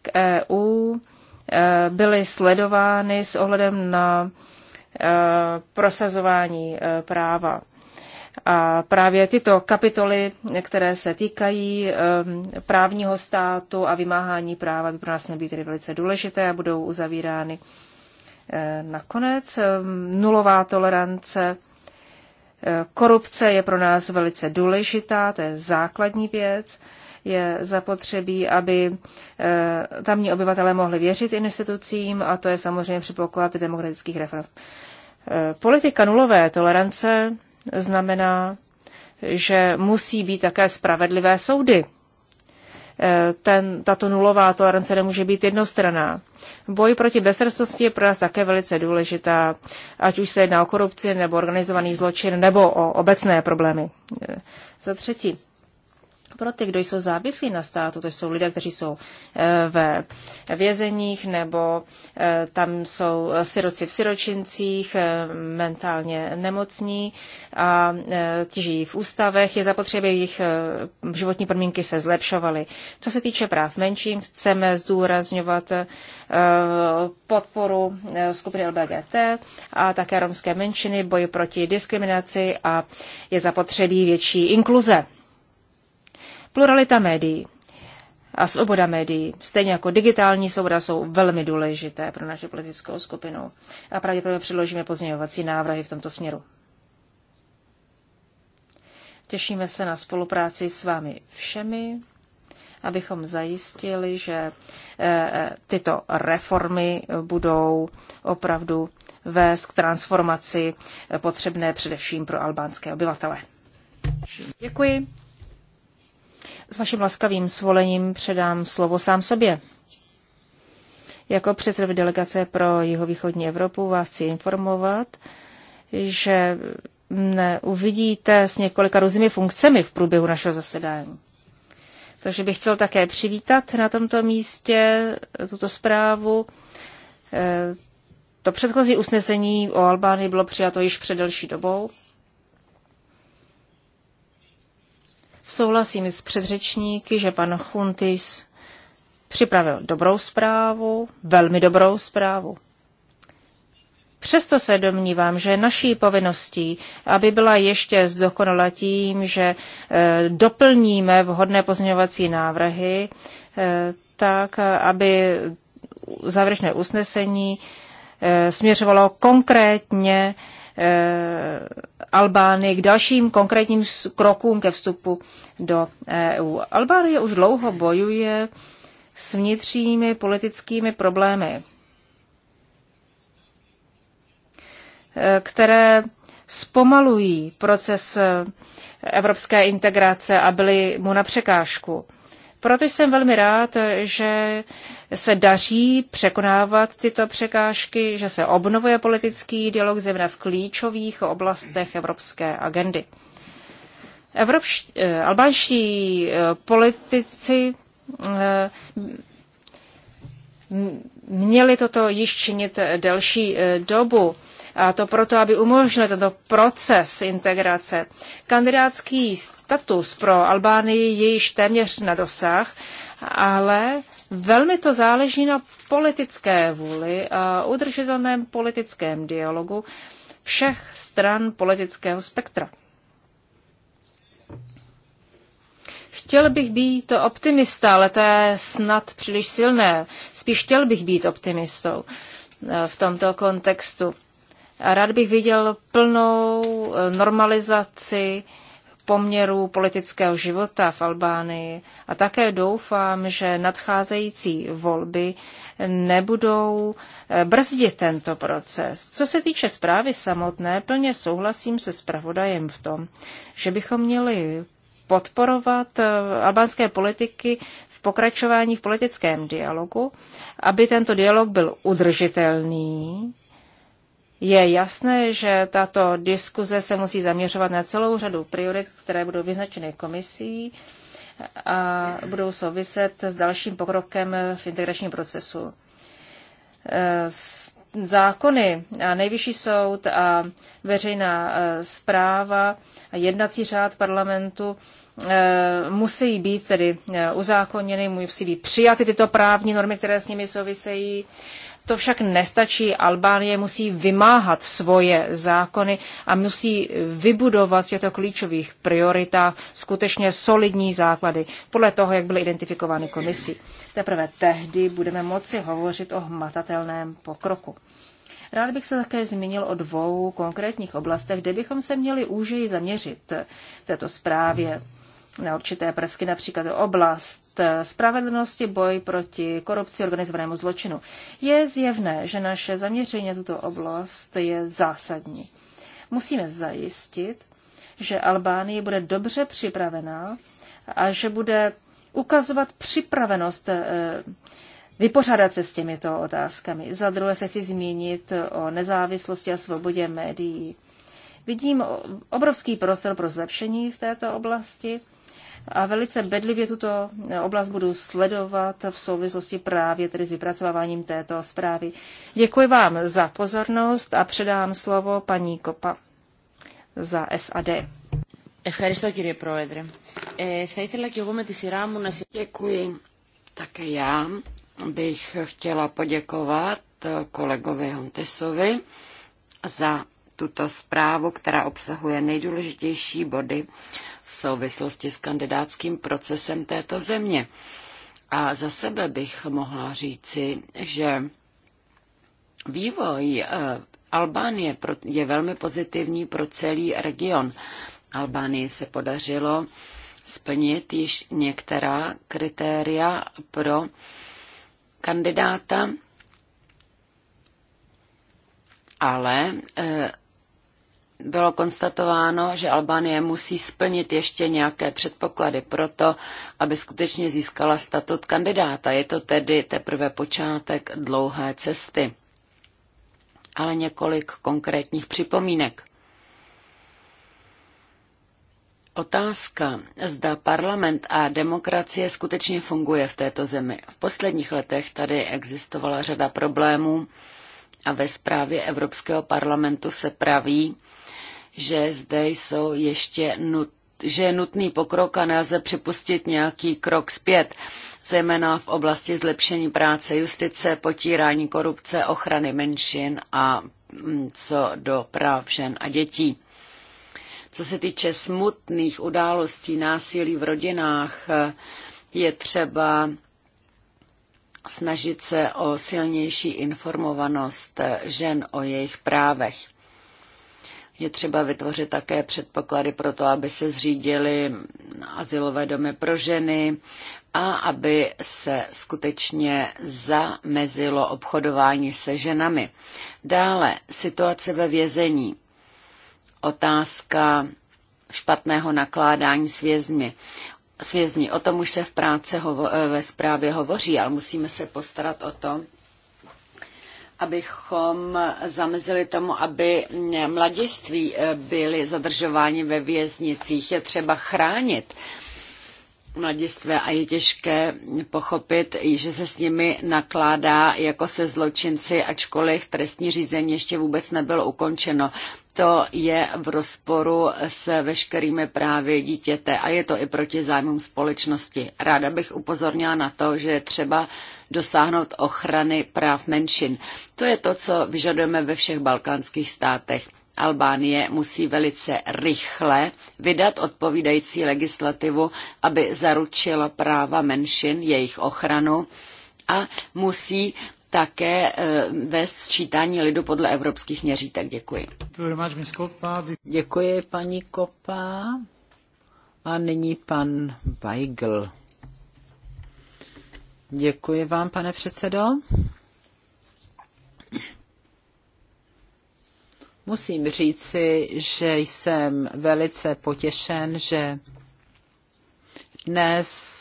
k EU e, byly sledovány s ohledem na e, prosazování práva. A právě tyto kapitoly, které se týkají právního státu a vymáhání práva, by pro nás měly být tedy velice důležité a budou uzavírány Eh, nakonec eh, nulová tolerance eh, korupce je pro nás velice důležitá, to je základní věc. Je zapotřebí, aby tamní obyvatelé mohli věřit institucím a to je samozřejmě předpoklad demokratických reform. Politika nulové tolerance znamená, že musí být také spravedlivé soudy Eh, ten, tato nulová tolerance nemůže být jednostraná. Boj proti bezrstnosti je pro nás také velice důležitá, ať už se jedná o korupci nebo organizovaný zločin nebo o obecné problémy. Eh, za třetí, pro ty, kdo jsou závislí na státu, to jsou lidé, kteří jsou eh, ve vězeních nebo eh, tam jsou siroci v siročincích, eh, mentálně nemocní a ti žijí v ústavech, je zapotřebí jejich životní podmínky se zlepšovaly. Co se týče práv menším, chceme zdůrazňovat podporu skupiny LBGT a také romské menšiny, boj proti diskriminaci a je zapotřebí větší inkluze Pluralita médií a svoboda médií, stejně jako digitální svoboda, jsou velmi důležité pro naši politickou skupinu a pravděpodobně předložíme pozměňovací návrhy v tomto směru. Těšíme se na spolupráci s vámi všemi, abychom zajistili, že eh, eh, tyto reformy budou opravdu vést k transformaci potřebné především pro albánské obyvatele. Děkuji. S vaším laskavým svolením předám slovo sám sobě. Jako předsedovi delegace pro jihovýchodní Evropu vás chci informovat, že mne uvidíte s několika různými funkcemi v průběhu našeho zasedání. Takže bych chtěl také přivítat na tomto místě tuto zprávu. Eh, to předchozí usnesení o Albánii bylo přijato již před delší dobou Souhlasím s předřečníky, že pan Chuntis připravil dobrou zprávu, velmi dobrou zprávu. Přesto se domnívám, že naší povinností, aby byla ještě zdokonala tím, že eh, doplníme vhodné pozměňovací návrhy, eh, tak aby závěrečné usnesení eh, směřovalo konkrétně Eh, Albány k dalším konkrétním krokům ke vstupu do EU. Albánie už dlouho bojuje s vnitřními politickými problémy, eh, které zpomalují proces eh, evropské integrace a byly mu na překážku. Proto jsem velmi rád, že se daří překonávat tyto překážky, že se obnovuje politický dialog zejména v klíčových oblastech evropské agendy. Evropští, eh, albánští eh, politici eh, měli toto již činit delší dobu. A to proto, aby umožnil tento proces integrace. Kandidátský status pro Albánii je již téměř na dosah, ale velmi to záleží na politické vůli a udržitelném politickém dialogu všech stran politického spektra. Chtěl bych být optimista, ale to je snad příliš silné. Spíš chtěl bych být optimistou eh, v tomto kontextu. Rád bych viděl plnou eh, normalizaci poměrů politického života v Albánii a také doufám, že nadcházející volby nebudou eh, brzdit tento proces. Co se týče zprávy samotné, plně souhlasím se zpravodajem v tom, že bychom měli podporovat eh, albánské politiky v pokračování v politickém dialogu, aby tento dialog byl udržitelný, je jasné, že tato diskuze se musí zaměřovat na celou řadu priorit, které budou vyznačeny komisí a budou souviset s dalším pokrokem v integračním procesu. E, zákony a nejvyšší soud a veřejná zpráva e, a jednací řád parlamentu e, musí být tedy uzákoněny, musí být přijaty tyto právní normy, které s nimi souvisejí to však nestačí. Albánie musí vymáhat svoje zákony a musí vybudovat v těchto klíčových prioritách skutečně solidní základy podle toho, jak byly identifikovány komisí. Teprve tehdy budeme moci hovořit o hmatatelném pokroku. Rád bych se také zmínil o dvou konkrétních oblastech, kde bychom se měli úžeji zaměřit v této zprávě na určité prvky, například oblast eh, spravedlnosti, boj proti korupci, organizovanému zločinu. Je zjevné, že naše zaměření na tuto oblast je zásadní. Musíme zajistit, že Albánie bude dobře připravená a že bude ukazovat připravenost eh, vypořádat se s těmito otázkami. Za druhé se si zmínit o nezávislosti a svobodě médií. Vidím obrovský prostor pro zlepšení v této oblasti a velice bedlivě tuto oblast budu sledovat v souvislosti právě tedy s vypracováním této zprávy. Děkuji vám za pozornost a předám slovo paní Kopa za SAD. Ευχαριστώ κύριε Πρόεδρε. Ε, θα ήθελα και εγώ με τη σειρά μου να... Děkuji. Také já bych chtěla poděkovat kolegovi Hontesovi za tuto zprávu, která obsahuje nejdůležitější body v souvislosti s kandidátským procesem této země. A za sebe bych mohla říci, že vývoj eh, Albánie je velmi pozitivní pro celý region. Albánii se podařilo splnit již některá kritéria pro kandidáta, ale eh, bylo konstatováno, že Albánie musí splnit ještě nějaké předpoklady pro to, aby skutečně získala statut kandidáta. Je to tedy teprve počátek dlouhé cesty. Ale několik konkrétních připomínek. Otázka, zda parlament a demokracie skutečně funguje v této zemi. V posledních letech tady existovala řada problémů a ve zprávě Evropského parlamentu se praví, že zde jsou ještě nut, že je nutný pokrok a nelze připustit nějaký krok zpět, zejména v oblasti zlepšení práce justice, potírání korupce, ochrany menšin a mm, co do práv žen a dětí. Co se týče smutných událostí násilí v rodinách, je třeba snažit se o silnější informovanost žen o jejich právech. Je třeba vytvořit také předpoklady pro to, aby se zřídili asilové domy pro ženy a aby se skutečně zamezilo obchodování se ženami. Dále situace ve vězení. Otázka špatného nakládání s vězmi svězní. O tom už se v práce hovo- eh, ve zprávě hovoří, ale musíme se postarat o to, abychom zamezili tomu, aby mladiství eh, byli zadržováni ve věznicích. Je třeba chránit mladistvé a je těžké pochopit, že se s nimi nakládá jako se zločinci, ačkoliv trestní řízení ještě vůbec nebylo ukončeno. To je v rozporu s veškerými právy dítěte a je to i proti zájmům společnosti. Ráda bych upozornila na to, že třeba dosáhnout ochrany práv menšin. To je to, co vyžadujeme ve všech balkánských státech. Albánie musí velice rychle vydat odpovídající legislativu, aby zaručila práva menšin, jejich ochranu a musí také eh, vést sčítání lidu podle evropských měřítek. Děkuji. Děkuji, paní Kopa. A nyní pan Weigl. Děkuji vám, pane předsedo. Musím říci, že jsem velice potěšen, že dnes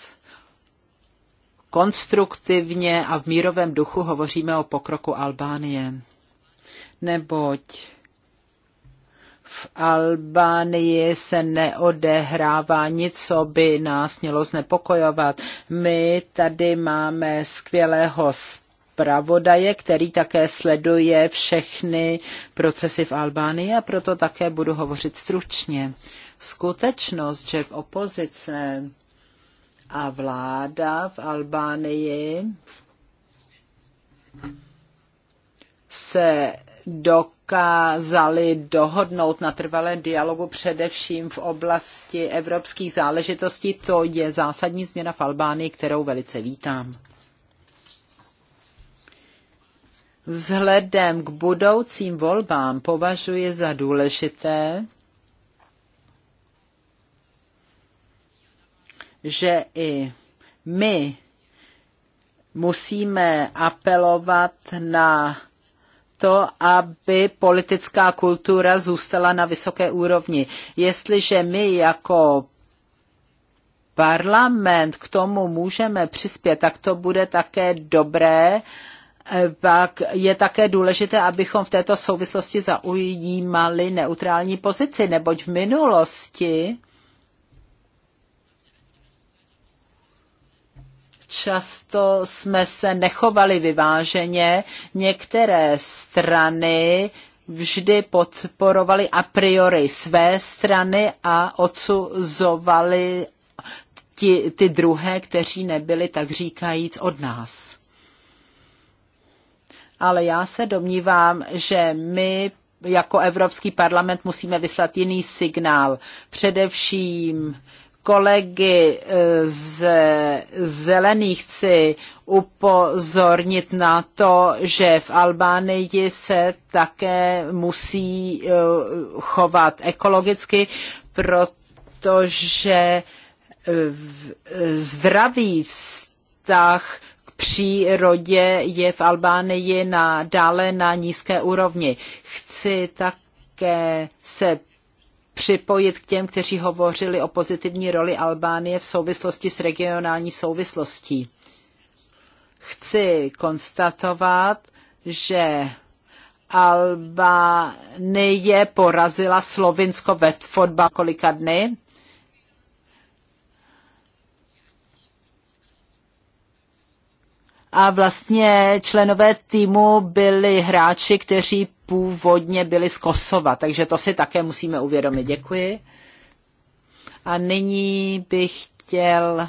konstruktivně a v mírovém duchu hovoříme o pokroku Albánie. Neboť v Albánii se neodehrává nic, co by nás mělo znepokojovat. My tady máme skvělého zpravodaje, který také sleduje všechny procesy v Albánii a proto také budu hovořit stručně. Skutečnost, že v opozice a vláda v Albánii se do dokázali dohodnout na trvalé dialogu především v oblasti evropských záležitostí. To je zásadní změna v Albánii, kterou velice vítám. Vzhledem k budoucím volbám považuji za důležité, že i my musíme apelovat na to, aby politická kultura zůstala na vysoké úrovni. Jestliže my jako parlament k tomu můžeme přispět, tak to bude také dobré. Pak je také důležité, abychom v této souvislosti zaujímali neutrální pozici, neboť v minulosti často jsme se nechovali vyváženě. Některé strany vždy podporovali a priori své strany a odsuzovali ti, ty druhé, kteří nebyli, tak říkajíc, od nás. Ale já se domnívám, že my jako Evropský parlament musíme vyslat jiný signál. Především kolegy eh, z zelených chci upozornit na to, že v Albánii se také musí eh, chovat ekologicky, protože eh, zdravý vztah k přírodě je v Albánii na, dále na nízké úrovni. Chci také se připojit k těm, kteří hovořili o pozitivní roli Albánie v souvislosti s regionální souvislostí. Chci konstatovat, že Albánie porazila Slovinsko ve fotbal kolika dny. A vlastně členové týmu byli hráči, kteří původně byli z Kosova, takže to si také musíme uvědomit. Děkuji. A nyní bych chtěl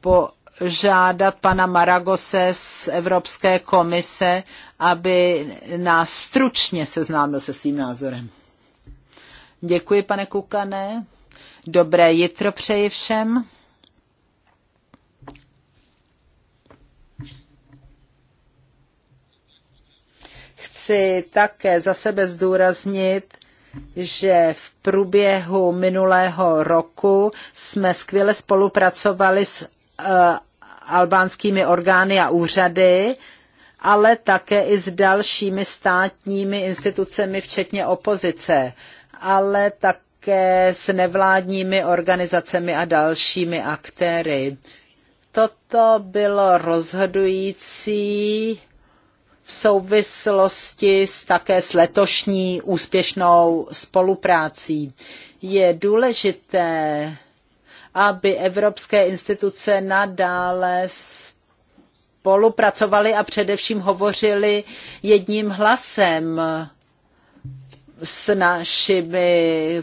požádat pana Maragose z Evropské komise, aby nás stručně seznámil se svým názorem. Děkuji, pane Kukane. Dobré jitro přeji všem. chci také za sebe zdůraznit, že v průběhu minulého roku jsme skvěle spolupracovali s uh, albánskými orgány a úřady, ale také i s dalšími státními institucemi, včetně opozice, ale také s nevládními organizacemi a dalšími aktéry. Toto bylo rozhodující v souvislosti s také s letošní úspěšnou spoluprácí. Je důležité, aby evropské instituce nadále spolupracovaly a především hovořili jedním hlasem s našimi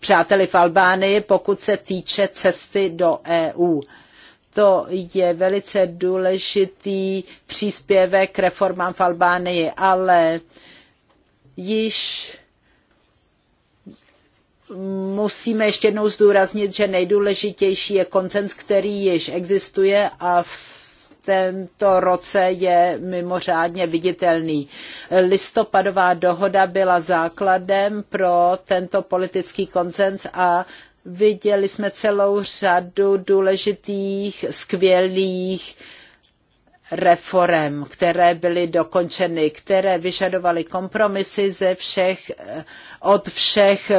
přáteli v Albánii, pokud se týče cesty do EU to je velice důležitý příspěvek k reformám v Albánii, ale již musíme ještě jednou zdůraznit, že nejdůležitější je koncens, který již existuje a v tento roce je mimořádně viditelný. Listopadová dohoda byla základem pro tento politický koncens a Viděli jsme celou řadu důležitých, skvělých reform, které byly dokončeny, které vyžadovaly kompromisy ze všech, od všech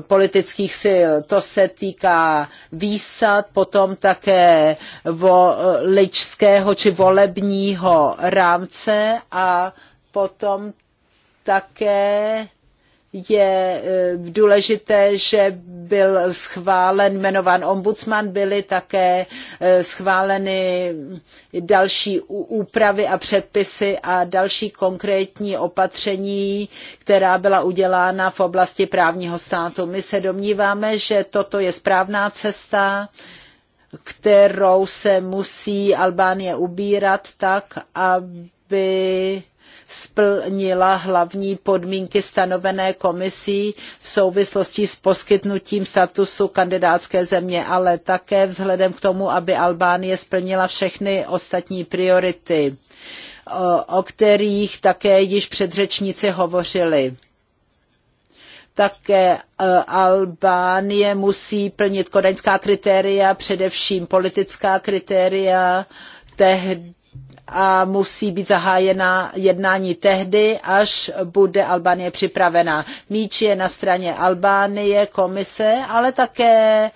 politických sil. To se týká výsad, potom také voličského či volebního rámce a potom také je eh, důležité, že byl schválen, jmenován ombudsman, byly také eh, schváleny další úpravy a předpisy a další konkrétní opatření, která byla udělána v oblasti právního státu. My se domníváme, že toto je správná cesta, kterou se musí Albánie ubírat tak, aby splnila hlavní podmínky stanovené komisí v souvislosti s poskytnutím statusu kandidátské země, ale také vzhledem k tomu, aby Albánie splnila všechny ostatní priority, o, o kterých také již předřečníci hovořili také e, Albánie musí plnit kodaňská kritéria, především politická kritéria, tehdy a musí být zahájena jednání tehdy, až bude Albánie připravena. Míč je na straně Albánie, komise, ale také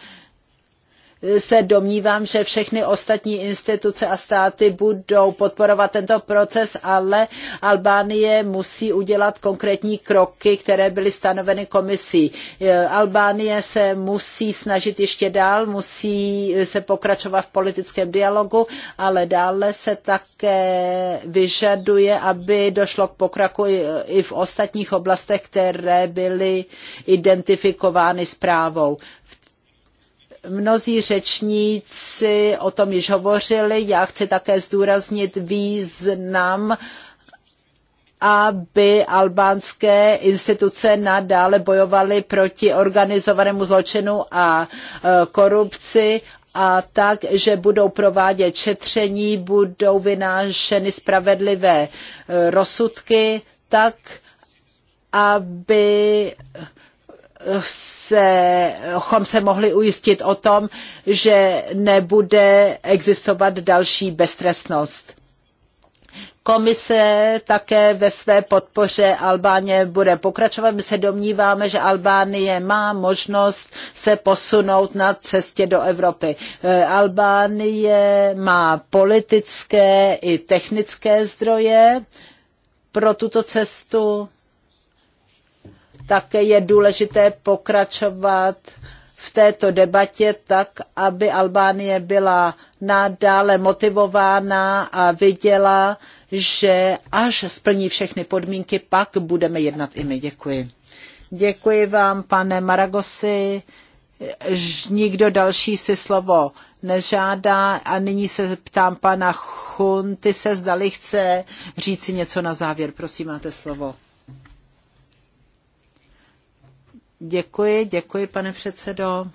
se domnívám, že všechny ostatní instituce a státy budou podporovat tento proces, ale Albánie musí udělat konkrétní kroky, které byly stanoveny komisí. E, Albánie se musí snažit ještě dál, musí se pokračovat v politickém dialogu, ale dále se také vyžaduje, aby došlo k pokraku i v ostatních oblastech, které byly identifikovány zprávou. V Mnozí řečníci o tom již hovořili. Já chci také zdůraznit význam aby albánské instituce nadále bojovaly proti organizovanému zločinu a e, korupci a tak, že budou provádět šetření, budou vynášeny spravedlivé e, rozsudky, tak aby se, chom se mohli ujistit o tom, že nebude existovat další beztrestnost. Komise také ve své podpoře Albánie bude pokračovat. My se domníváme, že Albánie má možnost se posunout na cestě do Evropy. E, Albánie má politické i technické zdroje pro tuto cestu také je důležité pokračovat v této debatě tak, aby Albánie byla nadále motivována a viděla, že až splní všechny podmínky, pak budeme jednat i my. Děkuji. Děkuji vám, pane Maragosi. Nikdo další si slovo nežádá a nyní se ptám pana Chunty se zdali chce říci něco na závěr. Prosím, máte slovo. Děkuji, děkuji, pane předsedo.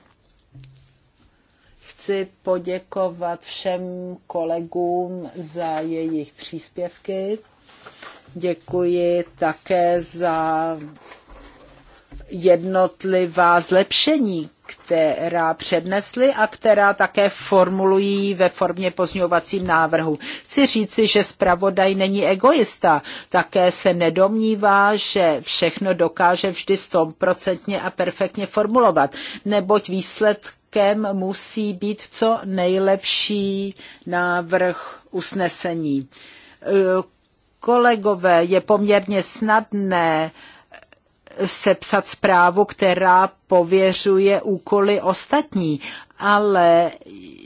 Chci poděkovat všem kolegům za jejich příspěvky. Děkuji také za jednotlivá zlepšení, která přednesli a která také formulují ve formě pozňovacím návrhu. Chci říci, že zpravodaj není egoista, také se nedomnívá, že všechno dokáže vždy stoprocentně a perfektně formulovat, neboť výsledkem musí být co nejlepší návrh usnesení. Kolegové, je poměrně snadné uh, sepsat zprávu, která pověřuje úkoly ostatní, ale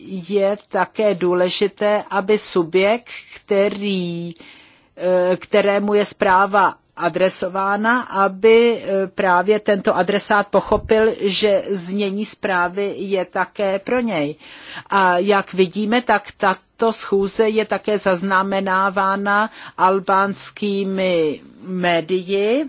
je také důležité, aby subjekt, který, eh, kterému je zpráva adresována, aby eh, právě tento adresát pochopil, že znění zprávy je také pro něj. A jak vidíme, tak tato schůze je také zaznamenávána albánskými médii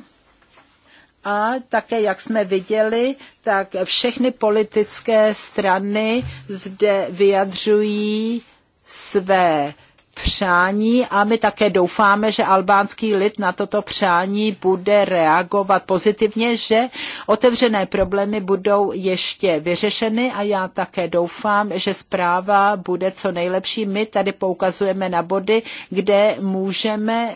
a také, jak jsme viděli, tak všechny politické strany zde vyjadřují své přání a my také doufáme, že albánský lid na toto přání bude reagovat pozitivně, že otevřené problémy budou ještě vyřešeny a já také doufám, že zpráva bude co nejlepší. My tady poukazujeme na body, kde můžeme,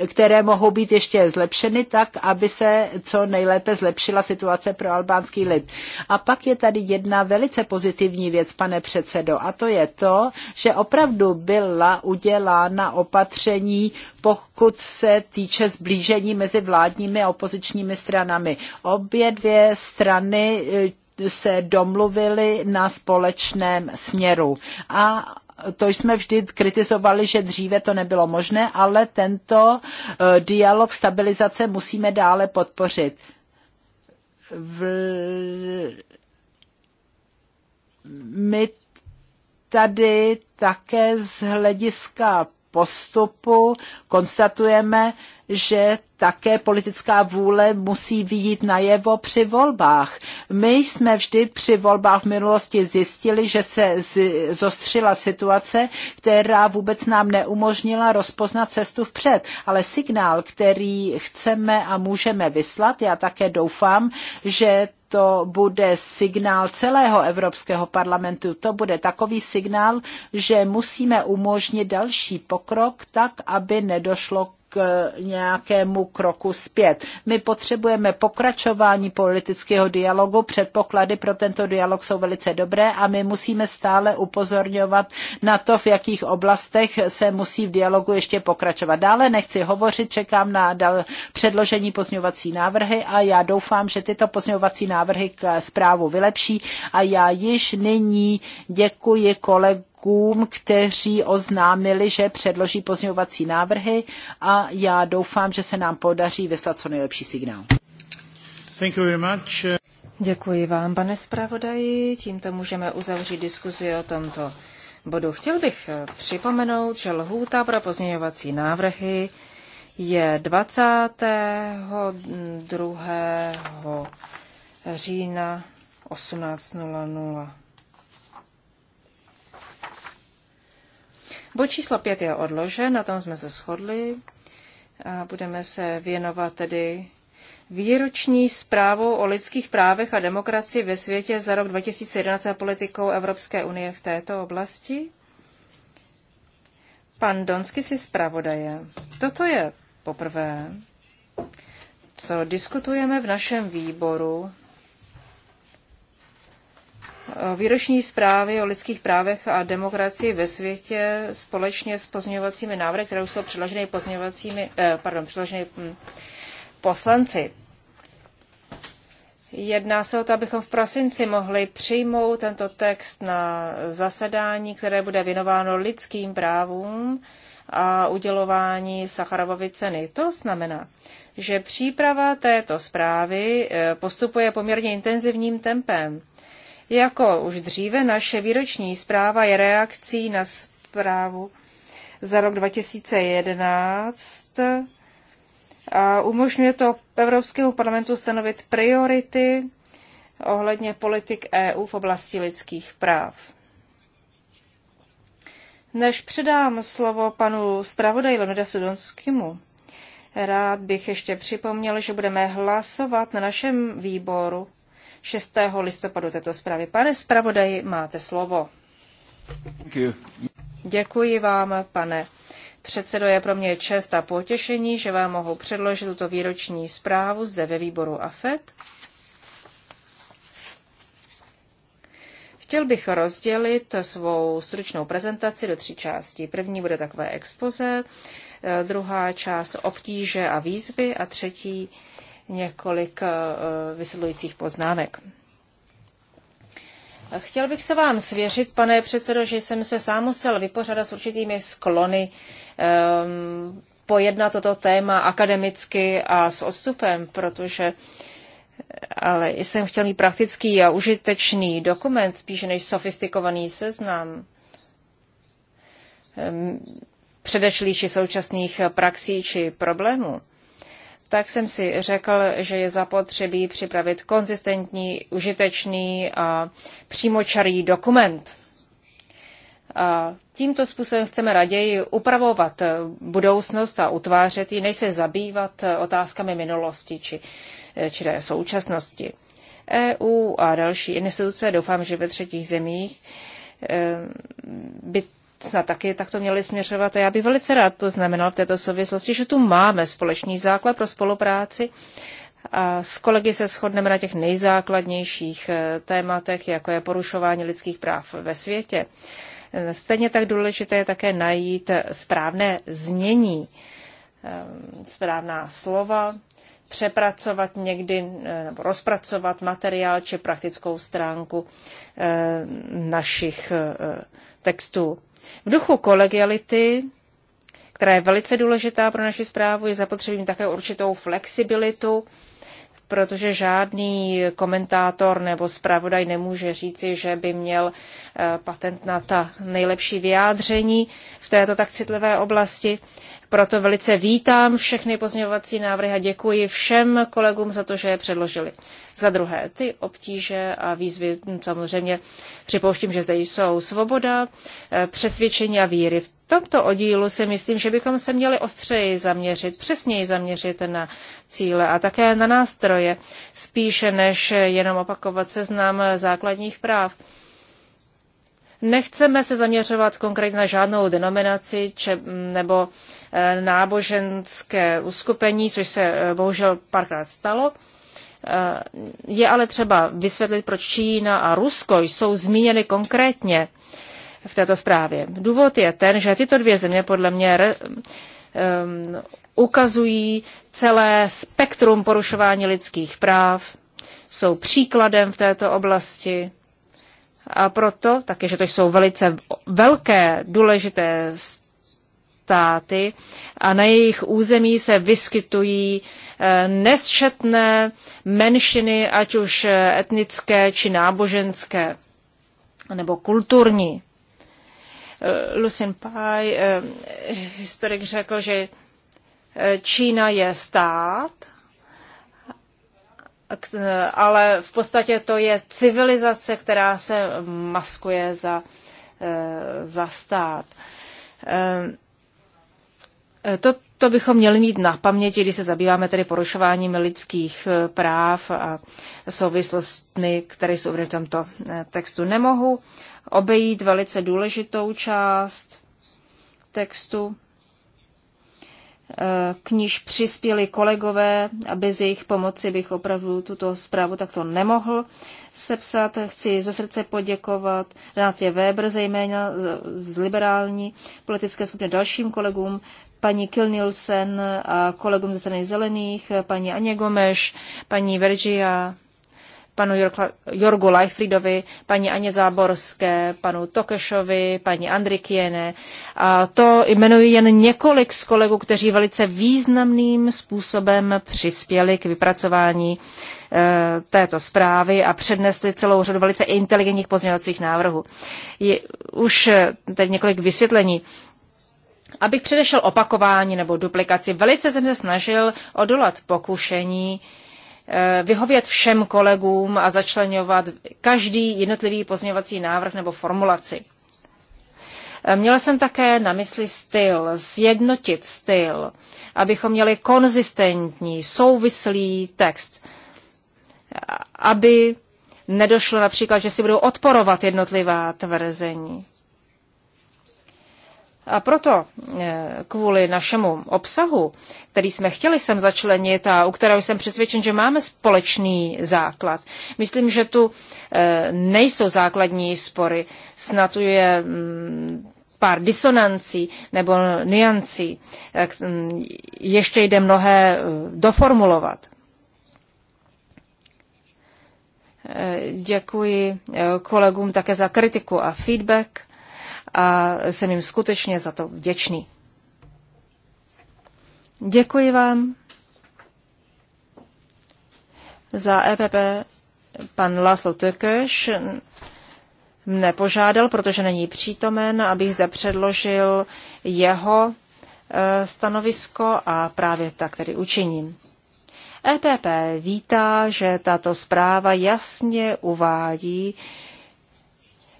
eh, které mohou být ještě zlepšeny tak, aby se co nejlépe zlepšila situace pro albánský lid. A pak je tady jedna velice pozitivní věc, pane předsedo, a to je to, že opravdu byla udělána dělá na opatření, pokud se týče zblížení mezi vládními a opozičními stranami. Obě dvě strany eh, se domluvily na společném směru. A to jsme vždy kritizovali, že dříve to nebylo možné, ale tento eh, dialog stabilizace musíme dále podpořit. V... My tady také z hlediska postupu konstatujeme, že také politická vůle musí výjít najevo při volbách. My jsme vždy při volbách v minulosti zjistili, že se zostřila situace, která vůbec nám neumožnila rozpoznat cestu vpřed. Ale signál, který chceme a můžeme vyslat, já také doufám, že to bude signál celého Evropského parlamentu. To bude takový signál, že musíme umožnit další pokrok tak, aby nedošlo k nějakému kroku zpět. My potřebujeme pokračování politického dialogu, předpoklady pro tento dialog jsou velice dobré a my musíme stále upozorňovat na to, v jakých oblastech se musí v dialogu ještě pokračovat. Dále nechci hovořit, čekám na předložení pozňovací návrhy a já doufám, že tyto pozňovací návrhy k zprávu vylepší a já již nyní děkuji kolegům kolegům, kteří oznámili, že předloží pozměňovací návrhy a já doufám, že se nám podaří vyslat co nejlepší signál. Thank you very much. Děkuji vám, pane zpravodaji. Tímto můžeme uzavřít diskuzi o tomto bodu. Chtěl bych připomenout, že lhůta pro pozměňovací návrhy je 22. října 18.00. Bod číslo pět je odložen, na tom jsme se shodli. A budeme se věnovat tedy výroční zprávou o lidských právech a demokracii ve světě za rok 2011 a politikou Evropské unie v této oblasti. Pan Donsky si zpravodaje. Toto je poprvé, co diskutujeme v našem výboru Eh, výroční zprávy o lidských právech a demokracii ve světě společně s pozměňovacími návrhy, které jsou přiloženy, pozměňovacími, eh, pardon, přiloženy hm, poslanci. Jedná se o to, abychom v prosinci mohli přijmout tento text na zasedání, které bude věnováno lidským právům a udělování Sacharovovy ceny. To znamená, že příprava této zprávy eh, postupuje poměrně intenzivním tempem. Jako už dříve, naše výroční zpráva je reakcí na zprávu za rok 2011 a umožňuje to Evropskému parlamentu stanovit priority ohledně politik EU v oblasti lidských práv. Než předám slovo panu zpravodaji Leonidasu Sudonskému, rád bych ještě připomněl, že budeme hlasovat na našem výboru 6. listopadu této zprávy. Pane zpravodaji, máte slovo. Děkuji vám, pane předsedo. Je pro mě čest a potěšení, že vám mohu předložit tuto výroční zprávu zde ve výboru AFET. Chtěl bych rozdělit svou stručnou prezentaci do tří částí. První bude takové expoze, eh, druhá část obtíže a výzvy a třetí několik eh, vysvětlujících poznámek. Chtěl bych se vám svěřit, pane předsedo, že jsem se sám musel vypořádat s určitými sklony um, pojednat toto téma akademicky a s odstupem, protože eh, ale jsem chtěl mít praktický a užitečný dokument, spíše než sofistikovaný seznam um, předešlých či současných praxí či problémů tak jsem si řekl, že je zapotřebí připravit konzistentní, užitečný a přímočarý dokument. A tímto způsobem chceme raději upravovat budoucnost a utvářet ji, než se zabývat otázkami minulosti či, či současnosti. EU a další instituce, doufám, že ve třetích zemích, eh, by snad taky takto měli směřovat. A já bych velice rád poznamenal v této souvislosti, že tu máme společný základ pro spolupráci. A s kolegy se shodneme na těch nejzákladnějších eh, tématech, jako je porušování lidských práv ve světě. Stejně tak důležité je také najít správné znění, eh, správná slova, přepracovat někdy eh, nebo rozpracovat materiál či praktickou stránku našich textů. V duchu kolegiality, která je velice důležitá pro naši zprávu, je zapotřebí také určitou flexibilitu, protože žádný komentátor nebo zpravodaj nemůže říci, že by měl eh, patent na ta nejlepší vyjádření v této tak citlivé oblasti. Proto velice vítám všechny pozměňovací návrhy a děkuji všem kolegům za to, že je předložili. Za druhé, ty obtíže a výzvy hm, samozřejmě připouštím, že zde jsou svoboda, eh, přesvědčení a víry. V tomto oddílu si myslím, že bychom se měli ostřeji zaměřit, přesněji zaměřit na cíle a také na nástroje, spíše než jenom opakovat seznam základních práv. Nechceme se zaměřovat konkrétně na žádnou denominaci če, nebo eh, náboženské uskupení, což se eh, bohužel párkrát stalo. Eh, je ale třeba vysvětlit, proč Čína a Rusko jsou zmíněny konkrétně v této zprávě. Důvod je ten, že tyto dvě země podle mě re, e, ukazují celé spektrum porušování lidských práv, jsou příkladem v této oblasti a proto, také, že to jsou velice velké, důležité státy a na jejich území se vyskytují eh, nesčetné menšiny, ať už eh, etnické či náboženské nebo kulturní. Eh, Lucien Pai, historik, řekl, že Čína je stát, ale v podstatě to je civilizace, která se maskuje za, eh, za stát. Eh, to, to bychom měli mít na paměti, když se zabýváme tedy porušováním lidských eh, práv a souvislostmi, které jsou v tomto textu. Nemohu obejít velice důležitou část textu, k níž přispěli kolegové a bez jejich pomoci bych opravdu tuto zprávu takto nemohl sepsat. Chci ze srdce poděkovat Renátě Weber, zejména z liberální politické skupiny dalším kolegům, paní Kilnilsen a kolegům ze strany zelených, paní Aně Gomeš, paní Vergia panu Jorgu Leifriedovi, paní Aně Záborské, panu Tokešovi, paní Andrikiene. A to jmenuji jen několik z kolegů, kteří velice významným způsobem přispěli k vypracování eh, této zprávy a přednesli celou řadu velice inteligentních pozměňovacích návrhů. Je, už eh, teď několik vysvětlení. Abych předešel opakování nebo duplikaci, velice jsem se snažil odolat pokušení uh, Eh, vyhovět všem kolegům a začlenovat každý jednotlivý pozměňovací návrh nebo formulaci. Eh, měla jsem také na mysli styl, zjednotit styl, abychom měli konzistentní, souvislý text, aby nedošlo například, že si budou odporovat jednotlivá tvrzení. A proto eh, kvůli našemu obsahu, který jsme chtěli sem začlenit a u kterého jsem přesvědčen, že máme společný základ, myslím, že tu eh, nejsou základní spory, snad tu je mm, pár disonancí nebo niancí. Eh, mm, ještě jde mnohé doformulovat. Děkuji kolegům také za kritiku a feedback a jsem jim skutečně za to vděčný. Děkuji vám za EPP pan Laszlo Tökeš mne požádal, protože není přítomen, abych zde předložil jeho e, stanovisko a právě tak tedy učiním. EPP vítá, že tato zpráva jasně uvádí,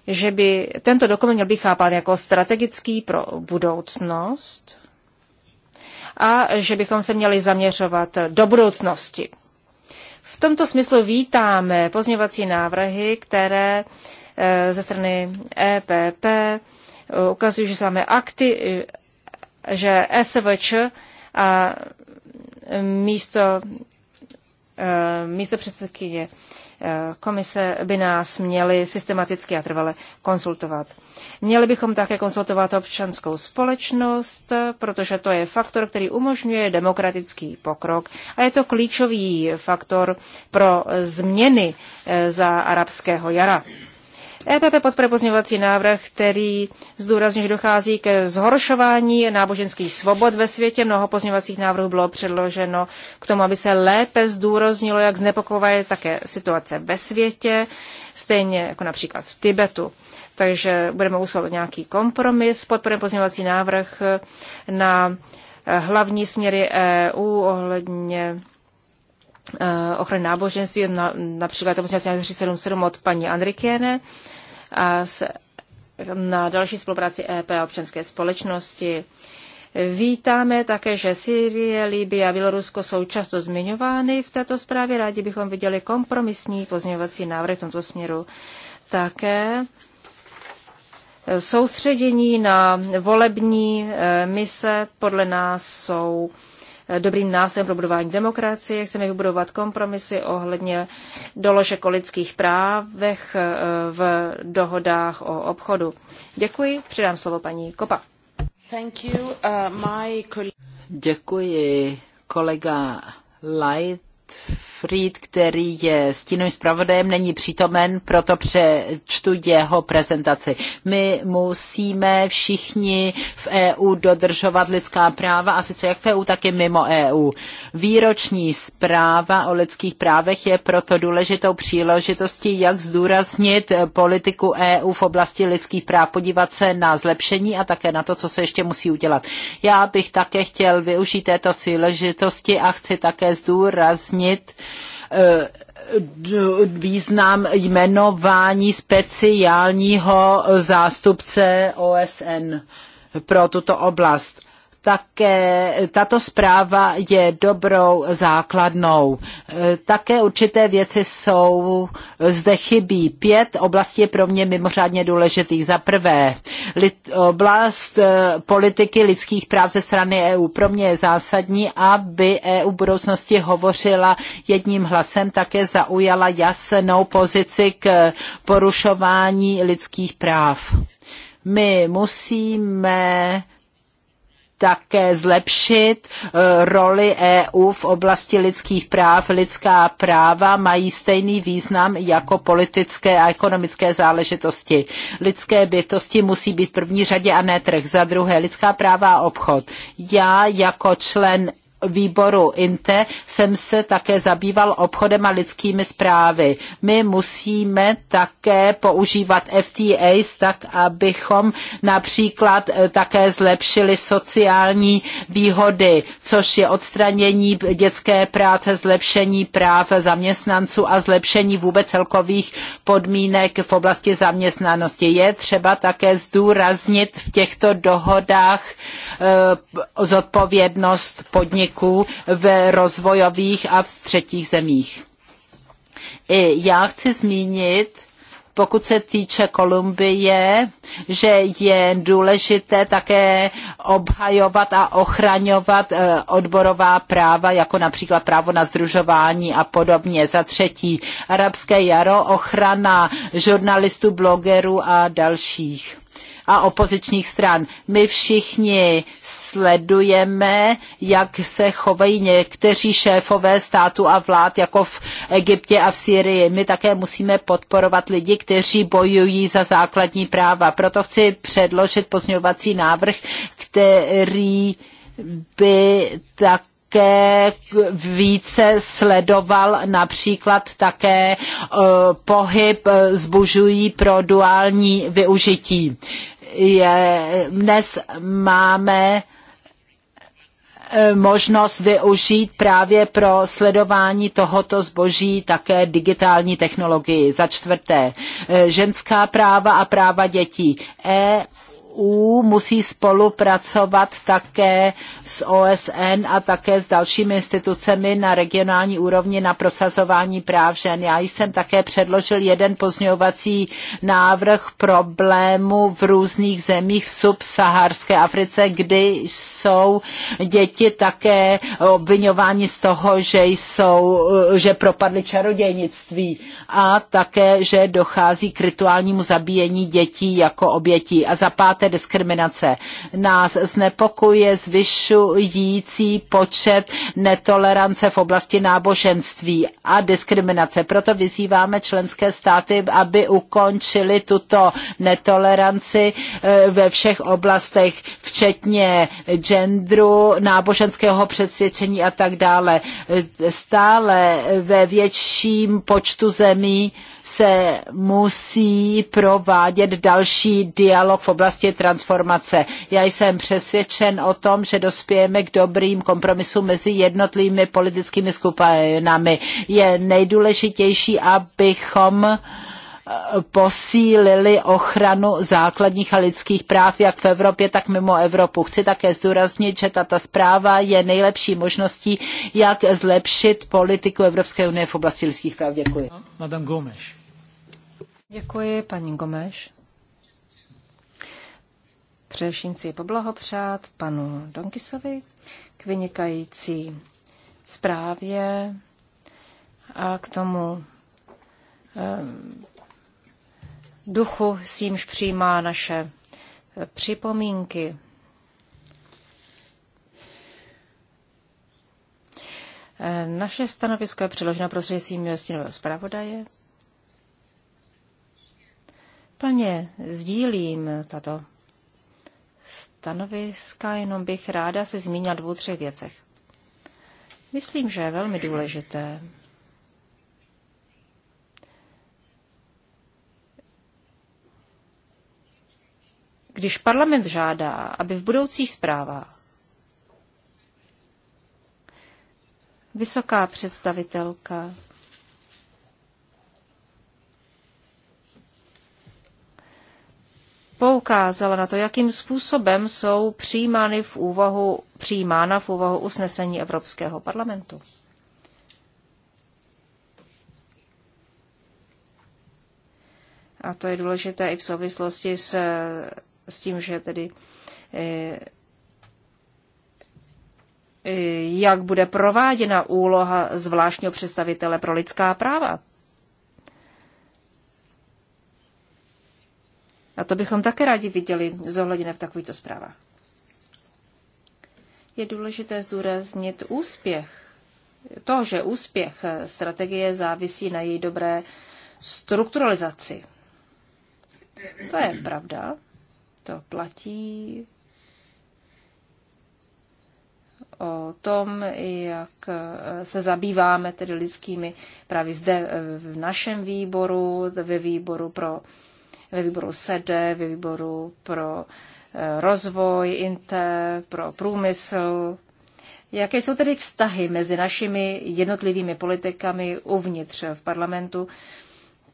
že by tento dokument měl být chápán jako strategický pro budoucnost a že bychom se měli zaměřovat do budoucnosti. V tomto smyslu vítáme pozměvací návrhy, které eh, ze strany EPP eh, ukazují, že máme akty, eh, že SVČ a místo, místo předsedkyně Eh, komise by nás měly systematicky a trvale konsultovat. Měli bychom také konsultovat občanskou společnost, protože to je faktor, který umožňuje demokratický pokrok a je to klíčový faktor pro změny eh, za arabského jara. EPP podporuje pozměňovací návrh, který zdůrazňuje, že dochází ke zhoršování náboženských svobod ve světě. Mnoho pozměňovacích návrhů bylo předloženo k tomu, aby se lépe zdůraznilo, jak znepokojuje také situace ve světě, stejně jako například v Tibetu. Takže budeme usilovat nějaký kompromis, podporujeme pozměňovací návrh na hlavní směry EU ohledně eh, ochrany náboženství, na, například 1877 od paní Andrikiene a s, na další spolupráci EP a občanské společnosti. Vítáme také, že Syrie, Libye a Bělorusko jsou často zmiňovány v této zprávě. Rádi bychom viděli kompromisní pozměňovací návrh v tomto směru. Také soustředění na volební eh, mise podle nás jsou dobrým nástrojem pro budování demokracie. Chceme vybudovat kompromisy ohledně doložek o lidských právech eh, v dohodách o obchodu. Děkuji, předám slovo paní Kopa. Thank you, uh, my... Děkuji, kolega Light Fried, který je stínovým zpravodajem, není přítomen, proto přečtu jeho prezentaci. My musíme všichni v EU dodržovat lidská práva, a sice jak v EU, tak i mimo EU. Výroční zpráva o lidských právech je proto důležitou příležitostí, jak zdůraznit politiku EU v oblasti lidských práv, podívat se na zlepšení a také na to, co se ještě musí udělat. Já bych také chtěl využít této příležitosti a chci také zdůraznit, Eh, význam jmenování speciálního zástupce OSN pro tuto oblast také tato zpráva je dobrou základnou. E, také určité věci jsou, e, zde chybí. Pět oblastí je pro mě mimořádně důležitých. Za prvé, oblast e, politiky lidských práv ze strany EU. Pro mě je zásadní, aby EU v budoucnosti hovořila jedním hlasem, také zaujala jasnou pozici k porušování lidských práv. My musíme také zlepšit eh, roli EU v oblasti lidských práv. Lidská práva mají stejný význam jako politické a ekonomické záležitosti. Lidské bytosti musí být v první řadě a ne trh. Za druhé, lidská práva a obchod. Já jako člen výboru INTE jsem se také zabýval obchodem a lidskými zprávy. My musíme také používat FTAs tak, abychom například eh, také zlepšili sociální výhody, což je odstranění dětské práce, zlepšení práv zaměstnanců a zlepšení vůbec celkových podmínek v oblasti zaměstnanosti. Je třeba také zdůraznit v těchto dohodách eh, zodpovědnost podniků podniků v rozvojových a v třetích zemích. I já chci zmínit, pokud se týče Kolumbie, že je důležité také obhajovat a ochraňovat eh, odborová práva, jako například právo na združování a podobně. Za třetí, arabské jaro, ochrana žurnalistů, blogerů a dalších a opozičních stran. My všichni sledujeme, jak se chovají někteří šéfové státu a vlád, jako v Egyptě a v Syrii. My také musíme podporovat lidi, kteří bojují za základní práva. Proto chci předložit pozměňovací návrh, který by tak také více sledoval například také eh, pohyb eh, zbužují pro duální využití je, dnes máme eh, možnost využít právě pro sledování tohoto zboží také digitální technologii. Za čtvrté, eh, ženská práva a práva dětí. E EU musí spolupracovat také s OSN a také s dalšími institucemi na regionální úrovni na prosazování práv žen. Já jsem také předložil jeden pozňovací návrh problému v různých zemích v subsaharské Africe, kdy jsou děti také obvinováni z toho, že jsou, že propadly čarodějnictví a také, že dochází k rituálnímu zabíjení dětí jako obětí. A za páté té diskriminace. Nás znepokuje zvyšující počet netolerance v oblasti náboženství a diskriminace. Proto vyzýváme členské státy, aby ukončili tuto netoleranci eh, ve všech oblastech, včetně genderu, náboženského přesvědčení a tak dále. Stále ve větším počtu zemí se musí provádět další dialog v oblasti transformace. Já jsem přesvědčen o tom, že dospějeme k dobrým kompromisům mezi jednotlivými politickými skupinami. Je nejdůležitější, abychom eh, posílili ochranu základních a lidských práv jak v Evropě, tak mimo Evropu. Chci také zdůraznit, že tato zpráva je nejlepší možností, jak zlepšit politiku Evropské unie v oblasti lidských práv. Děkuji. Madame Gomes. Děkuji, paní Gomeš. Především si poblahopřát panu Donkisovi k vynikající zprávě a k tomu um, duchu, s jímž přijímá naše připomínky. Ehm, naše stanovisko je přiloženo prostřednictvím stínového zpravodaje. Plně sdílím tato stanoviska, jenom bych ráda se zmínila dvou, třech věcech. Myslím, že je velmi důležité Když parlament žádá, aby v budoucích zprávách vysoká představitelka poukázala na to, jakým způsobem jsou přijímány v úvahu, přijímána v úvahu usnesení Evropského parlamentu. A to je důležité i v souvislosti s, s tím, že tedy eh, eh, jak bude prováděna úloha zvláštního představitele pro lidská práva. A to bychom také rádi viděli zohledněné v takovýchto zprávách. Je důležité zdůraznit úspěch. To, že úspěch strategie závisí na její dobré strukturalizaci. To je pravda. To platí o tom, jak se zabýváme tedy lidskými právě zde v našem výboru, ve výboru pro ve výboru SEDE, ve výboru pro eh, rozvoj, INTE, pro průmysl. Jaké jsou tedy vztahy mezi našimi jednotlivými politikami uvnitř v parlamentu?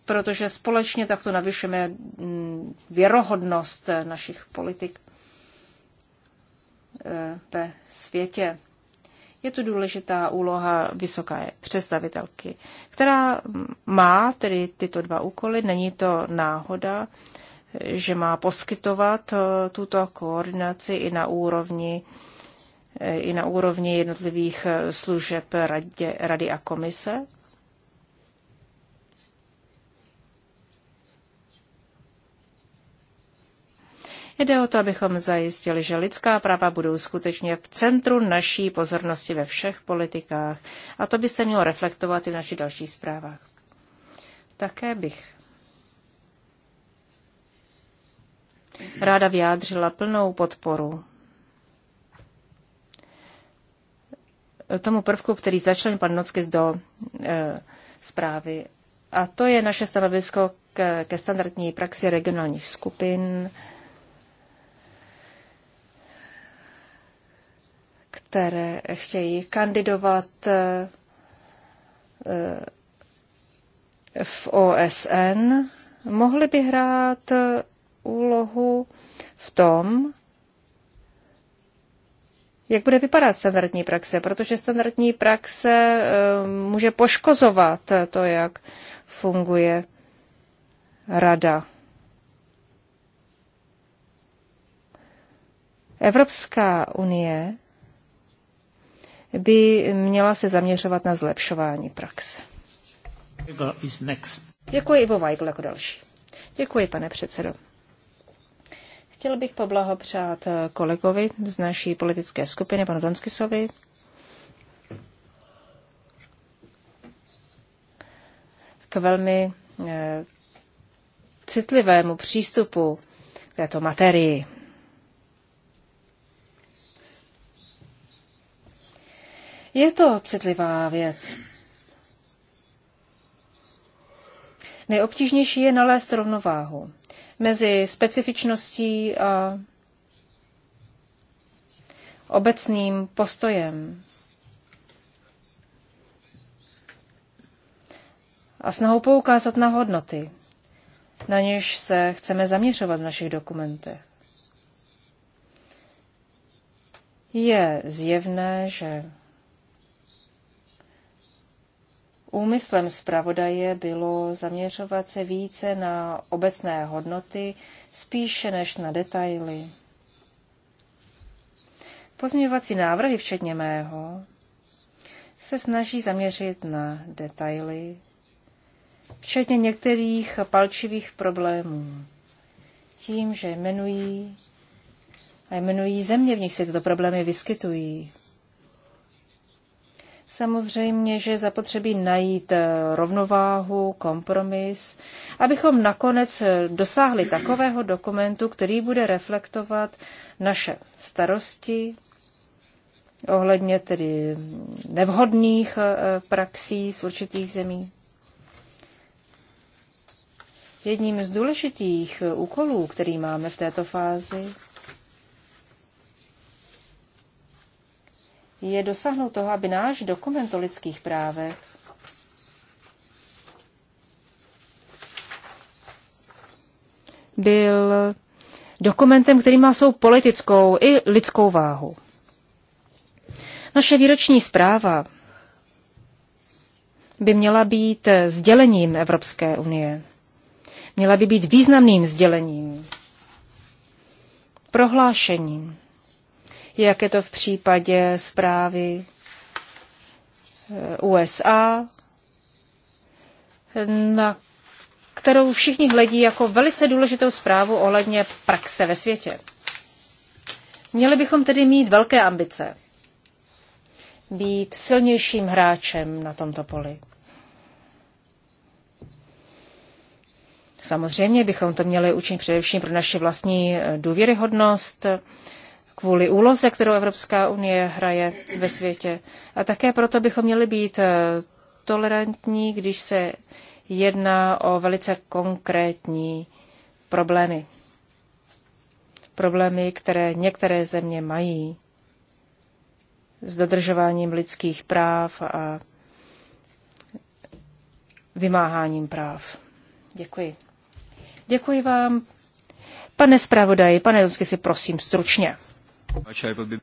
Protože společně takto navyšujeme mm, věrohodnost našich politik eh, ve světě. Je tu důležitá úloha vysoké představitelky, která má tedy tyto dva úkoly. Není to náhoda, že má poskytovat eh, tuto koordinaci i na úrovni eh, i na úrovni jednotlivých eh, služeb radě, rady a komise. Jde o to, abychom zajistili, že lidská práva budou skutečně v centru naší pozornosti ve všech politikách. A to by se mělo reflektovat i v našich dalších zprávách. Také bych ráda vyjádřila plnou podporu tomu prvku, který začal pan Nocky do e, zprávy. A to je naše stanovisko ke, ke standardní praxi regionálních skupin, které chtějí kandidovat eh, eh, v OSN, mohly by hrát eh, úlohu v tom, jak bude vypadat standardní praxe, protože standardní praxe může poškozovat to, jak funguje rada. Evropská unie by měla se zaměřovat na zlepšování praxe. Děkuji Ivo Weigl jako další. Děkuji, pane předsedo. Chtěl bych poblahopřát eh, kolegovi z naší politické skupiny, panu Donskisovi. K velmi eh, citlivému přístupu k této materii Je to citlivá věc. Nejobtížnější je nalézt rovnováhu mezi specifičností a obecným postojem a snahou poukázat na hodnoty, na něž se chceme zaměřovat v našich dokumentech. Je zjevné, že Úmyslem zpravodaje bylo zaměřovat se více na obecné hodnoty, spíše než na detaily. Pozměňovací návrhy, včetně mého, se snaží zaměřit na detaily, včetně některých palčivých problémů, tím, že jmenují a jmenují země, v nich se tyto problémy vyskytují. Samozřejmě, že je zapotřebí najít eh, rovnováhu, kompromis, abychom nakonec eh, dosáhli takového dokumentu, který bude reflektovat naše starosti ohledně tedy nevhodných eh, praxí z určitých zemí. Jedním z důležitých úkolů, který máme v této fázi, je dosáhnout toho, aby náš dokument o lidských právech byl dokumentem, který má svou politickou i lidskou váhu. Naše výroční zpráva by měla být sdělením Evropské unie. Měla by být významným sdělením, prohlášením, jak je to v případě zprávy eh, USA, na kterou všichni hledí jako velice důležitou zprávu ohledně praxe ve světě. Měli bychom tedy mít velké ambice, být silnějším hráčem na tomto poli. Samozřejmě bychom to měli učinit především pro naši vlastní eh, důvěryhodnost, kvůli úloze, kterou Evropská unie hraje ve světě. A také proto bychom měli být eh, tolerantní, když se jedná o velice konkrétní problémy. Problémy, které některé země mají s dodržováním lidských práv a vymáháním práv. Děkuji. Děkuji vám. Pane zpravodaji, pane Jonsky, si prosím stručně.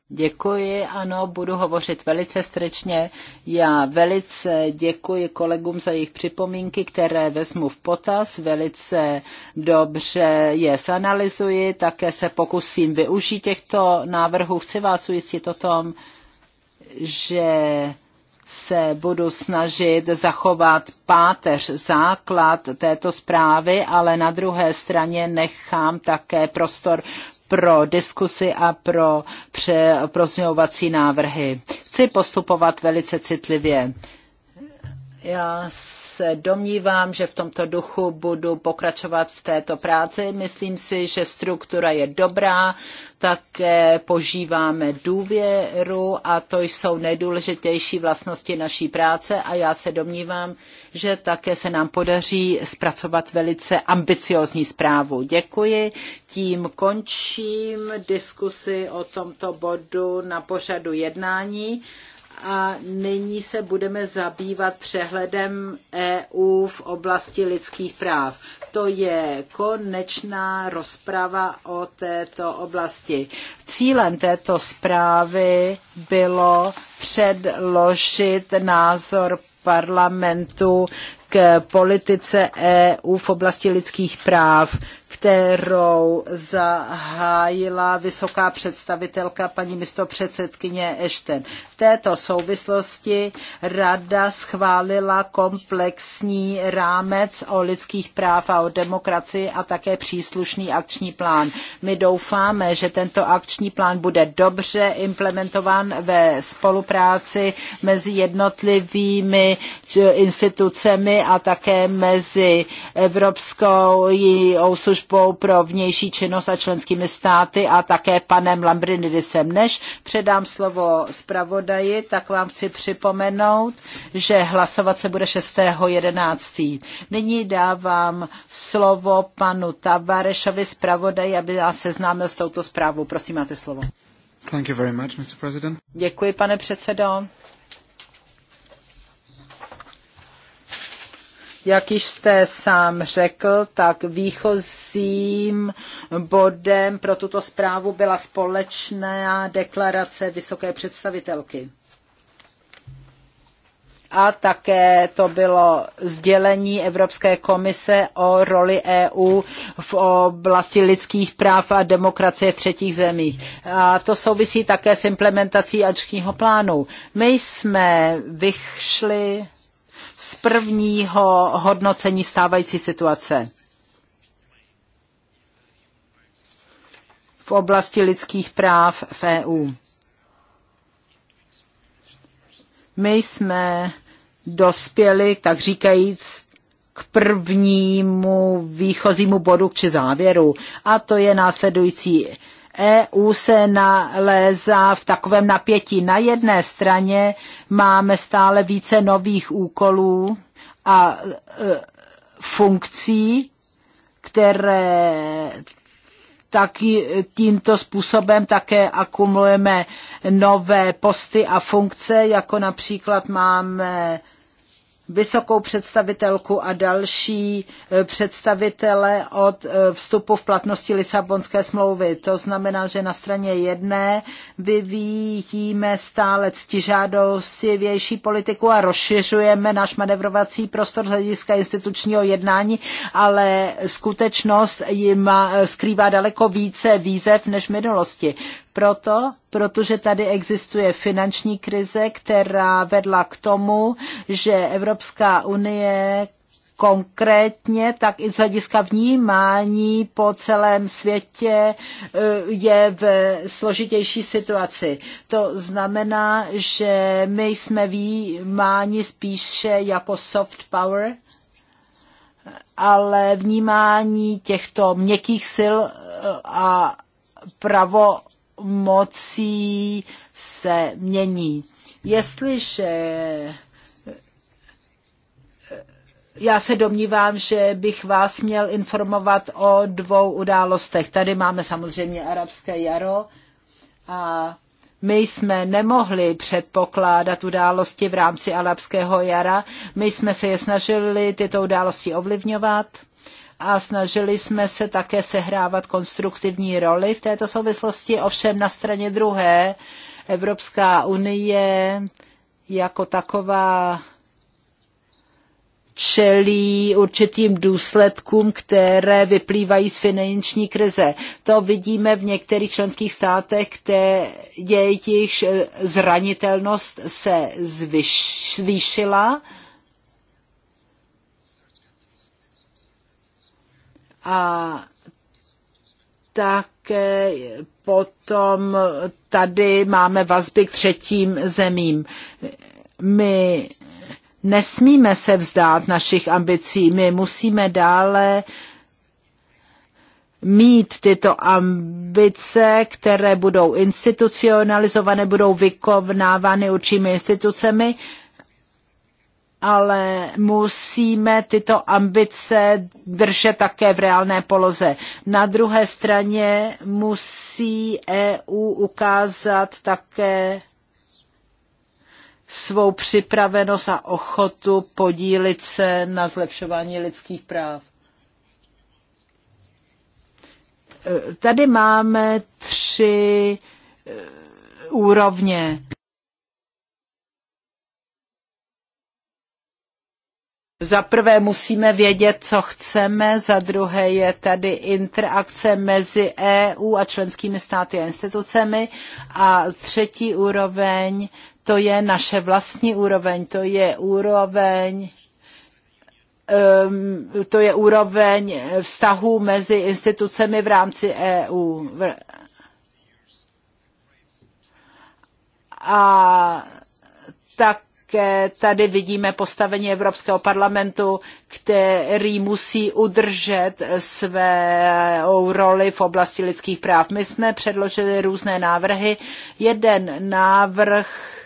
Děkuji, ano, budu hovořit velice strečně. Já velice děkuji kolegům za jejich připomínky, které vezmu v potaz, velice dobře je zanalizuji, také se pokusím využít těchto návrhů. Chci vás ujistit o tom, že se budu snažit zachovat páteř, základ této zprávy, ale na druhé straně nechám také prostor pro diskusy a pro prozňovací návrhy. Chci postupovat velice citlivě. Já se domnívám, že v tomto duchu budu pokračovat v této práci. Myslím si, že struktura je dobrá, také požíváme důvěru a to jsou nejdůležitější vlastnosti naší práce a já se domnívám, že také se nám podaří zpracovat velice ambiciozní zprávu. Děkuji. Tím končím diskusi o tomto bodu na pořadu jednání a nyní se budeme zabývat přehledem EU v oblasti lidských práv. To je konečná rozprava o této oblasti. Cílem této zprávy bylo předložit názor parlamentu k politice EU v oblasti lidských práv kterou zahájila vysoká představitelka paní místopředsedkyně Ešten. V této souvislosti rada schválila komplexní rámec o lidských práv a o demokracii a také příslušný akční plán. My doufáme, že tento akční plán bude dobře implementován ve spolupráci mezi jednotlivými institucemi a také mezi Evropskou službou službou pro vnější činnost a členskými státy a také panem Lambrinidisem. Než předám slovo zpravodaji, tak vám chci připomenout, že hlasovat se bude 6.11. Nyní dávám slovo panu Tavarešovi zpravodaji, aby nás seznámil s touto zprávou. Prosím, máte slovo. Thank you very much, Mr. President. Děkuji, pane předsedo. Jak již jste sám řekl, tak výchozím bodem pro tuto zprávu byla společná deklarace vysoké představitelky. A také to bylo sdělení Evropské komise o roli EU v oblasti lidských práv a demokracie v třetích zemích. A to souvisí také s implementací ačního plánu. My jsme vyšli z prvního hodnocení stávající situace. v oblasti lidských práv v EU. My jsme dospěli, tak říkajíc, k prvnímu výchozímu bodu či závěru. A to je následující. EU se nalézá v takovém napětí. Na jedné straně máme stále více nových úkolů a e, funkcí, které taky tímto způsobem také akumulujeme nové posty a funkce, jako například máme vysokou představitelku a další e, představitele od e, vstupu v platnosti Lisabonské smlouvy. To znamená, že na straně jedné vyvíjíme stále ctižádostivější politiku a rozšiřujeme náš manevrovací prostor z hlediska institučního jednání, ale skutečnost jim e, skrývá daleko více výzev než v minulosti. Proto, protože tady existuje finanční krize, která vedla k tomu, že Evropská unie konkrétně, tak i z hlediska vnímání po celém světě eh, je v složitější situaci. To znamená, že my jsme vnímáni spíše jako soft power, ale vnímání těchto měkkých sil eh, a pravo mocí se mění. Jestliže eh, já se domnívám, že bych vás měl informovat o dvou událostech. Tady máme samozřejmě arabské jaro a my jsme nemohli předpokládat události v rámci arabského jara. My jsme se je snažili tyto události ovlivňovat a snažili jsme se také sehrávat konstruktivní roli v této souvislosti. Ovšem na straně druhé Evropská unie jako taková čelí určitým důsledkům, které vyplývají z finanční krize. To vidíme v některých členských státech, kde jejich zranitelnost se zvyš, zvýšila a také potom tady máme vazby k třetím zemím. My nesmíme se vzdát našich ambicí, my musíme dále mít tyto ambice, které budou institucionalizované, budou vykonávány určitými institucemi ale musíme tyto ambice držet také v reálné poloze. Na druhé straně musí EU ukázat také svou připravenost a ochotu podílit se na zlepšování lidských práv. Tady máme tři úrovně. Za prvé musíme vědět, co chceme, za druhé je tady interakce mezi EU a členskými státy a institucemi a třetí úroveň, to je naše vlastní úroveň, to je úroveň ehm, to je úroveň vztahu mezi institucemi v rámci EU. A tak tak tady vidíme postavení Evropského parlamentu, který musí udržet svou roli v oblasti lidských práv. My jsme předložili různé návrhy. Jeden návrh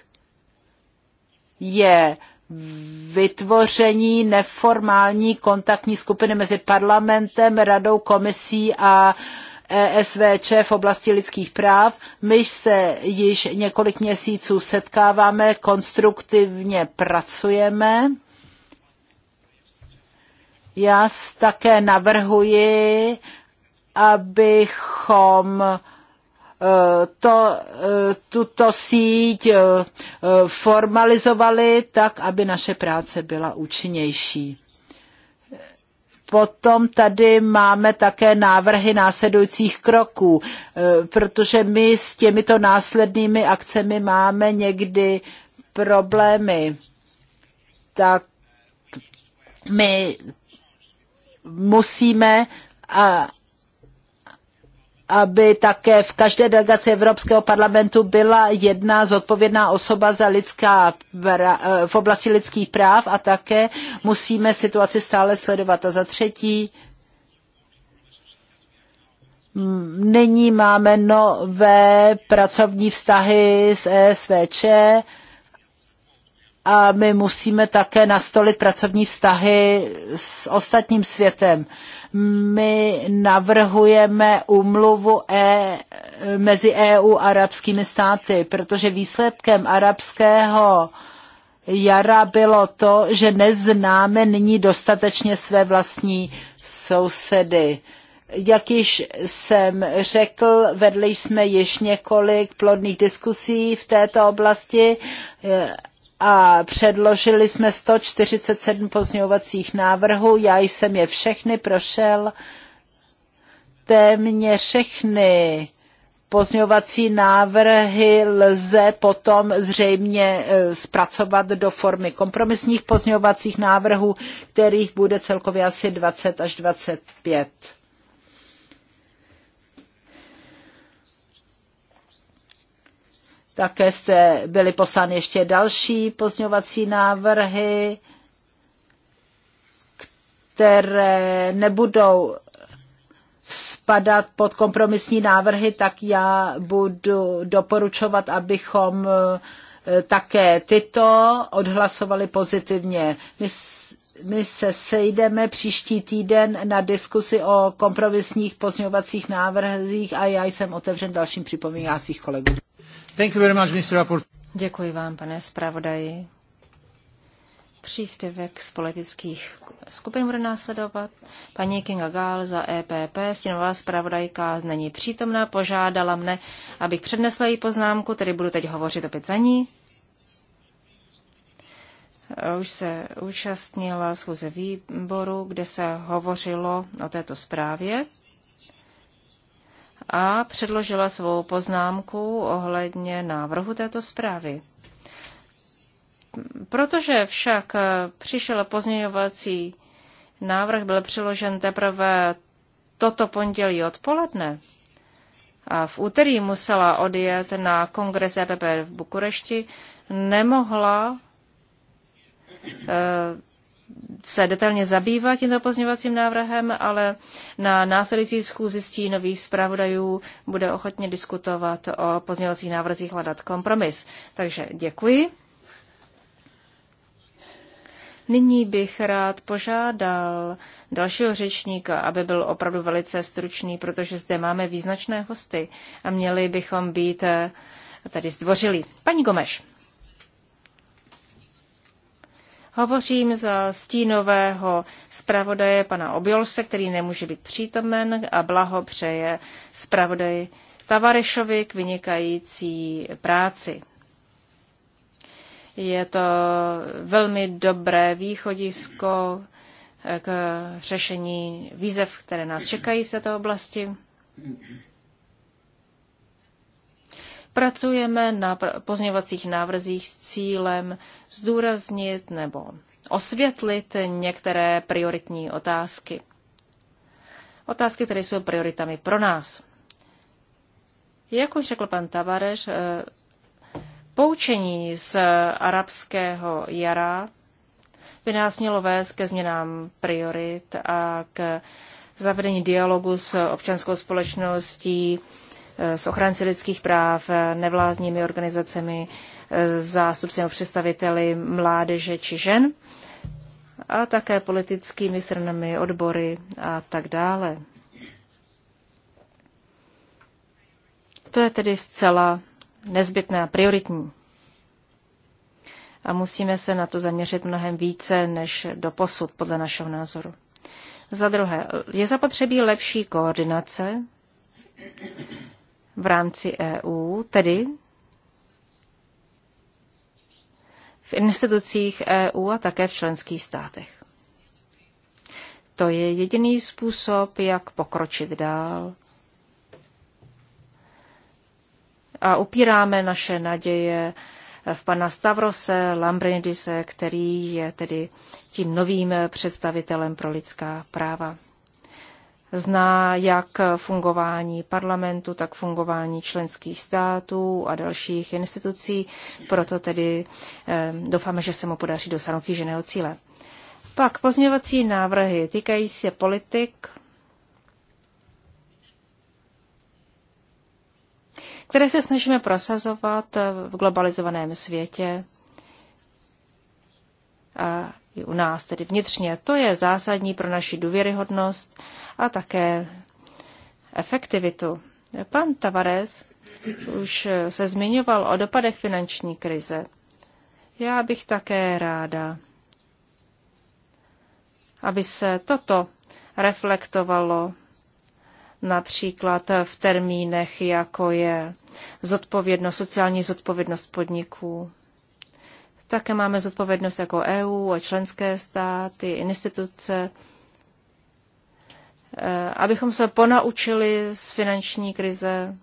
je vytvoření neformální kontaktní skupiny mezi parlamentem, radou, komisí a uh, ESVČ v oblasti lidských práv. My se již několik měsíců setkáváme, konstruktivně pracujeme. Já také navrhuji, abychom e, to, e, tuto síť e, formalizovali tak, aby naše práce byla účinnější. Potom tady máme také návrhy následujících kroků, e, protože my s těmito následnými akcemi máme někdy problémy. Tak my musíme a aby také v každé delegaci Evropského parlamentu byla jedna zodpovědná osoba za lidská pra, eh, v oblasti lidských práv a také musíme situaci stále sledovat. A za třetí, mm, nyní máme nové pracovní vztahy s ESVČ, a my musíme také nastolit pracovní vztahy s ostatním světem. My navrhujeme umluvu e, mezi EU a arabskými státy, protože výsledkem arabského jara bylo to, že neznáme nyní dostatečně své vlastní sousedy. Jak již jsem řekl, vedli jsme již několik plodných diskusí v této oblasti a předložili jsme 147 pozměňovacích návrhů. Já jsem je všechny prošel. Téměř všechny pozměňovací návrhy lze potom zřejmě e, zpracovat do formy kompromisních pozměňovacích návrhů, kterých bude celkově asi 20 až 25. Také jste byly poslány ještě další pozňovací návrhy, které nebudou spadat pod kompromisní návrhy, tak já budu doporučovat, abychom eh, také tyto odhlasovali pozitivně. My, my se sejdeme příští týden na diskusi o kompromisních pozměňovacích návrzích a já jsem otevřen dalším připomínkám svých kolegů. Thank you very much, Mr. Děkuji vám, pane zpravodaji. Příspěvek z politických skupin bude následovat. Paní Kinga Gál za EPP, stínová zpravodajka, není přítomná, požádala mne, abych přednesla její poznámku, tedy budu teď hovořit opět za ní. Už se účastnila schůze výboru, kde se hovořilo o této zprávě a předložila svou poznámku ohledně návrhu této zprávy. Protože však přišel pozměňovací návrh, byl přiložen teprve toto pondělí odpoledne, a v úterý musela odjet na kongres EPP v Bukurešti, nemohla eh, se detailně zabývat tímto pozměňovacím návrhem, ale na následující schůzi stínových zpravodajů bude ochotně diskutovat o pozměňovacích návrzích hledat kompromis. Takže děkuji. Nyní bych rád požádal dalšího řečníka, aby byl opravdu velice stručný, protože zde máme význačné hosty a měli bychom být eh, tady zdvořili. Paní Gomeš. Hovořím za stínového zpravodaje pana Objolse, který nemůže být přítomen a přeje zpravodaji Tavarešovi k vynikající práci. Je to velmi dobré východisko k řešení výzev, které nás čekají v této oblasti. Pracujeme na pozněvacích návrzích s cílem zdůraznit nebo osvětlit některé prioritní otázky. Otázky, které jsou prioritami pro nás. Jak už řekl pan Tavareš, eh, poučení z arabského jara by nás mělo vést ke změnám priorit a k zavedení dialogu s občanskou společností, Eh, s ochránci lidských práv, eh, nevládními organizacemi, eh, zástupci představiteli mládeže či žen a také politickými stranami, odbory a tak dále. To je tedy zcela nezbytné a prioritní. A musíme se na to zaměřit mnohem více než do posud, podle našeho názoru. Za druhé, je zapotřebí lepší koordinace v rámci EU, tedy v institucích EU a také v členských státech. To je jediný způsob, jak pokročit dál. A upíráme naše naděje v pana Stavrose Lambrindise, který je tedy tím novým představitelem pro lidská práva zná jak fungování parlamentu, tak fungování členských států a dalších institucí. Proto tedy eh, doufáme, že se mu podaří dosáhnout kýženého cíle. Pak pozměňovací návrhy týkají se politik, které se snažíme prosazovat v globalizovaném světě a i u nás, tedy vnitřně. To je zásadní pro naši důvěryhodnost a také efektivitu. Pan Tavares už se zmiňoval o dopadech finanční krize. Já bych také ráda, aby se toto reflektovalo například v termínech, jako je zodpovědnost, sociální zodpovědnost podniků také máme zodpovědnost jako EU a členské státy, instituce, eh, abychom se ponaučili z finanční krize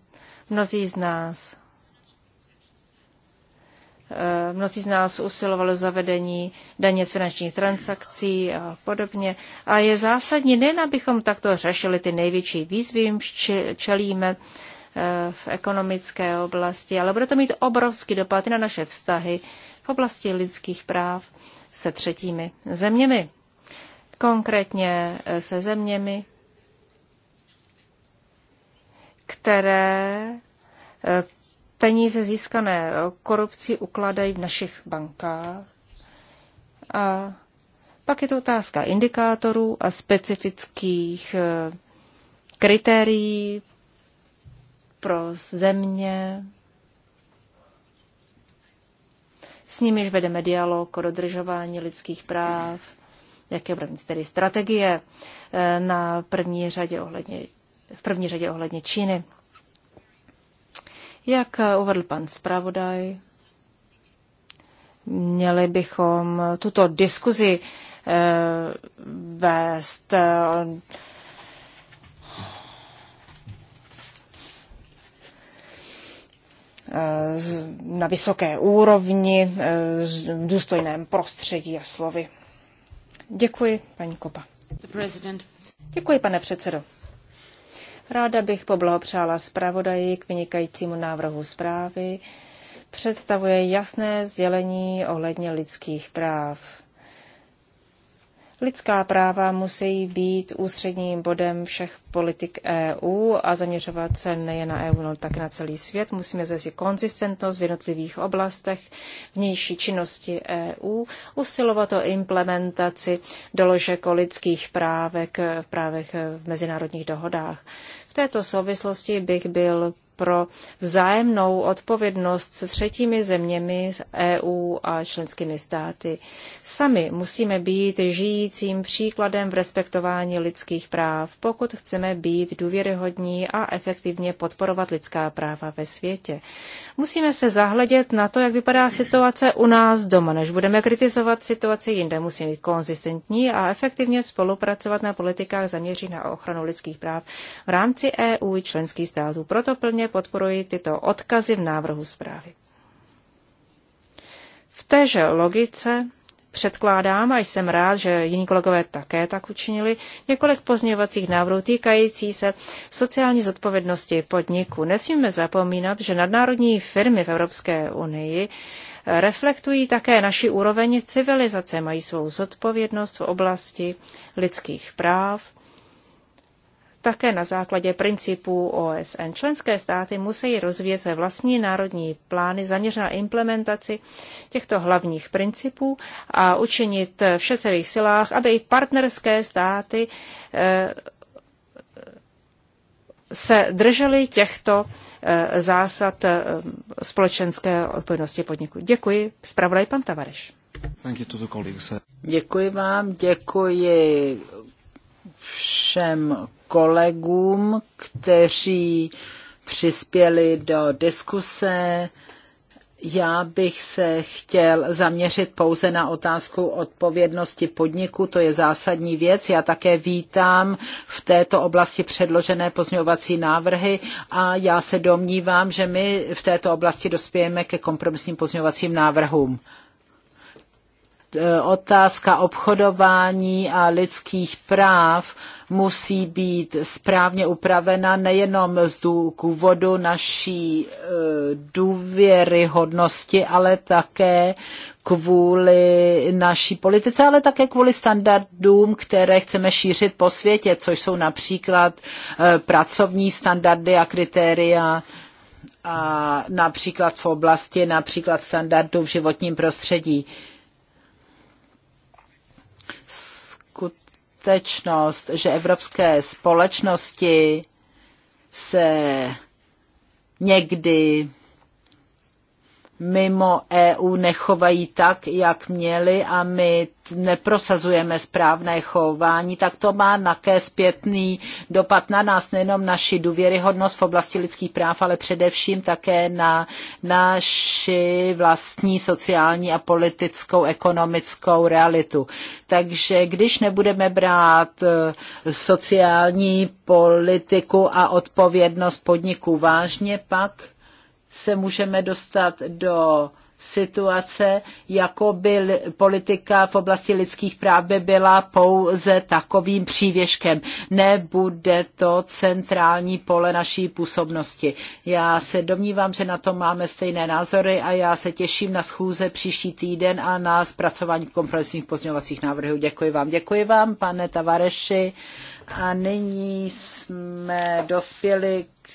mnozí z nás. Eh, mnozí z nás usilovali o zavedení daně z finančních transakcí a podobně. A je zásadní nejen, abychom takto řešili ty největší výzvy, jim čelíme eh, v ekonomické oblasti, ale bude to mít obrovský dopad na naše vztahy v oblasti lidských práv se třetími zeměmi. Konkrétně se zeměmi, které eh, peníze získané korupcí ukladají v našich bankách. A pak je to otázka indikátorů a specifických eh, kritérií pro země, s nimiž vedeme dialog o dodržování lidských práv, jaké budou mít tedy strategie eh, na první řadě ohledně, v první řadě ohledně Číny. Jak eh, uvedl pan zpravodaj, měli bychom tuto diskuzi eh, vést na vysoké úrovni, e, v důstojném prostředí a slovy. Děkuji, paní Kopa. Děkuji, pane předsedo. Ráda bych poblahopřála zpravodaji k vynikajícímu návrhu zprávy. Představuje jasné sdělení ohledně lidských práv. Lidská práva musí být ústředním bodem všech politik EU a zaměřovat se nejen na EU, ale no, tak na celý svět. Musíme zase konzistentnost v jednotlivých oblastech vnější činnosti EU, usilovat o implementaci doložek o lidských právek, právech v mezinárodních dohodách. V této souvislosti bych byl pro vzájemnou odpovědnost se třetími zeměmi, EU a členskými státy. Sami musíme být žijícím příkladem v respektování lidských práv, pokud chceme být důvěryhodní a efektivně podporovat lidská práva ve světě. Musíme se zahledět na to, jak vypadá situace u nás doma, než budeme kritizovat situaci jinde. Musíme být konzistentní a efektivně spolupracovat na politikách zaměřených na ochranu lidských práv v rámci EU i členských států. Proto plně podporuji tyto odkazy v návrhu zprávy. V téže logice předkládám, a jsem rád, že jiní kolegové také tak učinili, několik pozměňovacích návrhů týkající se sociální zodpovědnosti podniku. Nesmíme zapomínat, že nadnárodní firmy v Evropské unii reflektují také naši úroveň civilizace, mají svou zodpovědnost v oblasti lidských práv, také na základě principů OSN. Členské státy musí rozvíjet své vlastní národní plány zaměřené na implementaci těchto hlavních principů a učinit vše se v jejich silách, aby i partnerské státy eh, se drželi těchto eh, zásad eh, společenské odpovědnosti podniku. Děkuji. Zpravodaj pan Tavareš. Děkuji vám, děkuji všem kolegům, kteří přispěli do diskuse. Já bych se chtěl zaměřit pouze na otázku odpovědnosti podniku, to je zásadní věc. Já také vítám v této oblasti předložené pozměňovací návrhy a já se domnívám, že my v této oblasti dospějeme ke kompromisním pozměňovacím návrhům. E, otázka obchodování a lidských práv musí být správně upravena nejenom z důvodu naší e, důvěryhodnosti, ale také kvůli naší politice, ale také kvůli standardům, které chceme šířit po světě, což jsou například e, pracovní standardy a kritéria a například v oblasti například standardů v životním prostředí. skutečnost, že evropské společnosti se někdy mimo EU nechovají tak, jak měli a my neprosazujeme správné chování, tak to má také zpětný dopad na nás, nejenom naši důvěryhodnost v oblasti lidských práv, ale především také na naši vlastní sociální a politickou, ekonomickou realitu. Takže když nebudeme brát eh, sociální politiku a odpovědnost podniků vážně, pak se můžeme dostat do situace, jako by politika v oblasti lidských práv by byla pouze takovým přívěžkem. Nebude to centrální pole naší působnosti. Já se domnívám, že na to máme stejné názory a já se těším na schůze příští týden a na zpracování kompromisních pozměňovacích návrhů. Děkuji vám. Děkuji vám, pane Tavareši. A nyní jsme dospěli k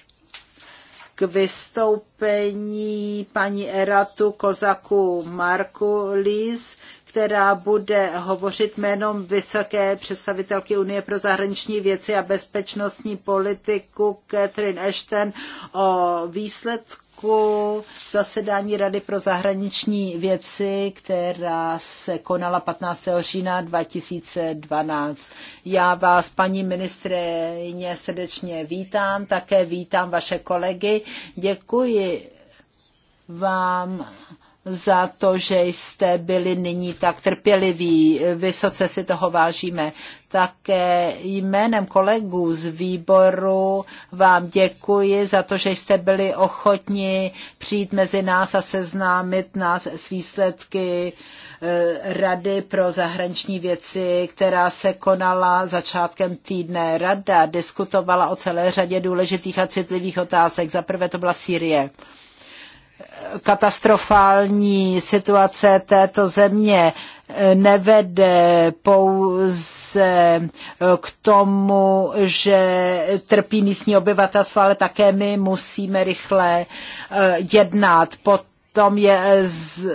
k vystoupení paní Eratu Kozaku Marku Lis, která bude hovořit jménem vysoké představitelky Unie pro zahraniční věci a bezpečnostní politiku Catherine Ashton o výsledku výsledku zasedání Rady pro zahraniční věci, která se konala 15. října 2012. Já vás, paní ministrině, srdečně vítám, také vítám vaše kolegy. Děkuji vám za to, že jste byli nyní tak trpěliví. Vysoce si toho vážíme. Také jménem kolegů z výboru vám děkuji za to, že jste byli ochotni přijít mezi nás a seznámit nás s výsledky eh, Rady pro zahraniční věci, která se konala začátkem týdne. Rada diskutovala o celé řadě důležitých a citlivých otázek. Za prvé to byla Sýrie katastrofální situace této země eh, nevede pouze eh, k tomu, že trpí místní obyvatelstvo, ale také my musíme rychle eh, jednat. Pod tom je eh, z,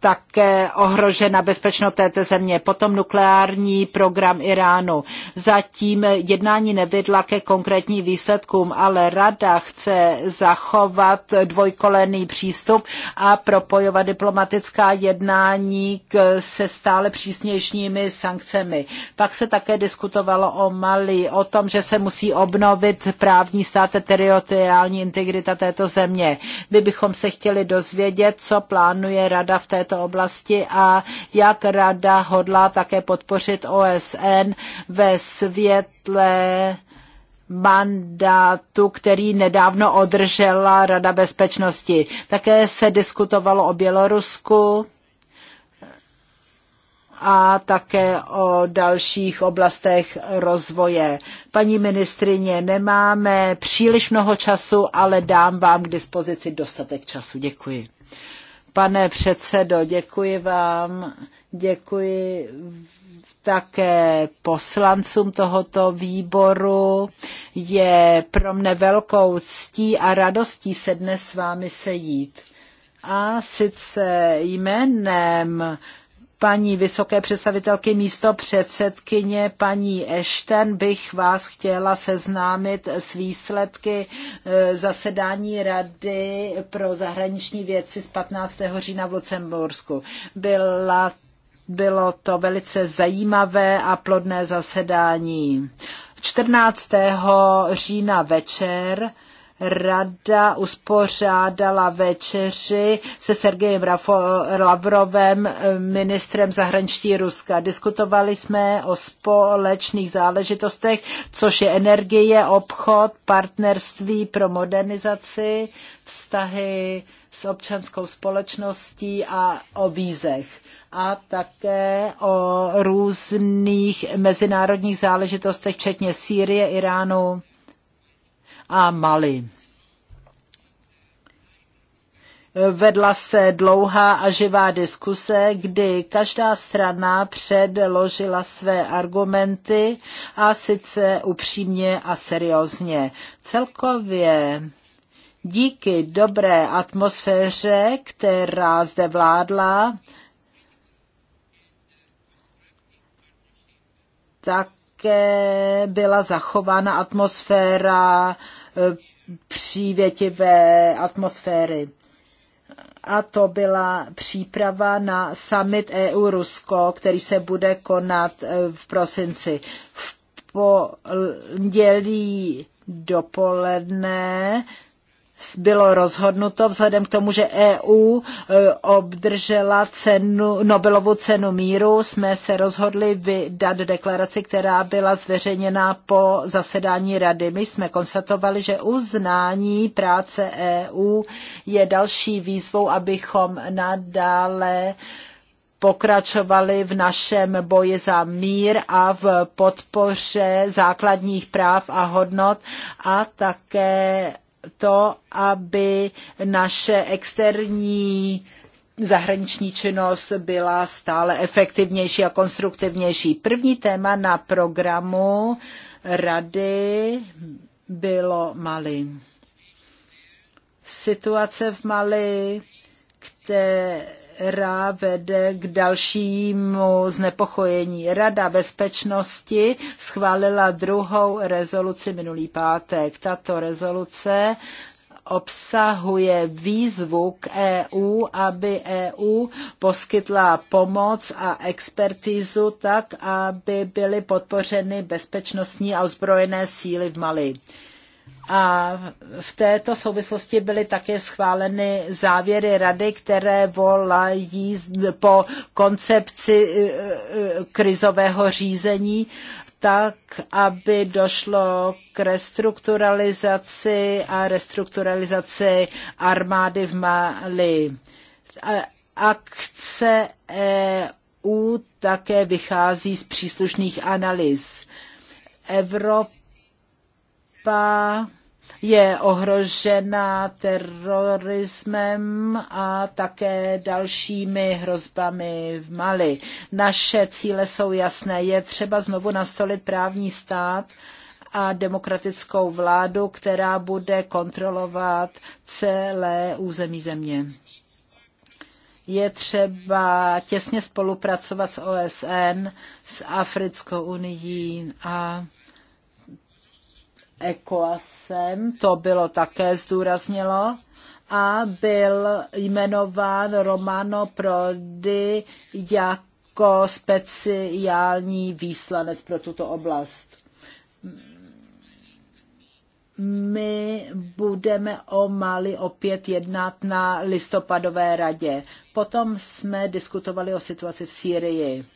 také ohrožena bezpečnost této země. Potom nukleární program Iránu. Zatím jednání nevedla ke konkrétním výsledkům, ale rada chce zachovat dvojkolený přístup a propojovat diplomatická jednání k, se stále přísnějšími sankcemi. Pak se také diskutovalo o Mali, o tom, že se musí obnovit právní stát a teritoriální integrita této země. My bychom se chtěli dozvědět, vědět, co plánuje rada v této oblasti a jak rada hodlá také podpořit OSN ve světle mandátu, který nedávno održela Rada bezpečnosti. Také se diskutovalo o Bělorusku a také o dalších oblastech rozvoje. Paní ministrině, nemáme příliš mnoho času, ale dám vám k dispozici dostatek času. Děkuji. Pane předsedo, děkuji vám, děkuji také poslancům tohoto výboru. Je pro mne velkou ctí a radostí se dnes s vámi sejít. A sice jménem paní vysoké představitelky místo předsedkyně paní Ashton bych vás chtěla seznámit s výsledky eh, zasedání Rady pro zahraniční věci z 15. října v Lucembursku. Byla, bylo to velice zajímavé a plodné zasedání. 14. října večer rada uspořádala večeři se Sergejem Lavrovem, eh, ministrem zahraničí Ruska. Diskutovali jsme o společných záležitostech, což je energie, obchod, partnerství pro modernizaci, vztahy s občanskou společností a o vízech a také o různých mezinárodních záležitostech, včetně Sýrie, Iránu a Mali. Vedla se dlouhá a živá diskuse, kdy každá strana předložila své argumenty a sice upřímně a seriózně. Celkově díky dobré atmosféře, která zde vládla, tak také byla zachována atmosféra eh, přívětivé atmosféry. A to byla příprava na summit EU-Rusko, který se bude konat eh, v prosinci. V pondělí dopoledne bylo rozhodnuto vzhledem k tomu, že EU e, obdržela cenu, Nobelovu cenu míru, jsme se rozhodli vydat deklaraci, která byla zveřejněna po zasedání rady. My jsme konstatovali, že uznání práce EU je další výzvou, abychom nadále pokračovali v našem boji za mír a v podpoře základních práv a hodnot a také to, aby naše externí zahraniční činnost byla stále efektivnější a konstruktivnější. První téma na programu rady bylo Mali. Situace v Mali, které která vede k dalšímu znepokojení. Rada bezpečnosti schválila druhou rezoluci minulý pátek. Tato rezoluce obsahuje výzvu k EU, aby EU poskytla pomoc a expertizu tak, aby byly podpořeny bezpečnostní a ozbrojené síly v Mali. A v této souvislosti byly také schváleny závěry rady, které volají po koncepci e, e, krizového řízení tak, aby došlo k restrukturalizaci a restrukturalizaci armády v Mali. Akce EU také vychází z příslušných analýz. Evropa Evropa je ohrožena terorismem a také dalšími hrozbami v Mali. Naše cíle jsou jasné. Je třeba znovu nastolit právní stát a demokratickou vládu, která bude kontrolovat celé území země. Je třeba těsně spolupracovat s OSN, s Africkou unií a ECOASem, to bylo také zdůraznilo, a byl jmenován Romano Prodi jako speciální výslanec pro tuto oblast. My budeme o Mali opět jednat na listopadové radě. Potom jsme diskutovali o situaci v Sýrii.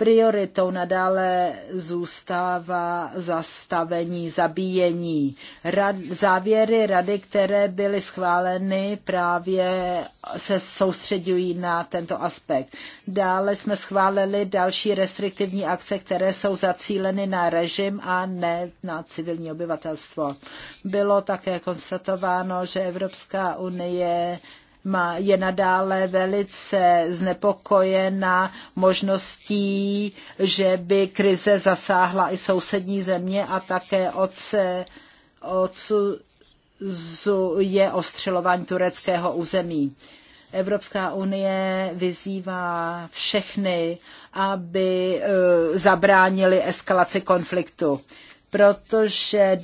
Prioritou nadále zůstává zastavení, zabíjení. Rad, závěry rady, které byly schváleny, právě se soustředují na tento aspekt. Dále jsme schválili další restriktivní akce, které jsou zacíleny na režim a ne na civilní obyvatelstvo. Bylo také konstatováno, že Evropská unie je nadále velice znepokojena možností, že by krize zasáhla i sousední země a také oce, je ostřelování tureckého území. Evropská unie vyzývá všechny, aby eh, zabránili eskalaci konfliktu, protože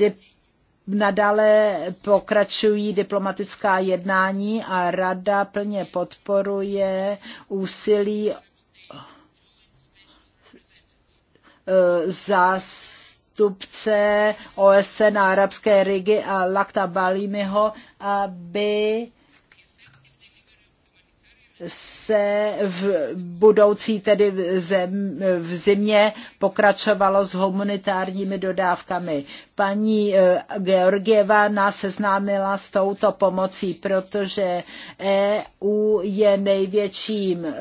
Nadále pokračují diplomatická jednání a rada plně podporuje úsilí eh, zástupce OSN a Arabské rigy a Lakta Balimiho, aby se v budoucí tedy v, zem, v zimě pokračovalo s humanitárními dodávkami. Paní eh, Georgieva nás seznámila s touto pomocí, protože EU je největším eh,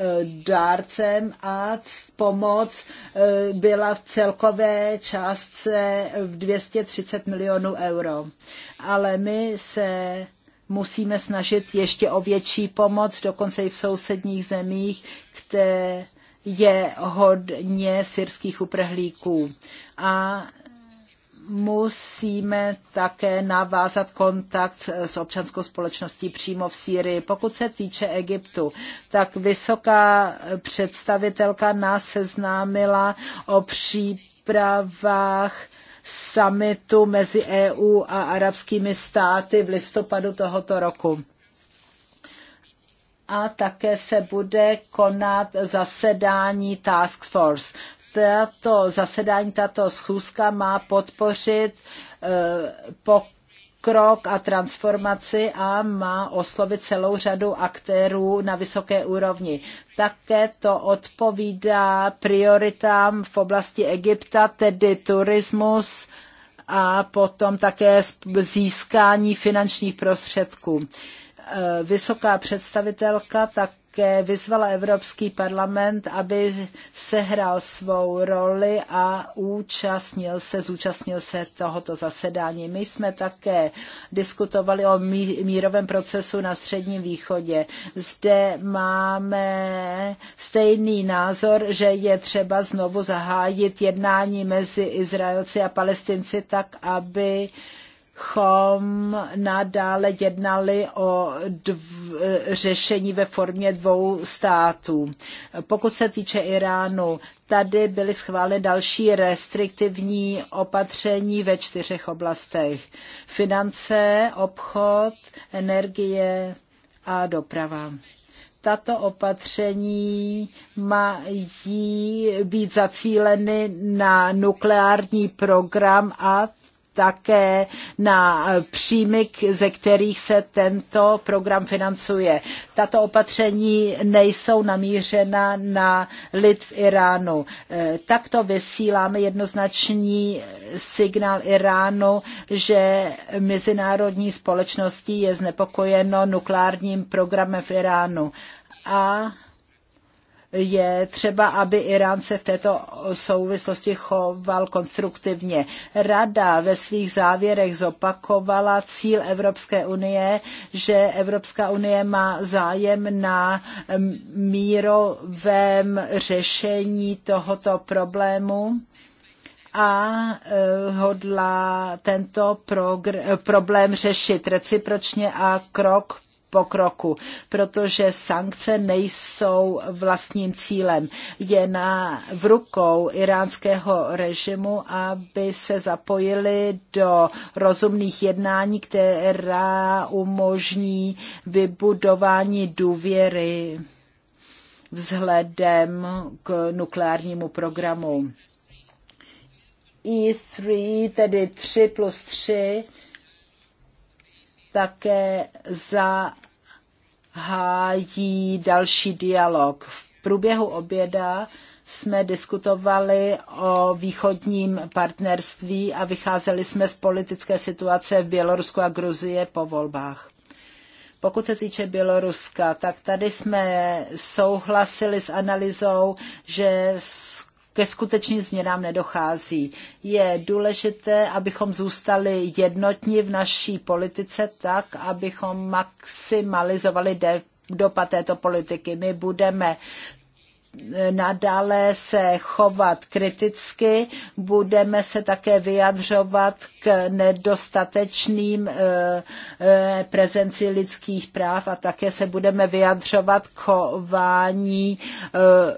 dárcem a pomoc eh, byla v celkové částce v 230 milionů euro. Ale my se musíme snažit ještě o větší pomoc, dokonce i v sousedních zemích, kde je hodně syrských uprhlíků. A musíme také navázat kontakt s občanskou společností přímo v Sýrii. Pokud se týče Egyptu, tak vysoká představitelka nás seznámila o přípravách summitu mezi EU a arabskými státy v listopadu tohoto roku. A také se bude konat zasedání Task Force. Tato zasedání, tato schůzka má podpořit eh, pok krok a transformaci a má oslovit celou řadu aktérů na vysoké úrovni. Také to odpovídá prioritám v oblasti Egypta, tedy turismus a potom také získání finančních prostředků. E, vysoká představitelka tak také vyzvala Evropský parlament, aby sehrál svou roli a účastnil se, zúčastnil se tohoto zasedání. My jsme také diskutovali o mírovém procesu na Středním východě. Zde máme stejný názor, že je třeba znovu zahájit jednání mezi Izraelci a Palestinci tak, aby bychom nadále jednali o dv, řešení ve formě dvou států. Pokud se týče Iránu, tady byly schváleny další restriktivní opatření ve čtyřech oblastech. Finance, obchod, energie a doprava tato opatření mají být zacíleny na nukleární program a také na příjmy, ze kterých se tento program financuje. Tato opatření nejsou namířena na lid v Iránu. E, takto vysíláme jednoznačný signál Iránu, že mezinárodní společností je znepokojeno nukleárním programem v Iránu. A je třeba, aby Irán se v této souvislosti choval konstruktivně. Rada ve svých závěrech zopakovala cíl Evropské unie, že Evropská unie má zájem na mírovém řešení tohoto problému a e, hodlá tento problém řešit recipročně a krok pokroku, protože sankce nejsou vlastním cílem. Je na, v rukou iránského režimu, aby se zapojili do rozumných jednání, která umožní vybudování důvěry vzhledem k nukleárnímu programu. E3, tedy 3 plus 3, také zahájí další dialog. V průběhu oběda jsme diskutovali o východním partnerství a vycházeli jsme z politické situace v Bělorusku a Gruzie po volbách. Pokud se týče Běloruska, tak tady jsme souhlasili s analýzou, že ke skutečným změnám nedochází. Je důležité, abychom zůstali jednotní v naší politice tak, abychom maximalizovali de- dopad této politiky. My budeme e, nadále se chovat kriticky, budeme se také vyjadřovat k nedostatečným e, e, prezenci lidských práv a také se budeme vyjadřovat k chování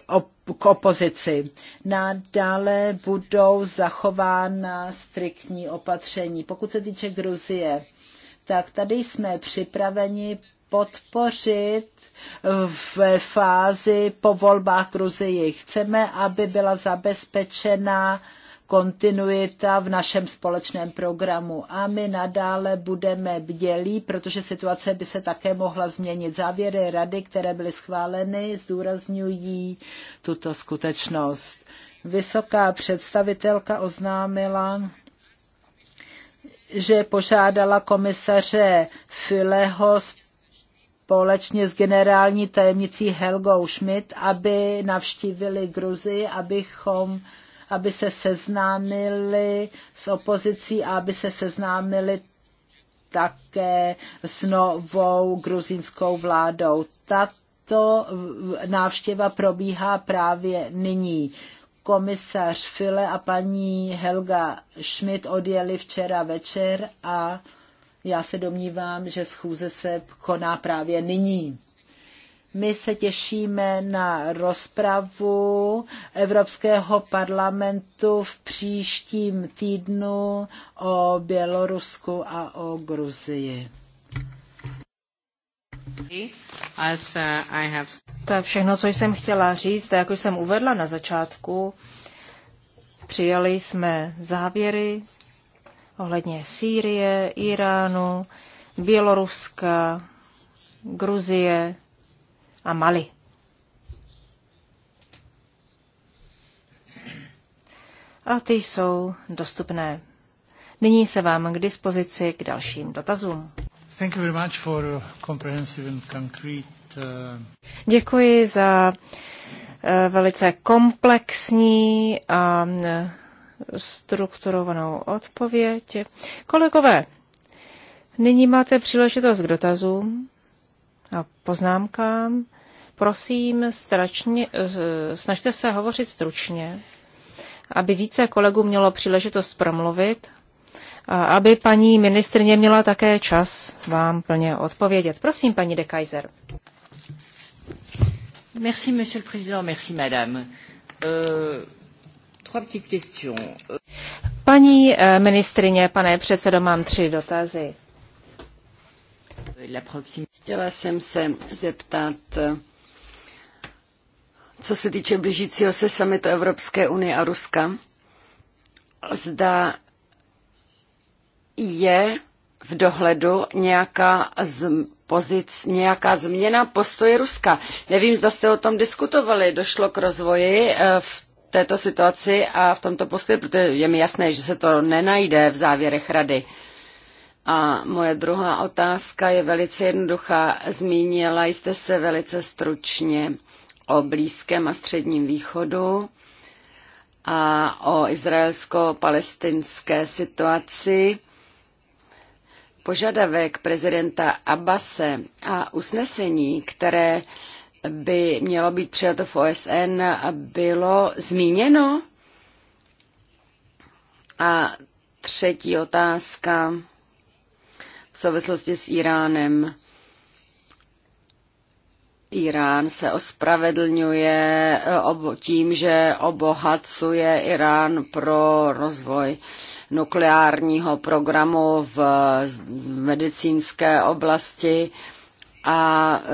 op k opozici. Nadále budou zachována striktní opatření. Pokud se týče Gruzie, tak tady jsme připraveni podpořit v fázi po volbách Gruzii. Chceme, aby byla zabezpečena kontinuita v našem společném programu. A my nadále budeme bdělí, protože situace by se také mohla změnit. Závěry rady, které byly schváleny, zdůrazňují tuto skutečnost. Vysoká představitelka oznámila, že požádala komisaře Fileho společně s generální tajemnicí Helgou Schmidt, aby navštívili Gruzi, abychom aby se seznámili s opozicí a aby se seznámili také s novou gruzínskou vládou. Tato návštěva probíhá právě nyní. Komisař File a paní Helga Schmidt odjeli včera večer a já se domnívám, že schůze se koná právě nyní. My se těšíme na rozpravu Evropského parlamentu v příštím týdnu o Bělorusku a o Gruzii. Uh, to je všechno, co jsem chtěla říct. Jak už jsem uvedla na začátku, přijali jsme závěry ohledně Sýrie, Iránu, Běloruska, Gruzie, a Mali. A ty jsou dostupné. Nyní se vám k dispozici k dalším dotazům. Thank you very much for comprehensive and concrete, uh... Děkuji za eh, velice komplexní a eh, strukturovanou odpověď. Kolegové, nyní máte příležitost k dotazům a poznámkám. Prosím, stračně, eh, snažte se hovořit stručně, aby více kolegů mělo příležitost promluvit a aby paní ministrně měla také čas vám plně odpovědět. Prosím, paní de Kaiser. Merci, monsieur le président, merci, madame. uh... Paní eh, ministrině, pane předsedo, mám tři dotazy. Chtěla jsem se zeptat co se týče blížícího se samitu Evropské unie a Ruska, zda je v dohledu nějaká z pozic, nějaká změna postoje Ruska. Nevím, zda jste o tom diskutovali. Došlo k rozvoji eh, v této situaci a v tomto postoji, protože je mi jasné, že se to nenajde v závěrech rady. A moje druhá otázka je velice jednoduchá. Zmínila jste se velice stručně o Blízkém a Středním východu a o izraelsko-palestinské situaci. Požadavek prezidenta Abase a usnesení, které by mělo být přijato v OSN, bylo zmíněno? A třetí otázka v souvislosti s Iránem. Irán se ospravedlňuje e, tím, že obohacuje Irán pro rozvoj nukleárního programu v medicínské oblasti a e,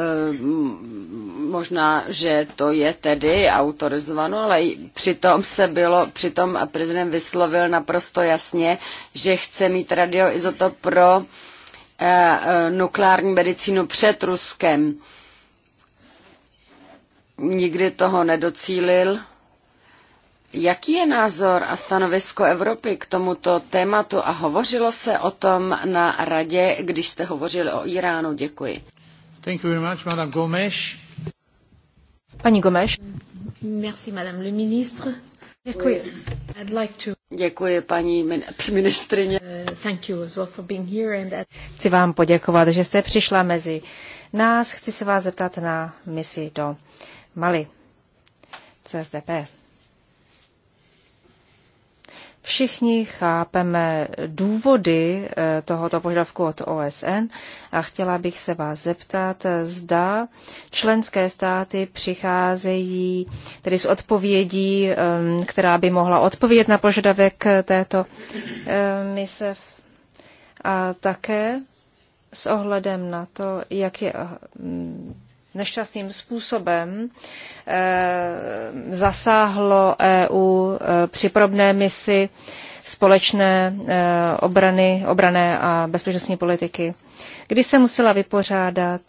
možná, že to je tedy autorizováno, ale přitom se bylo, přitom prezident vyslovil naprosto jasně, že chce mít radioizotop pro e, nukleární medicínu před Ruskem nikdy toho nedocílil. Jaký je názor a stanovisko Evropy k tomuto tématu a hovořilo se o tom na radě, když jste hovořili o Iránu? Děkuji. Thank you very much, Madame Gomes. Paní Gomes. Merci, Madame le Ministre. Děkuji. I'd like to... Děkuji, paní ministrině. Uh, thank you as well for being here uh, Chci vám poděkovat, že jste přišla mezi nás. Chci se vás zeptat na misi do Mali, CSDP. Všichni chápeme důvody eh, tohoto požadavku od OSN a chtěla bych se vás zeptat, zda členské státy přicházejí tedy s odpovědí, eh, která by mohla odpovědět na požadavek této eh, mise a také s ohledem na to, jak je nešťastným způsobem eh, zasáhlo EU eh, při probné misi společné eh, obrany, obrané a bezpečnostní politiky, kdy se musela vypořádat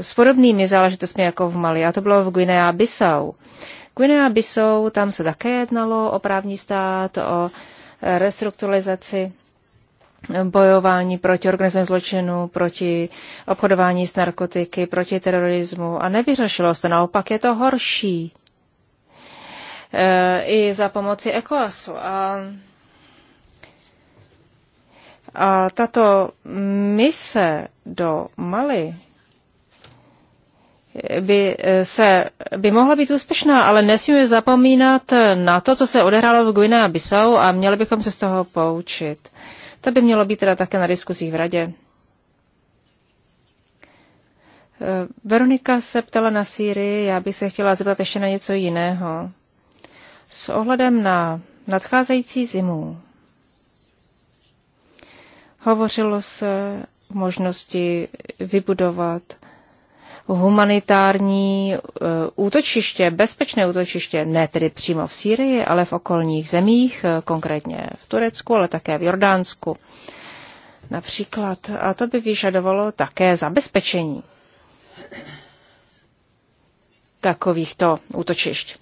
s podobnými záležitostmi jako v Mali, a to bylo v Guinea-Bissau. Guinea-Bissau, tam se také jednalo o právní stát, o restrukturalizaci bojování proti organizovanému zločinu, proti obchodování s narkotiky, proti terorismu a nevyřešilo se. Naopak je to horší. E, I za pomoci ECOASu. A, a tato mise do Mali by, eh, se, by mohla být úspěšná, ale nesmíme zapomínat na to, co se odehrálo v Guinea-Bissau a měli bychom se z toho poučit. To by mělo být teda také na diskuzích v radě. Eh, Veronika se ptala na Sýrii, já bych se chtěla zeptat ještě na něco jiného. S ohledem na nadcházející zimu hovořilo se možnosti vybudovat humanitární eh, útočiště, bezpečné útočiště, ne tedy přímo v Sýrii, ale v okolních zemích, eh, konkrétně v Turecku, ale také v Jordánsku například. A to by vyžadovalo také zabezpečení takovýchto útočišť.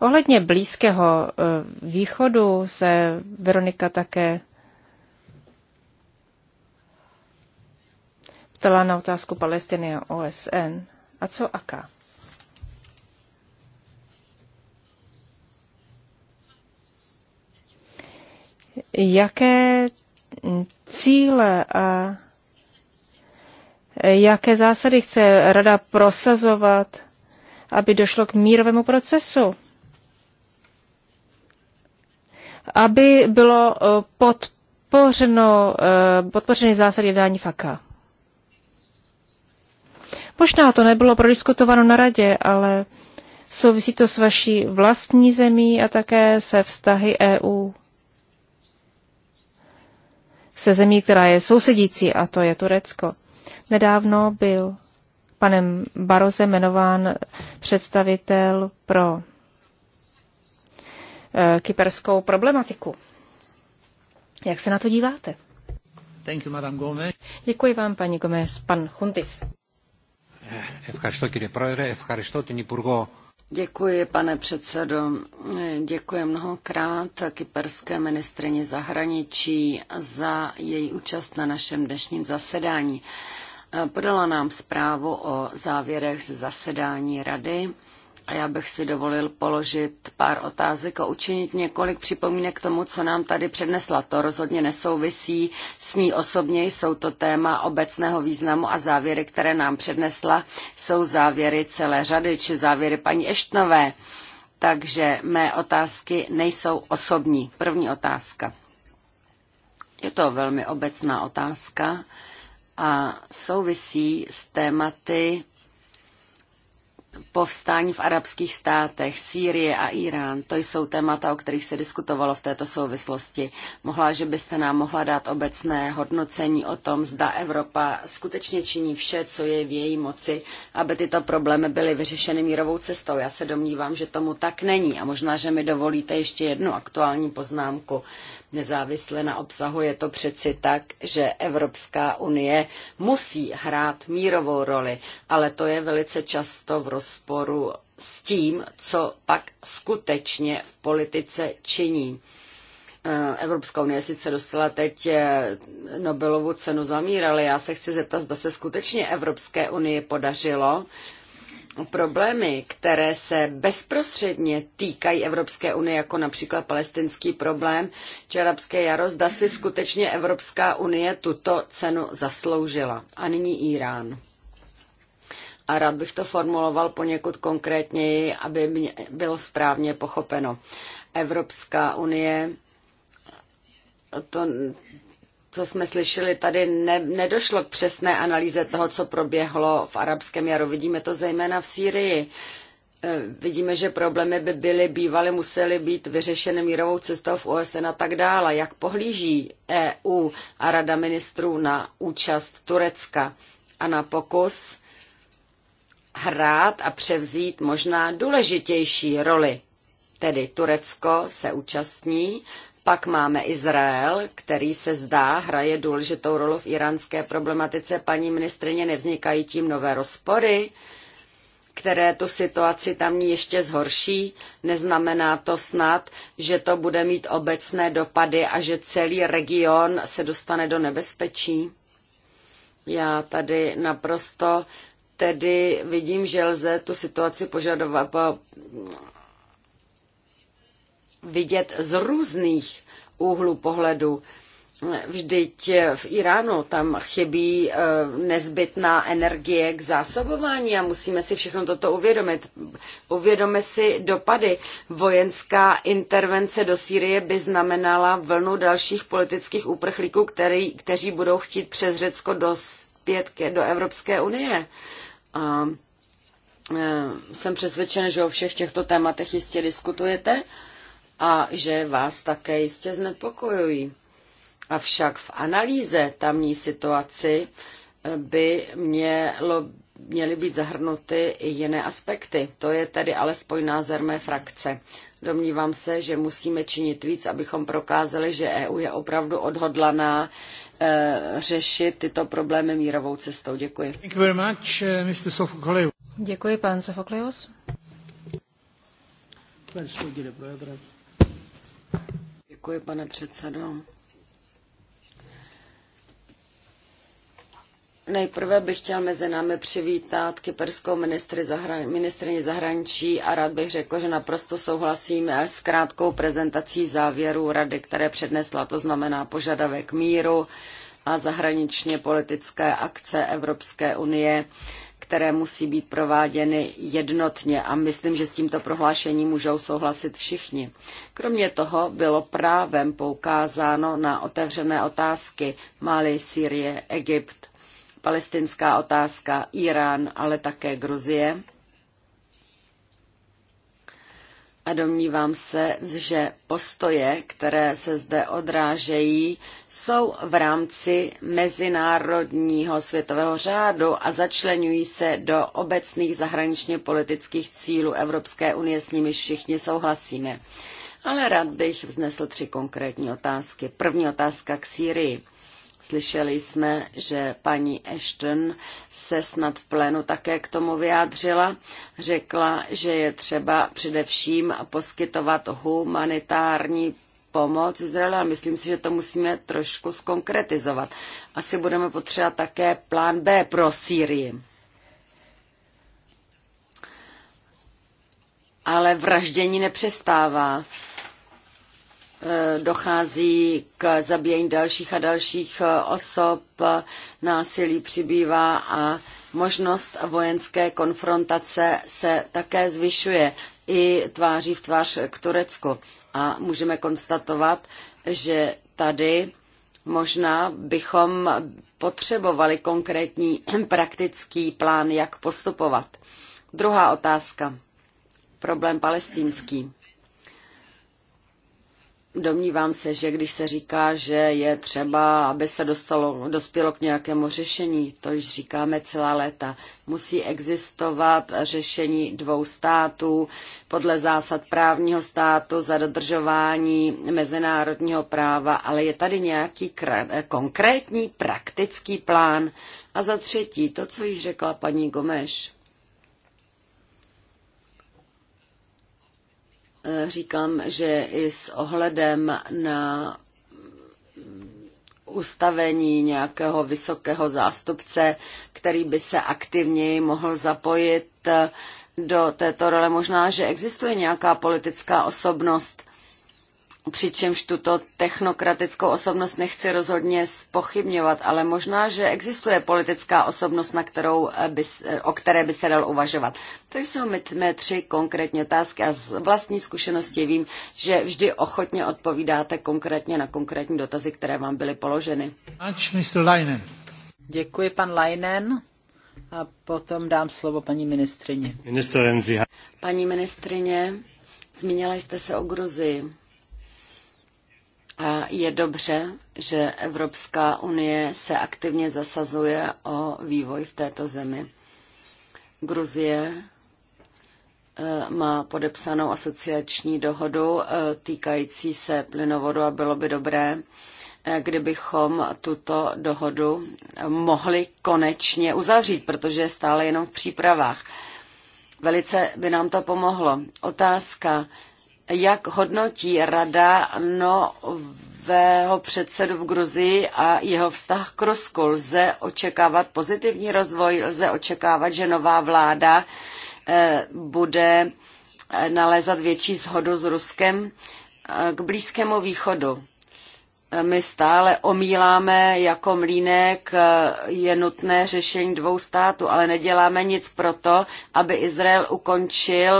Ohledně Blízkého eh, východu se Veronika také ptala na otázku Palestiny a OSN. A co AKA? Jaké cíle a jaké zásady chce Rada prosazovat, aby došlo k mírovému procesu? Aby bylo eh, podpořeno, eh, podpořeny zásady jednání FAKA. Možná to nebylo prodiskutováno na radě, ale souvisí to s vaší vlastní zemí a také se vztahy EU. Se zemí, která je sousedící, a to je Turecko. Nedávno byl panem Baroze jmenován představitel pro e, kyperskou problematiku. Jak se na to díváte? Thank you, Madame Gomez. Děkuji vám, paní Gomez. Pan Huntis. Děkuji, pane předsedo. Děkuji mnohokrát kyperské ministrině zahraničí za její účast na našem dnešním zasedání. Podala nám zprávu o závěrech z zasedání rady a já bych si dovolil položit pár otázek a učinit několik připomínek k tomu, co nám tady přednesla. To rozhodně nesouvisí s ní osobně, jsou to téma obecného významu a závěry, které nám přednesla, jsou závěry celé řady, či závěry paní Eštnové. Takže mé otázky nejsou osobní. První otázka. Je to velmi obecná otázka a souvisí s tématy povstání v arabských státech, Sýrie a Irán, to jsou témata, o kterých se diskutovalo v této souvislosti. Mohla, že byste nám mohla dát obecné hodnocení o tom, zda Evropa skutečně činí vše, co je v její moci, aby tyto problémy byly vyřešeny mírovou cestou. Já se domnívám, že tomu tak není a možná, že mi dovolíte ještě jednu aktuální poznámku nezávisle na obsahu. Je to přeci tak, že Evropská unie musí hrát mírovou roli, ale to je velice často v rozporu s tím, co pak skutečně v politice činí. Eh, Evropská unie sice dostala teď eh, Nobelovu cenu za mír, ale já se chci zeptat, zda se skutečně Evropské unii podařilo problémy, které se bezprostředně týkají Evropské unie, jako například palestinský problém či arabské jaro, zda si skutečně Evropská unie tuto cenu zasloužila. A nyní Irán. A rád bych to formuloval poněkud konkrétněji, aby mě bylo správně pochopeno. Evropská unie to co jsme slyšeli tady, ne, nedošlo k přesné analýze toho, co proběhlo v arabském jaru. Vidíme to zejména v Sýrii. E, vidíme, že problémy by byly bývaly, musely být vyřešeny mírovou cestou v OSN a tak dále. Jak pohlíží EU a Rada ministrů na účast Turecka a na pokus hrát a převzít možná důležitější roli? Tedy Turecko se účastní pak máme Izrael, který se zdá hraje důležitou roli v iránské problematice. Paní ministrině, nevznikají tím nové rozpory, které tu situaci tamní ještě zhorší. Neznamená to snad, že to bude mít obecné dopady a že celý region se dostane do nebezpečí. Já tady naprosto tedy vidím, že lze tu situaci požadovat, vidět z různých úhlů pohledu. Vždyť v Iránu tam chybí eh, nezbytná energie k zásobování a musíme si všechno toto uvědomit. uvědomit si dopady. Vojenská intervence do Sýrie by znamenala vlnu dalších politických uprchlíků, který, kteří budou chtít přes Řecko dospět ke, do Evropské unie. A, eh, jsem přesvědčen, že o všech těchto tématech jistě diskutujete a že vás také jistě znepokojují. Avšak v analýze tamní situaci eh, by mělo, měly být zahrnuty i jiné aspekty. To je tedy alespoň názor mé frakce. Domnívám se, že musíme činit víc, abychom prokázali, že EU je opravdu odhodlaná e, řešit tyto problémy mírovou cestou. Děkuji. Děkuji you very much, eh, Mr. Děkuji, pan Sofokleus. Děkuji, pane předsedo. Nejprve bych chtěl mezi námi přivítat kyperskou ministry zahra- ministrině zahraničí a rád bych řekl, že naprosto souhlasím s krátkou prezentací závěrů rady, které přednesla, to znamená požadavek míru a zahraničně politické akce Evropské unie které musí být prováděny jednotně a myslím, že s tímto prohlášením můžou souhlasit všichni. Kromě toho bylo právem poukázáno na otevřené otázky Mali, Sýrie, Egypt, palestinská otázka, Irán, ale také Gruzie a domnívám se, že postoje, které se zde odrážejí, jsou v rámci mezinárodního světového řádu a začlenují se do obecných zahraničně politických cílů Evropské unie, s nimiž všichni souhlasíme. Ale rád bych vznesl tři konkrétní otázky. První otázka k Sýrii. Slyšeli jsme, že paní Ashton se snad v plénu také k tomu vyjádřila. Řekla, že je třeba především poskytovat humanitární pomoc Izraeli, ale myslím si, že to musíme trošku skonkretizovat. Asi budeme potřebovat také plán B pro Sýrii. Ale vraždění nepřestává. Eh, dochází k zabíjení dalších a dalších eh, osob, násilí přibývá a možnost vojenské konfrontace se také zvyšuje i tváří v tvář k Turecku. A můžeme konstatovat, že tady možná bychom potřebovali konkrétní [clears throat] praktický plán, jak postupovat. Druhá otázka. Problém palestinský. Domnívám se, že když se říká, že je třeba, aby se dostalo, dospělo k nějakému řešení, to již říkáme celá léta, musí existovat řešení dvou států podle zásad právního státu za dodržování mezinárodního práva, ale je tady nějaký konkrétní praktický plán. A za třetí, to, co již řekla paní Gomeš, Eh, říkám, že i s ohledem na ustavení nějakého vysokého zástupce, který by se aktivněji mohl zapojit do této role. Možná, že existuje nějaká politická osobnost, Přičemž tuto technokratickou osobnost nechci rozhodně spochybňovat, ale možná, že existuje politická osobnost, na kterou eh, by, eh, o které by se dal uvažovat. To jsou mé tři konkrétní otázky a z vlastní zkušenosti vím, že vždy ochotně odpovídáte konkrétně na konkrétní dotazy, které vám byly položeny. Děkuji, pan Leinen. A potom dám slovo paní ministrině. Paní ministrině, zmínila jste se o Gruzii. A je dobře, že Evropská unie se aktivně zasazuje o vývoj v této zemi. Gruzie eh, má podepsanou asociační dohodu eh, týkající se plynovodu a bylo by dobré, eh, kdybychom tuto dohodu mohli konečně uzavřít, protože je stále jenom v přípravách. Velice by nám to pomohlo. Otázka jak hodnotí rada nového předsedu v Gruzii a jeho vztah k Rusku? Lze očekávat pozitivní rozvoj, lze očekávat, že nová vláda eh, bude eh, nalézat větší shodu s Ruskem eh, k Blízkému východu. My stále omíláme jako mlínek je nutné řešení dvou států, ale neděláme nic proto, aby Izrael ukončil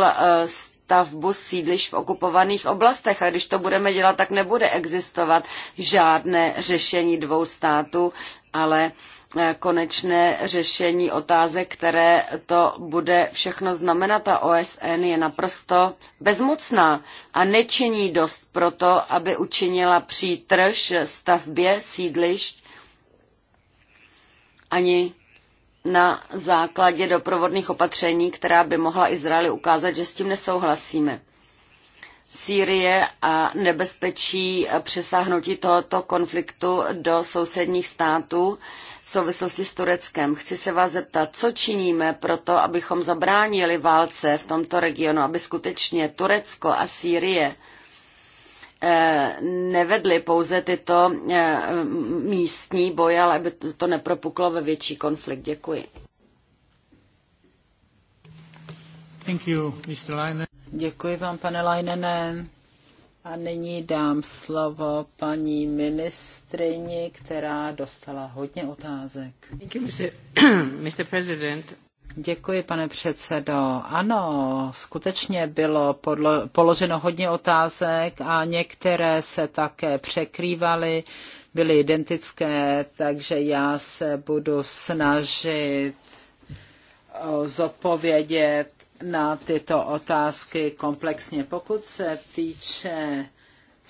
stavbu sídliš v okupovaných oblastech. A když to budeme dělat, tak nebude existovat žádné řešení dvou států, ale eh, konečné řešení otázek, které to bude všechno znamenat. A OSN je naprosto bezmocná a nečiní dost proto, aby učinila přítrž stavbě sídlišť ani na základě doprovodných opatření, která by mohla Izraeli ukázat, že s tím nesouhlasíme. Sýrie a nebezpečí přesáhnutí tohoto konfliktu do sousedních států v souvislosti s Tureckem. Chci se vás zeptat, co činíme pro to, abychom zabránili válce v tomto regionu, aby skutečně Turecko a Sýrie Eh, nevedly pouze tyto eh, místní boje, ale aby to nepropuklo ve větší konflikt. Děkuji. Thank you, Mr. Děkuji vám, pane Leinene. A nyní dám slovo paní ministrini, která dostala hodně otázek. Thank you, Mr. [clears throat] Mr. President. Děkuji, pane předsedo. Ano, skutečně bylo podlo, položeno hodně otázek a některé se také překrývaly, byly identické, takže já se budu snažit zodpovědět na tyto otázky komplexně. Pokud se týče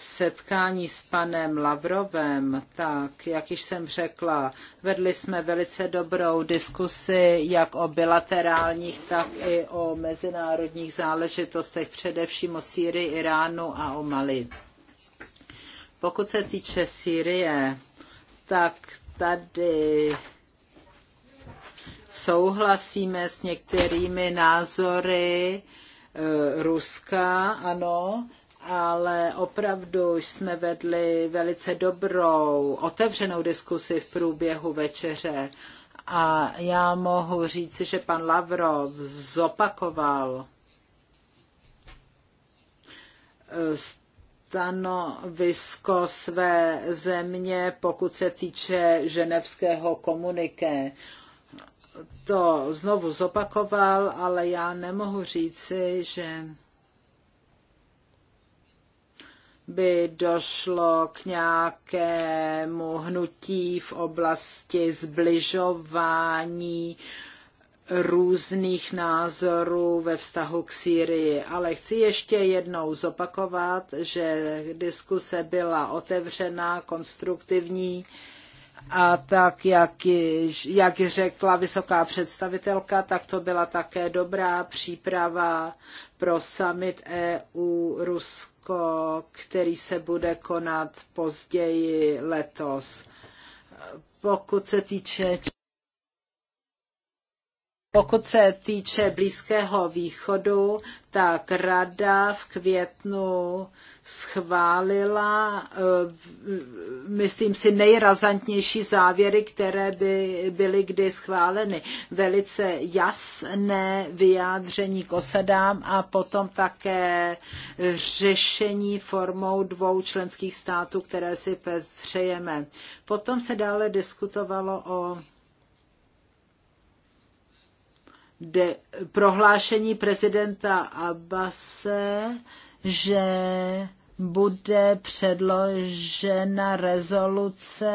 setkání s panem Lavrovem, tak, jak již jsem řekla, vedli jsme velice dobrou diskusi jak o bilaterálních, tak i o mezinárodních záležitostech, především o Sýrii, Iránu a o Mali. Pokud se týče Sýrie, tak tady souhlasíme s některými názory eh, Ruska, ano, ale opravdu jsme vedli velice dobrou, otevřenou diskusi v průběhu večeře. A já mohu říci, že pan Lavrov zopakoval eh, stanovisko své země, pokud se týče ženevského komuniké. To znovu zopakoval, ale já nemohu říci, že by došlo k nějakému hnutí v oblasti zbližování různých názorů ve vztahu k Sýrii. Ale chci ještě jednou zopakovat, že diskuse byla otevřená, konstruktivní a tak, jak, jak řekla vysoká představitelka, tak to byla také dobrá příprava pro summit EU-Rusko Rusko, který se bude konat později letos. Pokud se týče pokud se týče Blízkého východu, tak rada v květnu schválila, eh, myslím si, nejrazantnější závěry, které by byly kdy schváleny. Velice jasné vyjádření k osadám a potom také řešení formou dvou členských států, které si přejeme. Potom se dále diskutovalo o de, prohlášení prezidenta Abase, že bude předložena rezoluce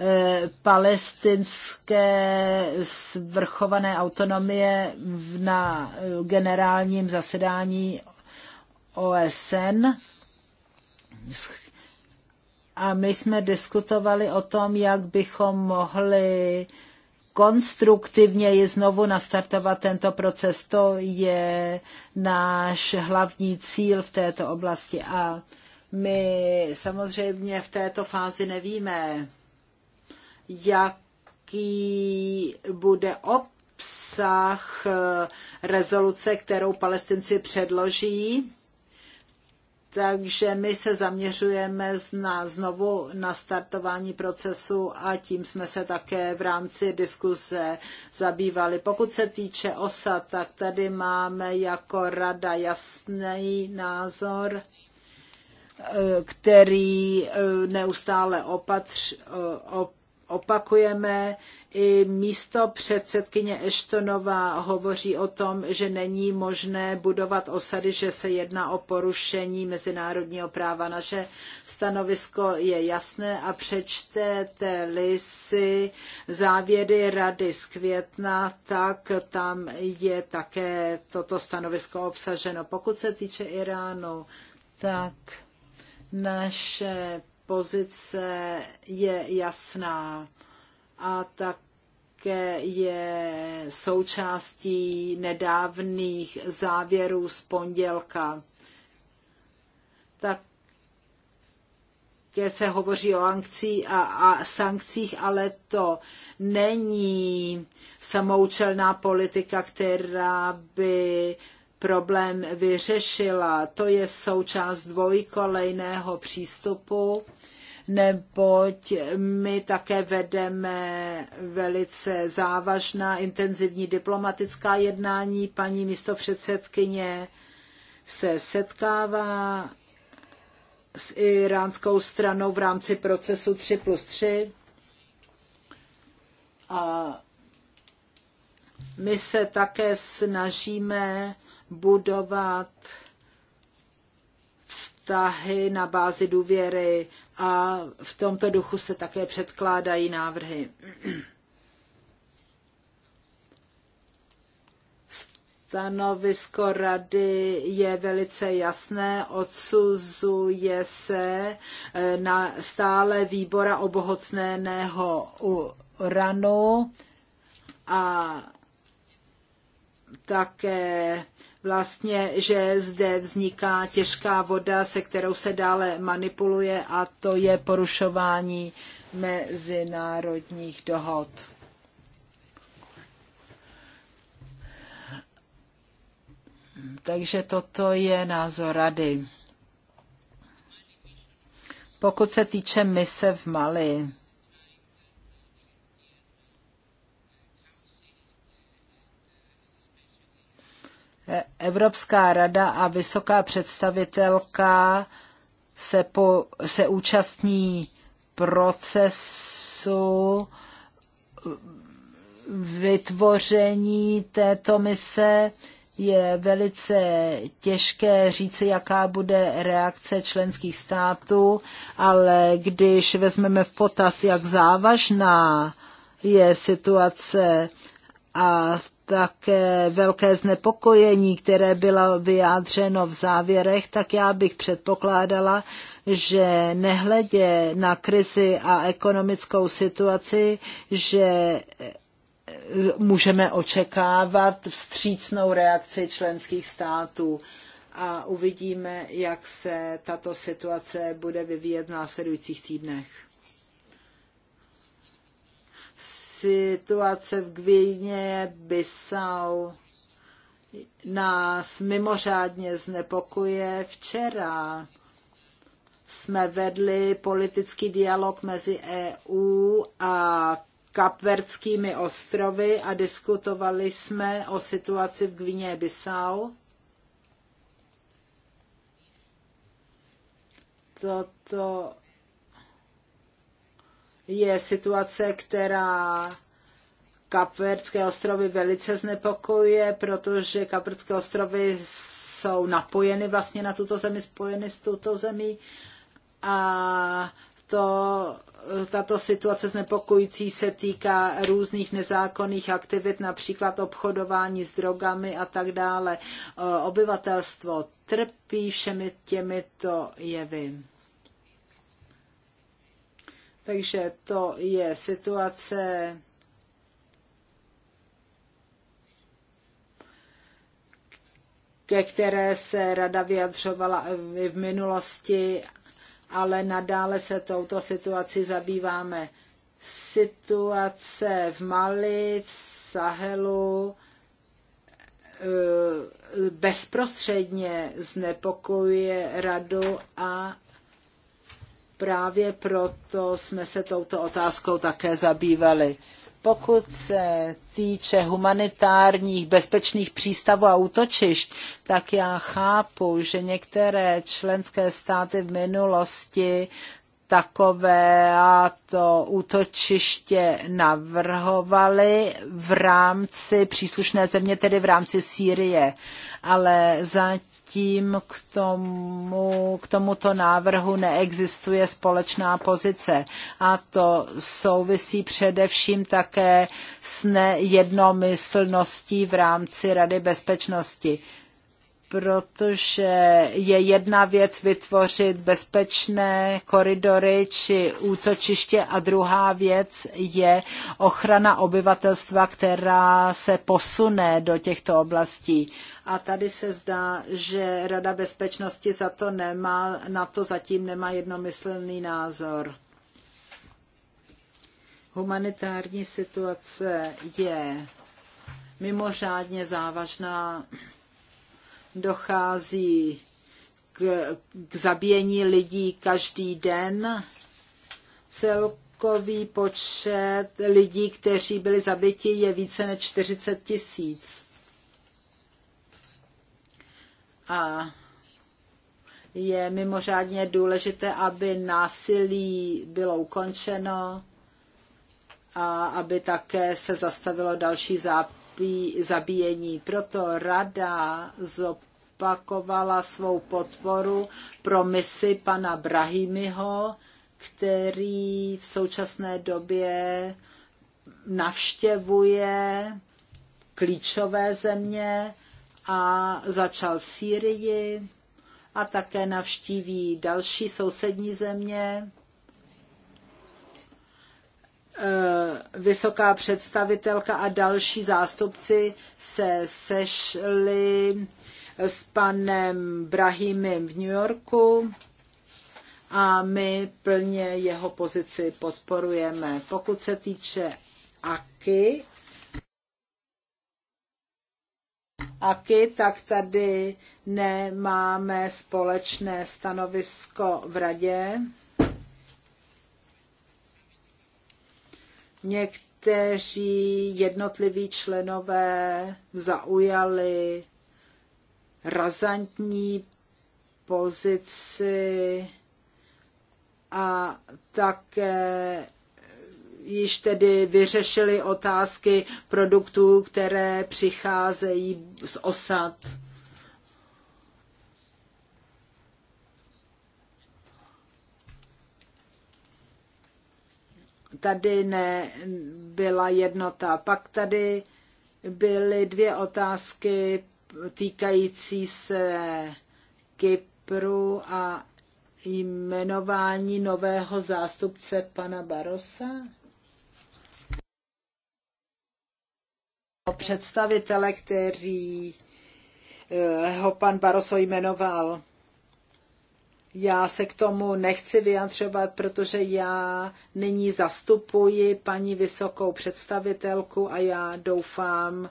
eh, palestinské svrchované autonomie na eh, generálním zasedání OSN. A my jsme diskutovali o tom, jak bychom mohli konstruktivněji znovu nastartovat tento proces. To je náš hlavní cíl v této oblasti a my samozřejmě v této fázi nevíme, jaký bude obsah rezoluce, kterou palestinci předloží takže my se zaměřujeme na znovu startování procesu a tím jsme se také v rámci diskuse zabývali. Pokud se týče OSA, tak tady máme jako rada jasný názor, e, který e, neustále opatř, e, op, opakujeme. I místo předsedkyně Eštonová hovoří o tom, že není možné budovat osady, že se jedná o porušení mezinárodního práva. Naše stanovisko je jasné a přečtete-li si závěry rady z května, tak tam je také toto stanovisko obsaženo. Pokud se týče Iránu, tak naše pozice je jasná a také je součástí nedávných závěrů z pondělka. Tak také se hovoří o sankcí a, a sankcích, ale to není samoučelná politika, která by problém vyřešila. To je součást dvojkolejného přístupu neboť my také vedeme velice závažná intenzivní diplomatická jednání. Paní místopředsedkyně se setkává s iránskou stranou v rámci procesu 3 plus 3 a my se také snažíme budovat vztahy na bázi důvěry a v tomto duchu se také předkládají návrhy. Stanovisko rady je velice jasné, odsuzuje se eh, na stále výbora obohocného uranu a také vlastně, že zde vzniká těžká voda, se kterou se dále manipuluje a to je porušování mezinárodních dohod. Takže toto je názor rady. Pokud se týče mise v Mali, Evropská rada a vysoká představitelka se, po, se účastní procesu vytvoření této mise je velice těžké říci, jaká bude reakce členských států, ale když vezmeme v potaz, jak závažná je situace a také velké znepokojení, které bylo vyjádřeno v závěrech, tak já bych předpokládala, že nehledě na krizi a ekonomickou situaci, že eh, můžeme očekávat vstřícnou reakci členských států a uvidíme, jak se tato situace bude vyvíjet v následujících týdnech. Situace v Gvíně, Bissau nás mimořádně znepokuje. Včera jsme vedli politický dialog mezi EU a Kapverdskými ostrovy a diskutovali jsme o situaci v Gvině Bissau. Toto je situace, která Kapverdské ostrovy velice znepokojuje, protože Kapverdské ostrovy jsou napojeny vlastně na tuto zemi, spojeny s tuto zemí a to, tato situace znepokojící se týká různých nezákonných aktivit, například obchodování s drogami a tak dále. Obyvatelstvo trpí všemi těmito jevy. Takže to je situace, ke které se rada vyjadřovala i v minulosti, ale nadále se touto situací zabýváme. Situace v Mali, v Sahelu eh, bezprostředně znepokojuje radu a Právě proto jsme se touto otázkou také zabývali. Pokud se týče humanitárních bezpečných přístavů a útočišť, tak já chápu, že některé členské státy v minulosti takové a to útočiště navrhovali v rámci příslušné země, tedy v rámci Sýrie. Ale zatím zatím k, tomu, k tomuto návrhu neexistuje společná pozice. A to souvisí především také s nejednomyslností v rámci Rady bezpečnosti protože je jedna věc vytvořit bezpečné koridory či útočiště a druhá věc je ochrana obyvatelstva, která se posune do těchto oblastí. A tady se zdá, že Rada bezpečnosti za to nemá, na to zatím nemá jednomyslný názor. Humanitární situace je mimořádně závažná dochází k, k zabíjení lidí každý den. Celkový počet lidí, kteří byli zabiti, je více než 40 tisíc. A je mimořádně důležité, aby násilí bylo ukončeno a aby také se zastavilo další zápí, zabíjení. Proto rada zop zopakovala svou podporu pro misi pana Brahimiho, který v současné době navštěvuje klíčové země a začal v Sýrii a také navštíví další sousední země. Eh, vysoká představitelka a další zástupci se sešli s panem Brahimem v New Yorku a my plně jeho pozici podporujeme. Pokud se týče AKY, AKY, tak tady nemáme společné stanovisko v radě. Někteří jednotliví členové zaujali razantní pozici a také již tedy vyřešili otázky produktů, které přicházejí z osad. Tady nebyla jednota. Pak tady byly dvě otázky týkající se Kypru a jmenování nového zástupce pana Barosa? Představitele, který eh, ho pan Baroso jmenoval. Já se k tomu nechci vyjadřovat, protože já nyní zastupuji paní vysokou představitelku a já doufám,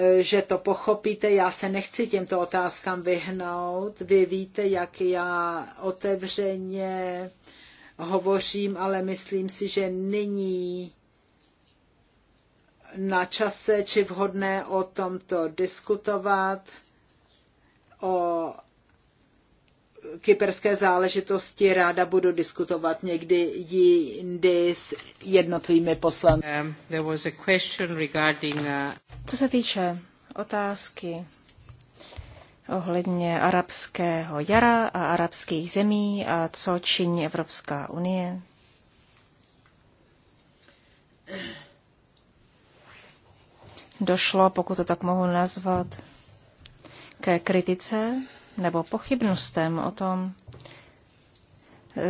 Eh, že to pochopíte. Já se nechci těmto otázkám vyhnout. Vy víte, jak já otevřeně hovořím, ale myslím si, že nyní na čase či vhodné o tomto diskutovat, o kyperské záležitosti ráda budu diskutovat někdy jindy s jednotlivými poslanci. Um, uh, co se týče otázky ohledně arabského jara a arabských zemí a co činí Evropská unie. Došlo, pokud to tak mohu nazvat, ke kritice nebo pochybnostem o tom,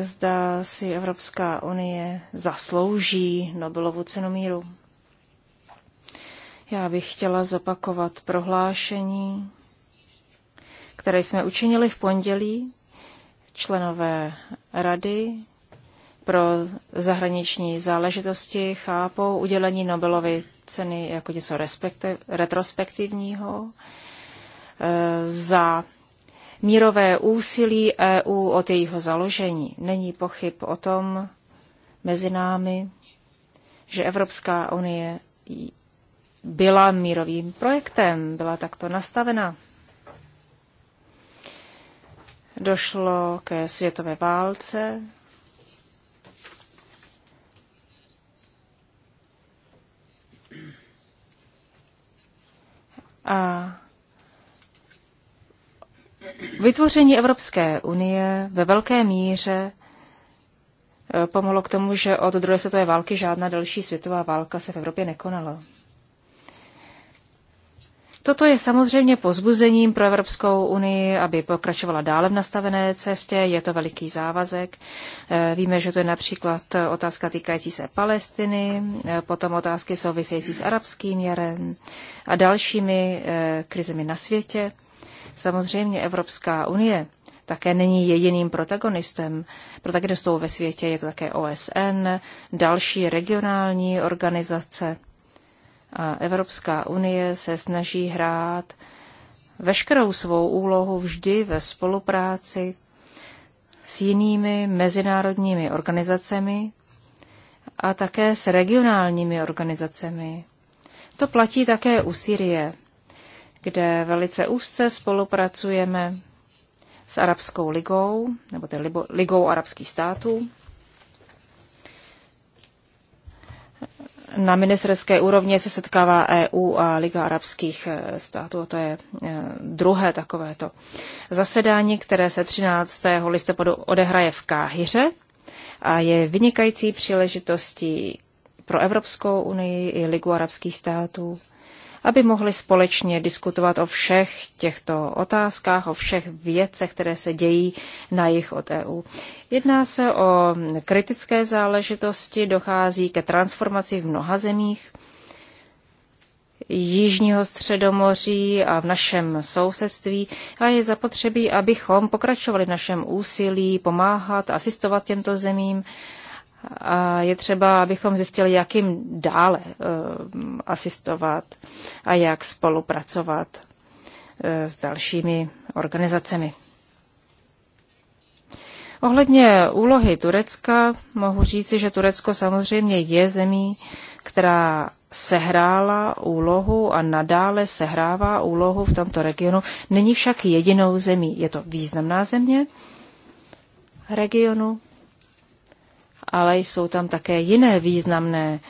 zda si Evropská unie zaslouží Nobelovu cenu míru. Já bych chtěla zopakovat prohlášení, které jsme učinili v pondělí členové Rady pro zahraniční záležitosti chápou udělení Nobelovy ceny jako něco retrospektivního e, za mírové úsilí EU od jejího založení. Není pochyb o tom mezi námi, že Evropská unie byla mírovým projektem, byla takto nastavena. Došlo ke světové válce. A Vytvoření Evropské unie ve velké míře eh, pomohlo k tomu, že od druhé světové války žádná další světová válka se v Evropě nekonala. Toto je samozřejmě pozbuzením pro Evropskou unii, aby pokračovala dále v nastavené cestě. Je to veliký závazek. Eh, víme, že to je například eh, otázka týkající se Palestiny, potom otázky související s arabským jarem a dalšími krizemi na světě. Samozřejmě Evropská unie také není jediným protagonistem. Protagonistou ve světě je to také OSN, další regionální organizace. A Evropská unie se snaží hrát veškerou svou úlohu vždy ve spolupráci s jinými mezinárodními organizacemi a také s regionálními organizacemi. To platí také u Syrie kde velice úzce spolupracujeme s Arabskou ligou, nebo tedy ligou arabských států. Na ministerské úrovni se setkává EU a Liga arabských eh, států. To je eh, druhé takovéto zasedání, které se 13. listopadu odehraje v Káhyře a je vynikající příležitostí pro Evropskou unii i Ligu arabských států aby mohli společně diskutovat o všech těchto otázkách, o všech věcech, které se dějí na jich od EU. Jedná se o kritické záležitosti, dochází ke transformaci v mnoha zemích Jižního středomoří a v našem sousedství a je zapotřebí, abychom pokračovali v našem úsilí pomáhat, asistovat těmto zemím a je třeba, abychom zjistili, jak jim dále eh, asistovat a jak spolupracovat eh, s dalšími organizacemi. Ohledně úlohy Turecka mohu říci, že Turecko samozřejmě je zemí, která sehrála úlohu a nadále sehrává úlohu v tomto regionu. Není však jedinou zemí. Je to významná země regionu, ale jsou tam také jiné významné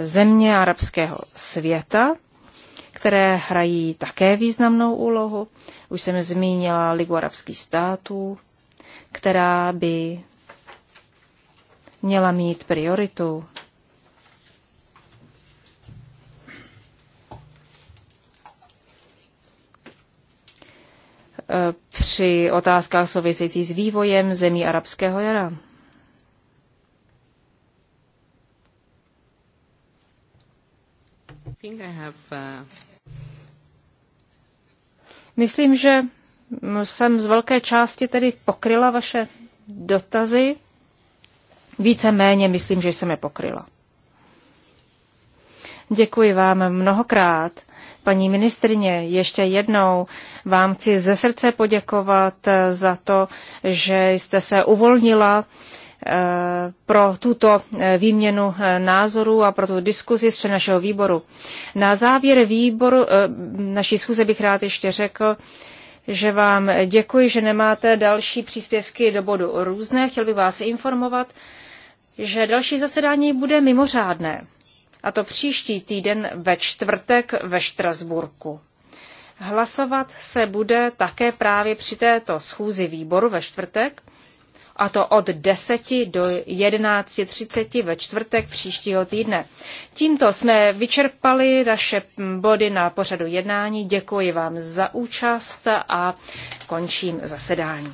země arabského světa, které hrají také významnou úlohu. Už jsem zmínila Ligu arabských států, která by měla mít prioritu. Při otázkách souvisejících s vývojem zemí arabského jara. Uh, myslím, že jsem z velké části tedy pokryla vaše dotazy. Víceméně myslím, že jsem je pokryla. Děkuji vám mnohokrát. Paní ministrině, ještě jednou vám chci ze srdce poděkovat za to, že jste se uvolnila pro tuto eh, výměnu eh, názorů a pro tu diskuzi z našeho výboru. Na závěr výboru eh, naší schůze bych rád ještě řekl, že vám děkuji, že nemáte další příspěvky do bodu různé. Chtěl bych vás informovat, že další zasedání bude mimořádné, a to příští týden ve čtvrtek ve Štrasburku. Hlasovat se bude také právě při této schůzi výboru ve čtvrtek a to od 10 do 11.30 ve čtvrtek příštího týdne. Tímto jsme vyčerpali naše body na pořadu jednání. Děkuji vám za účast a končím zasedání.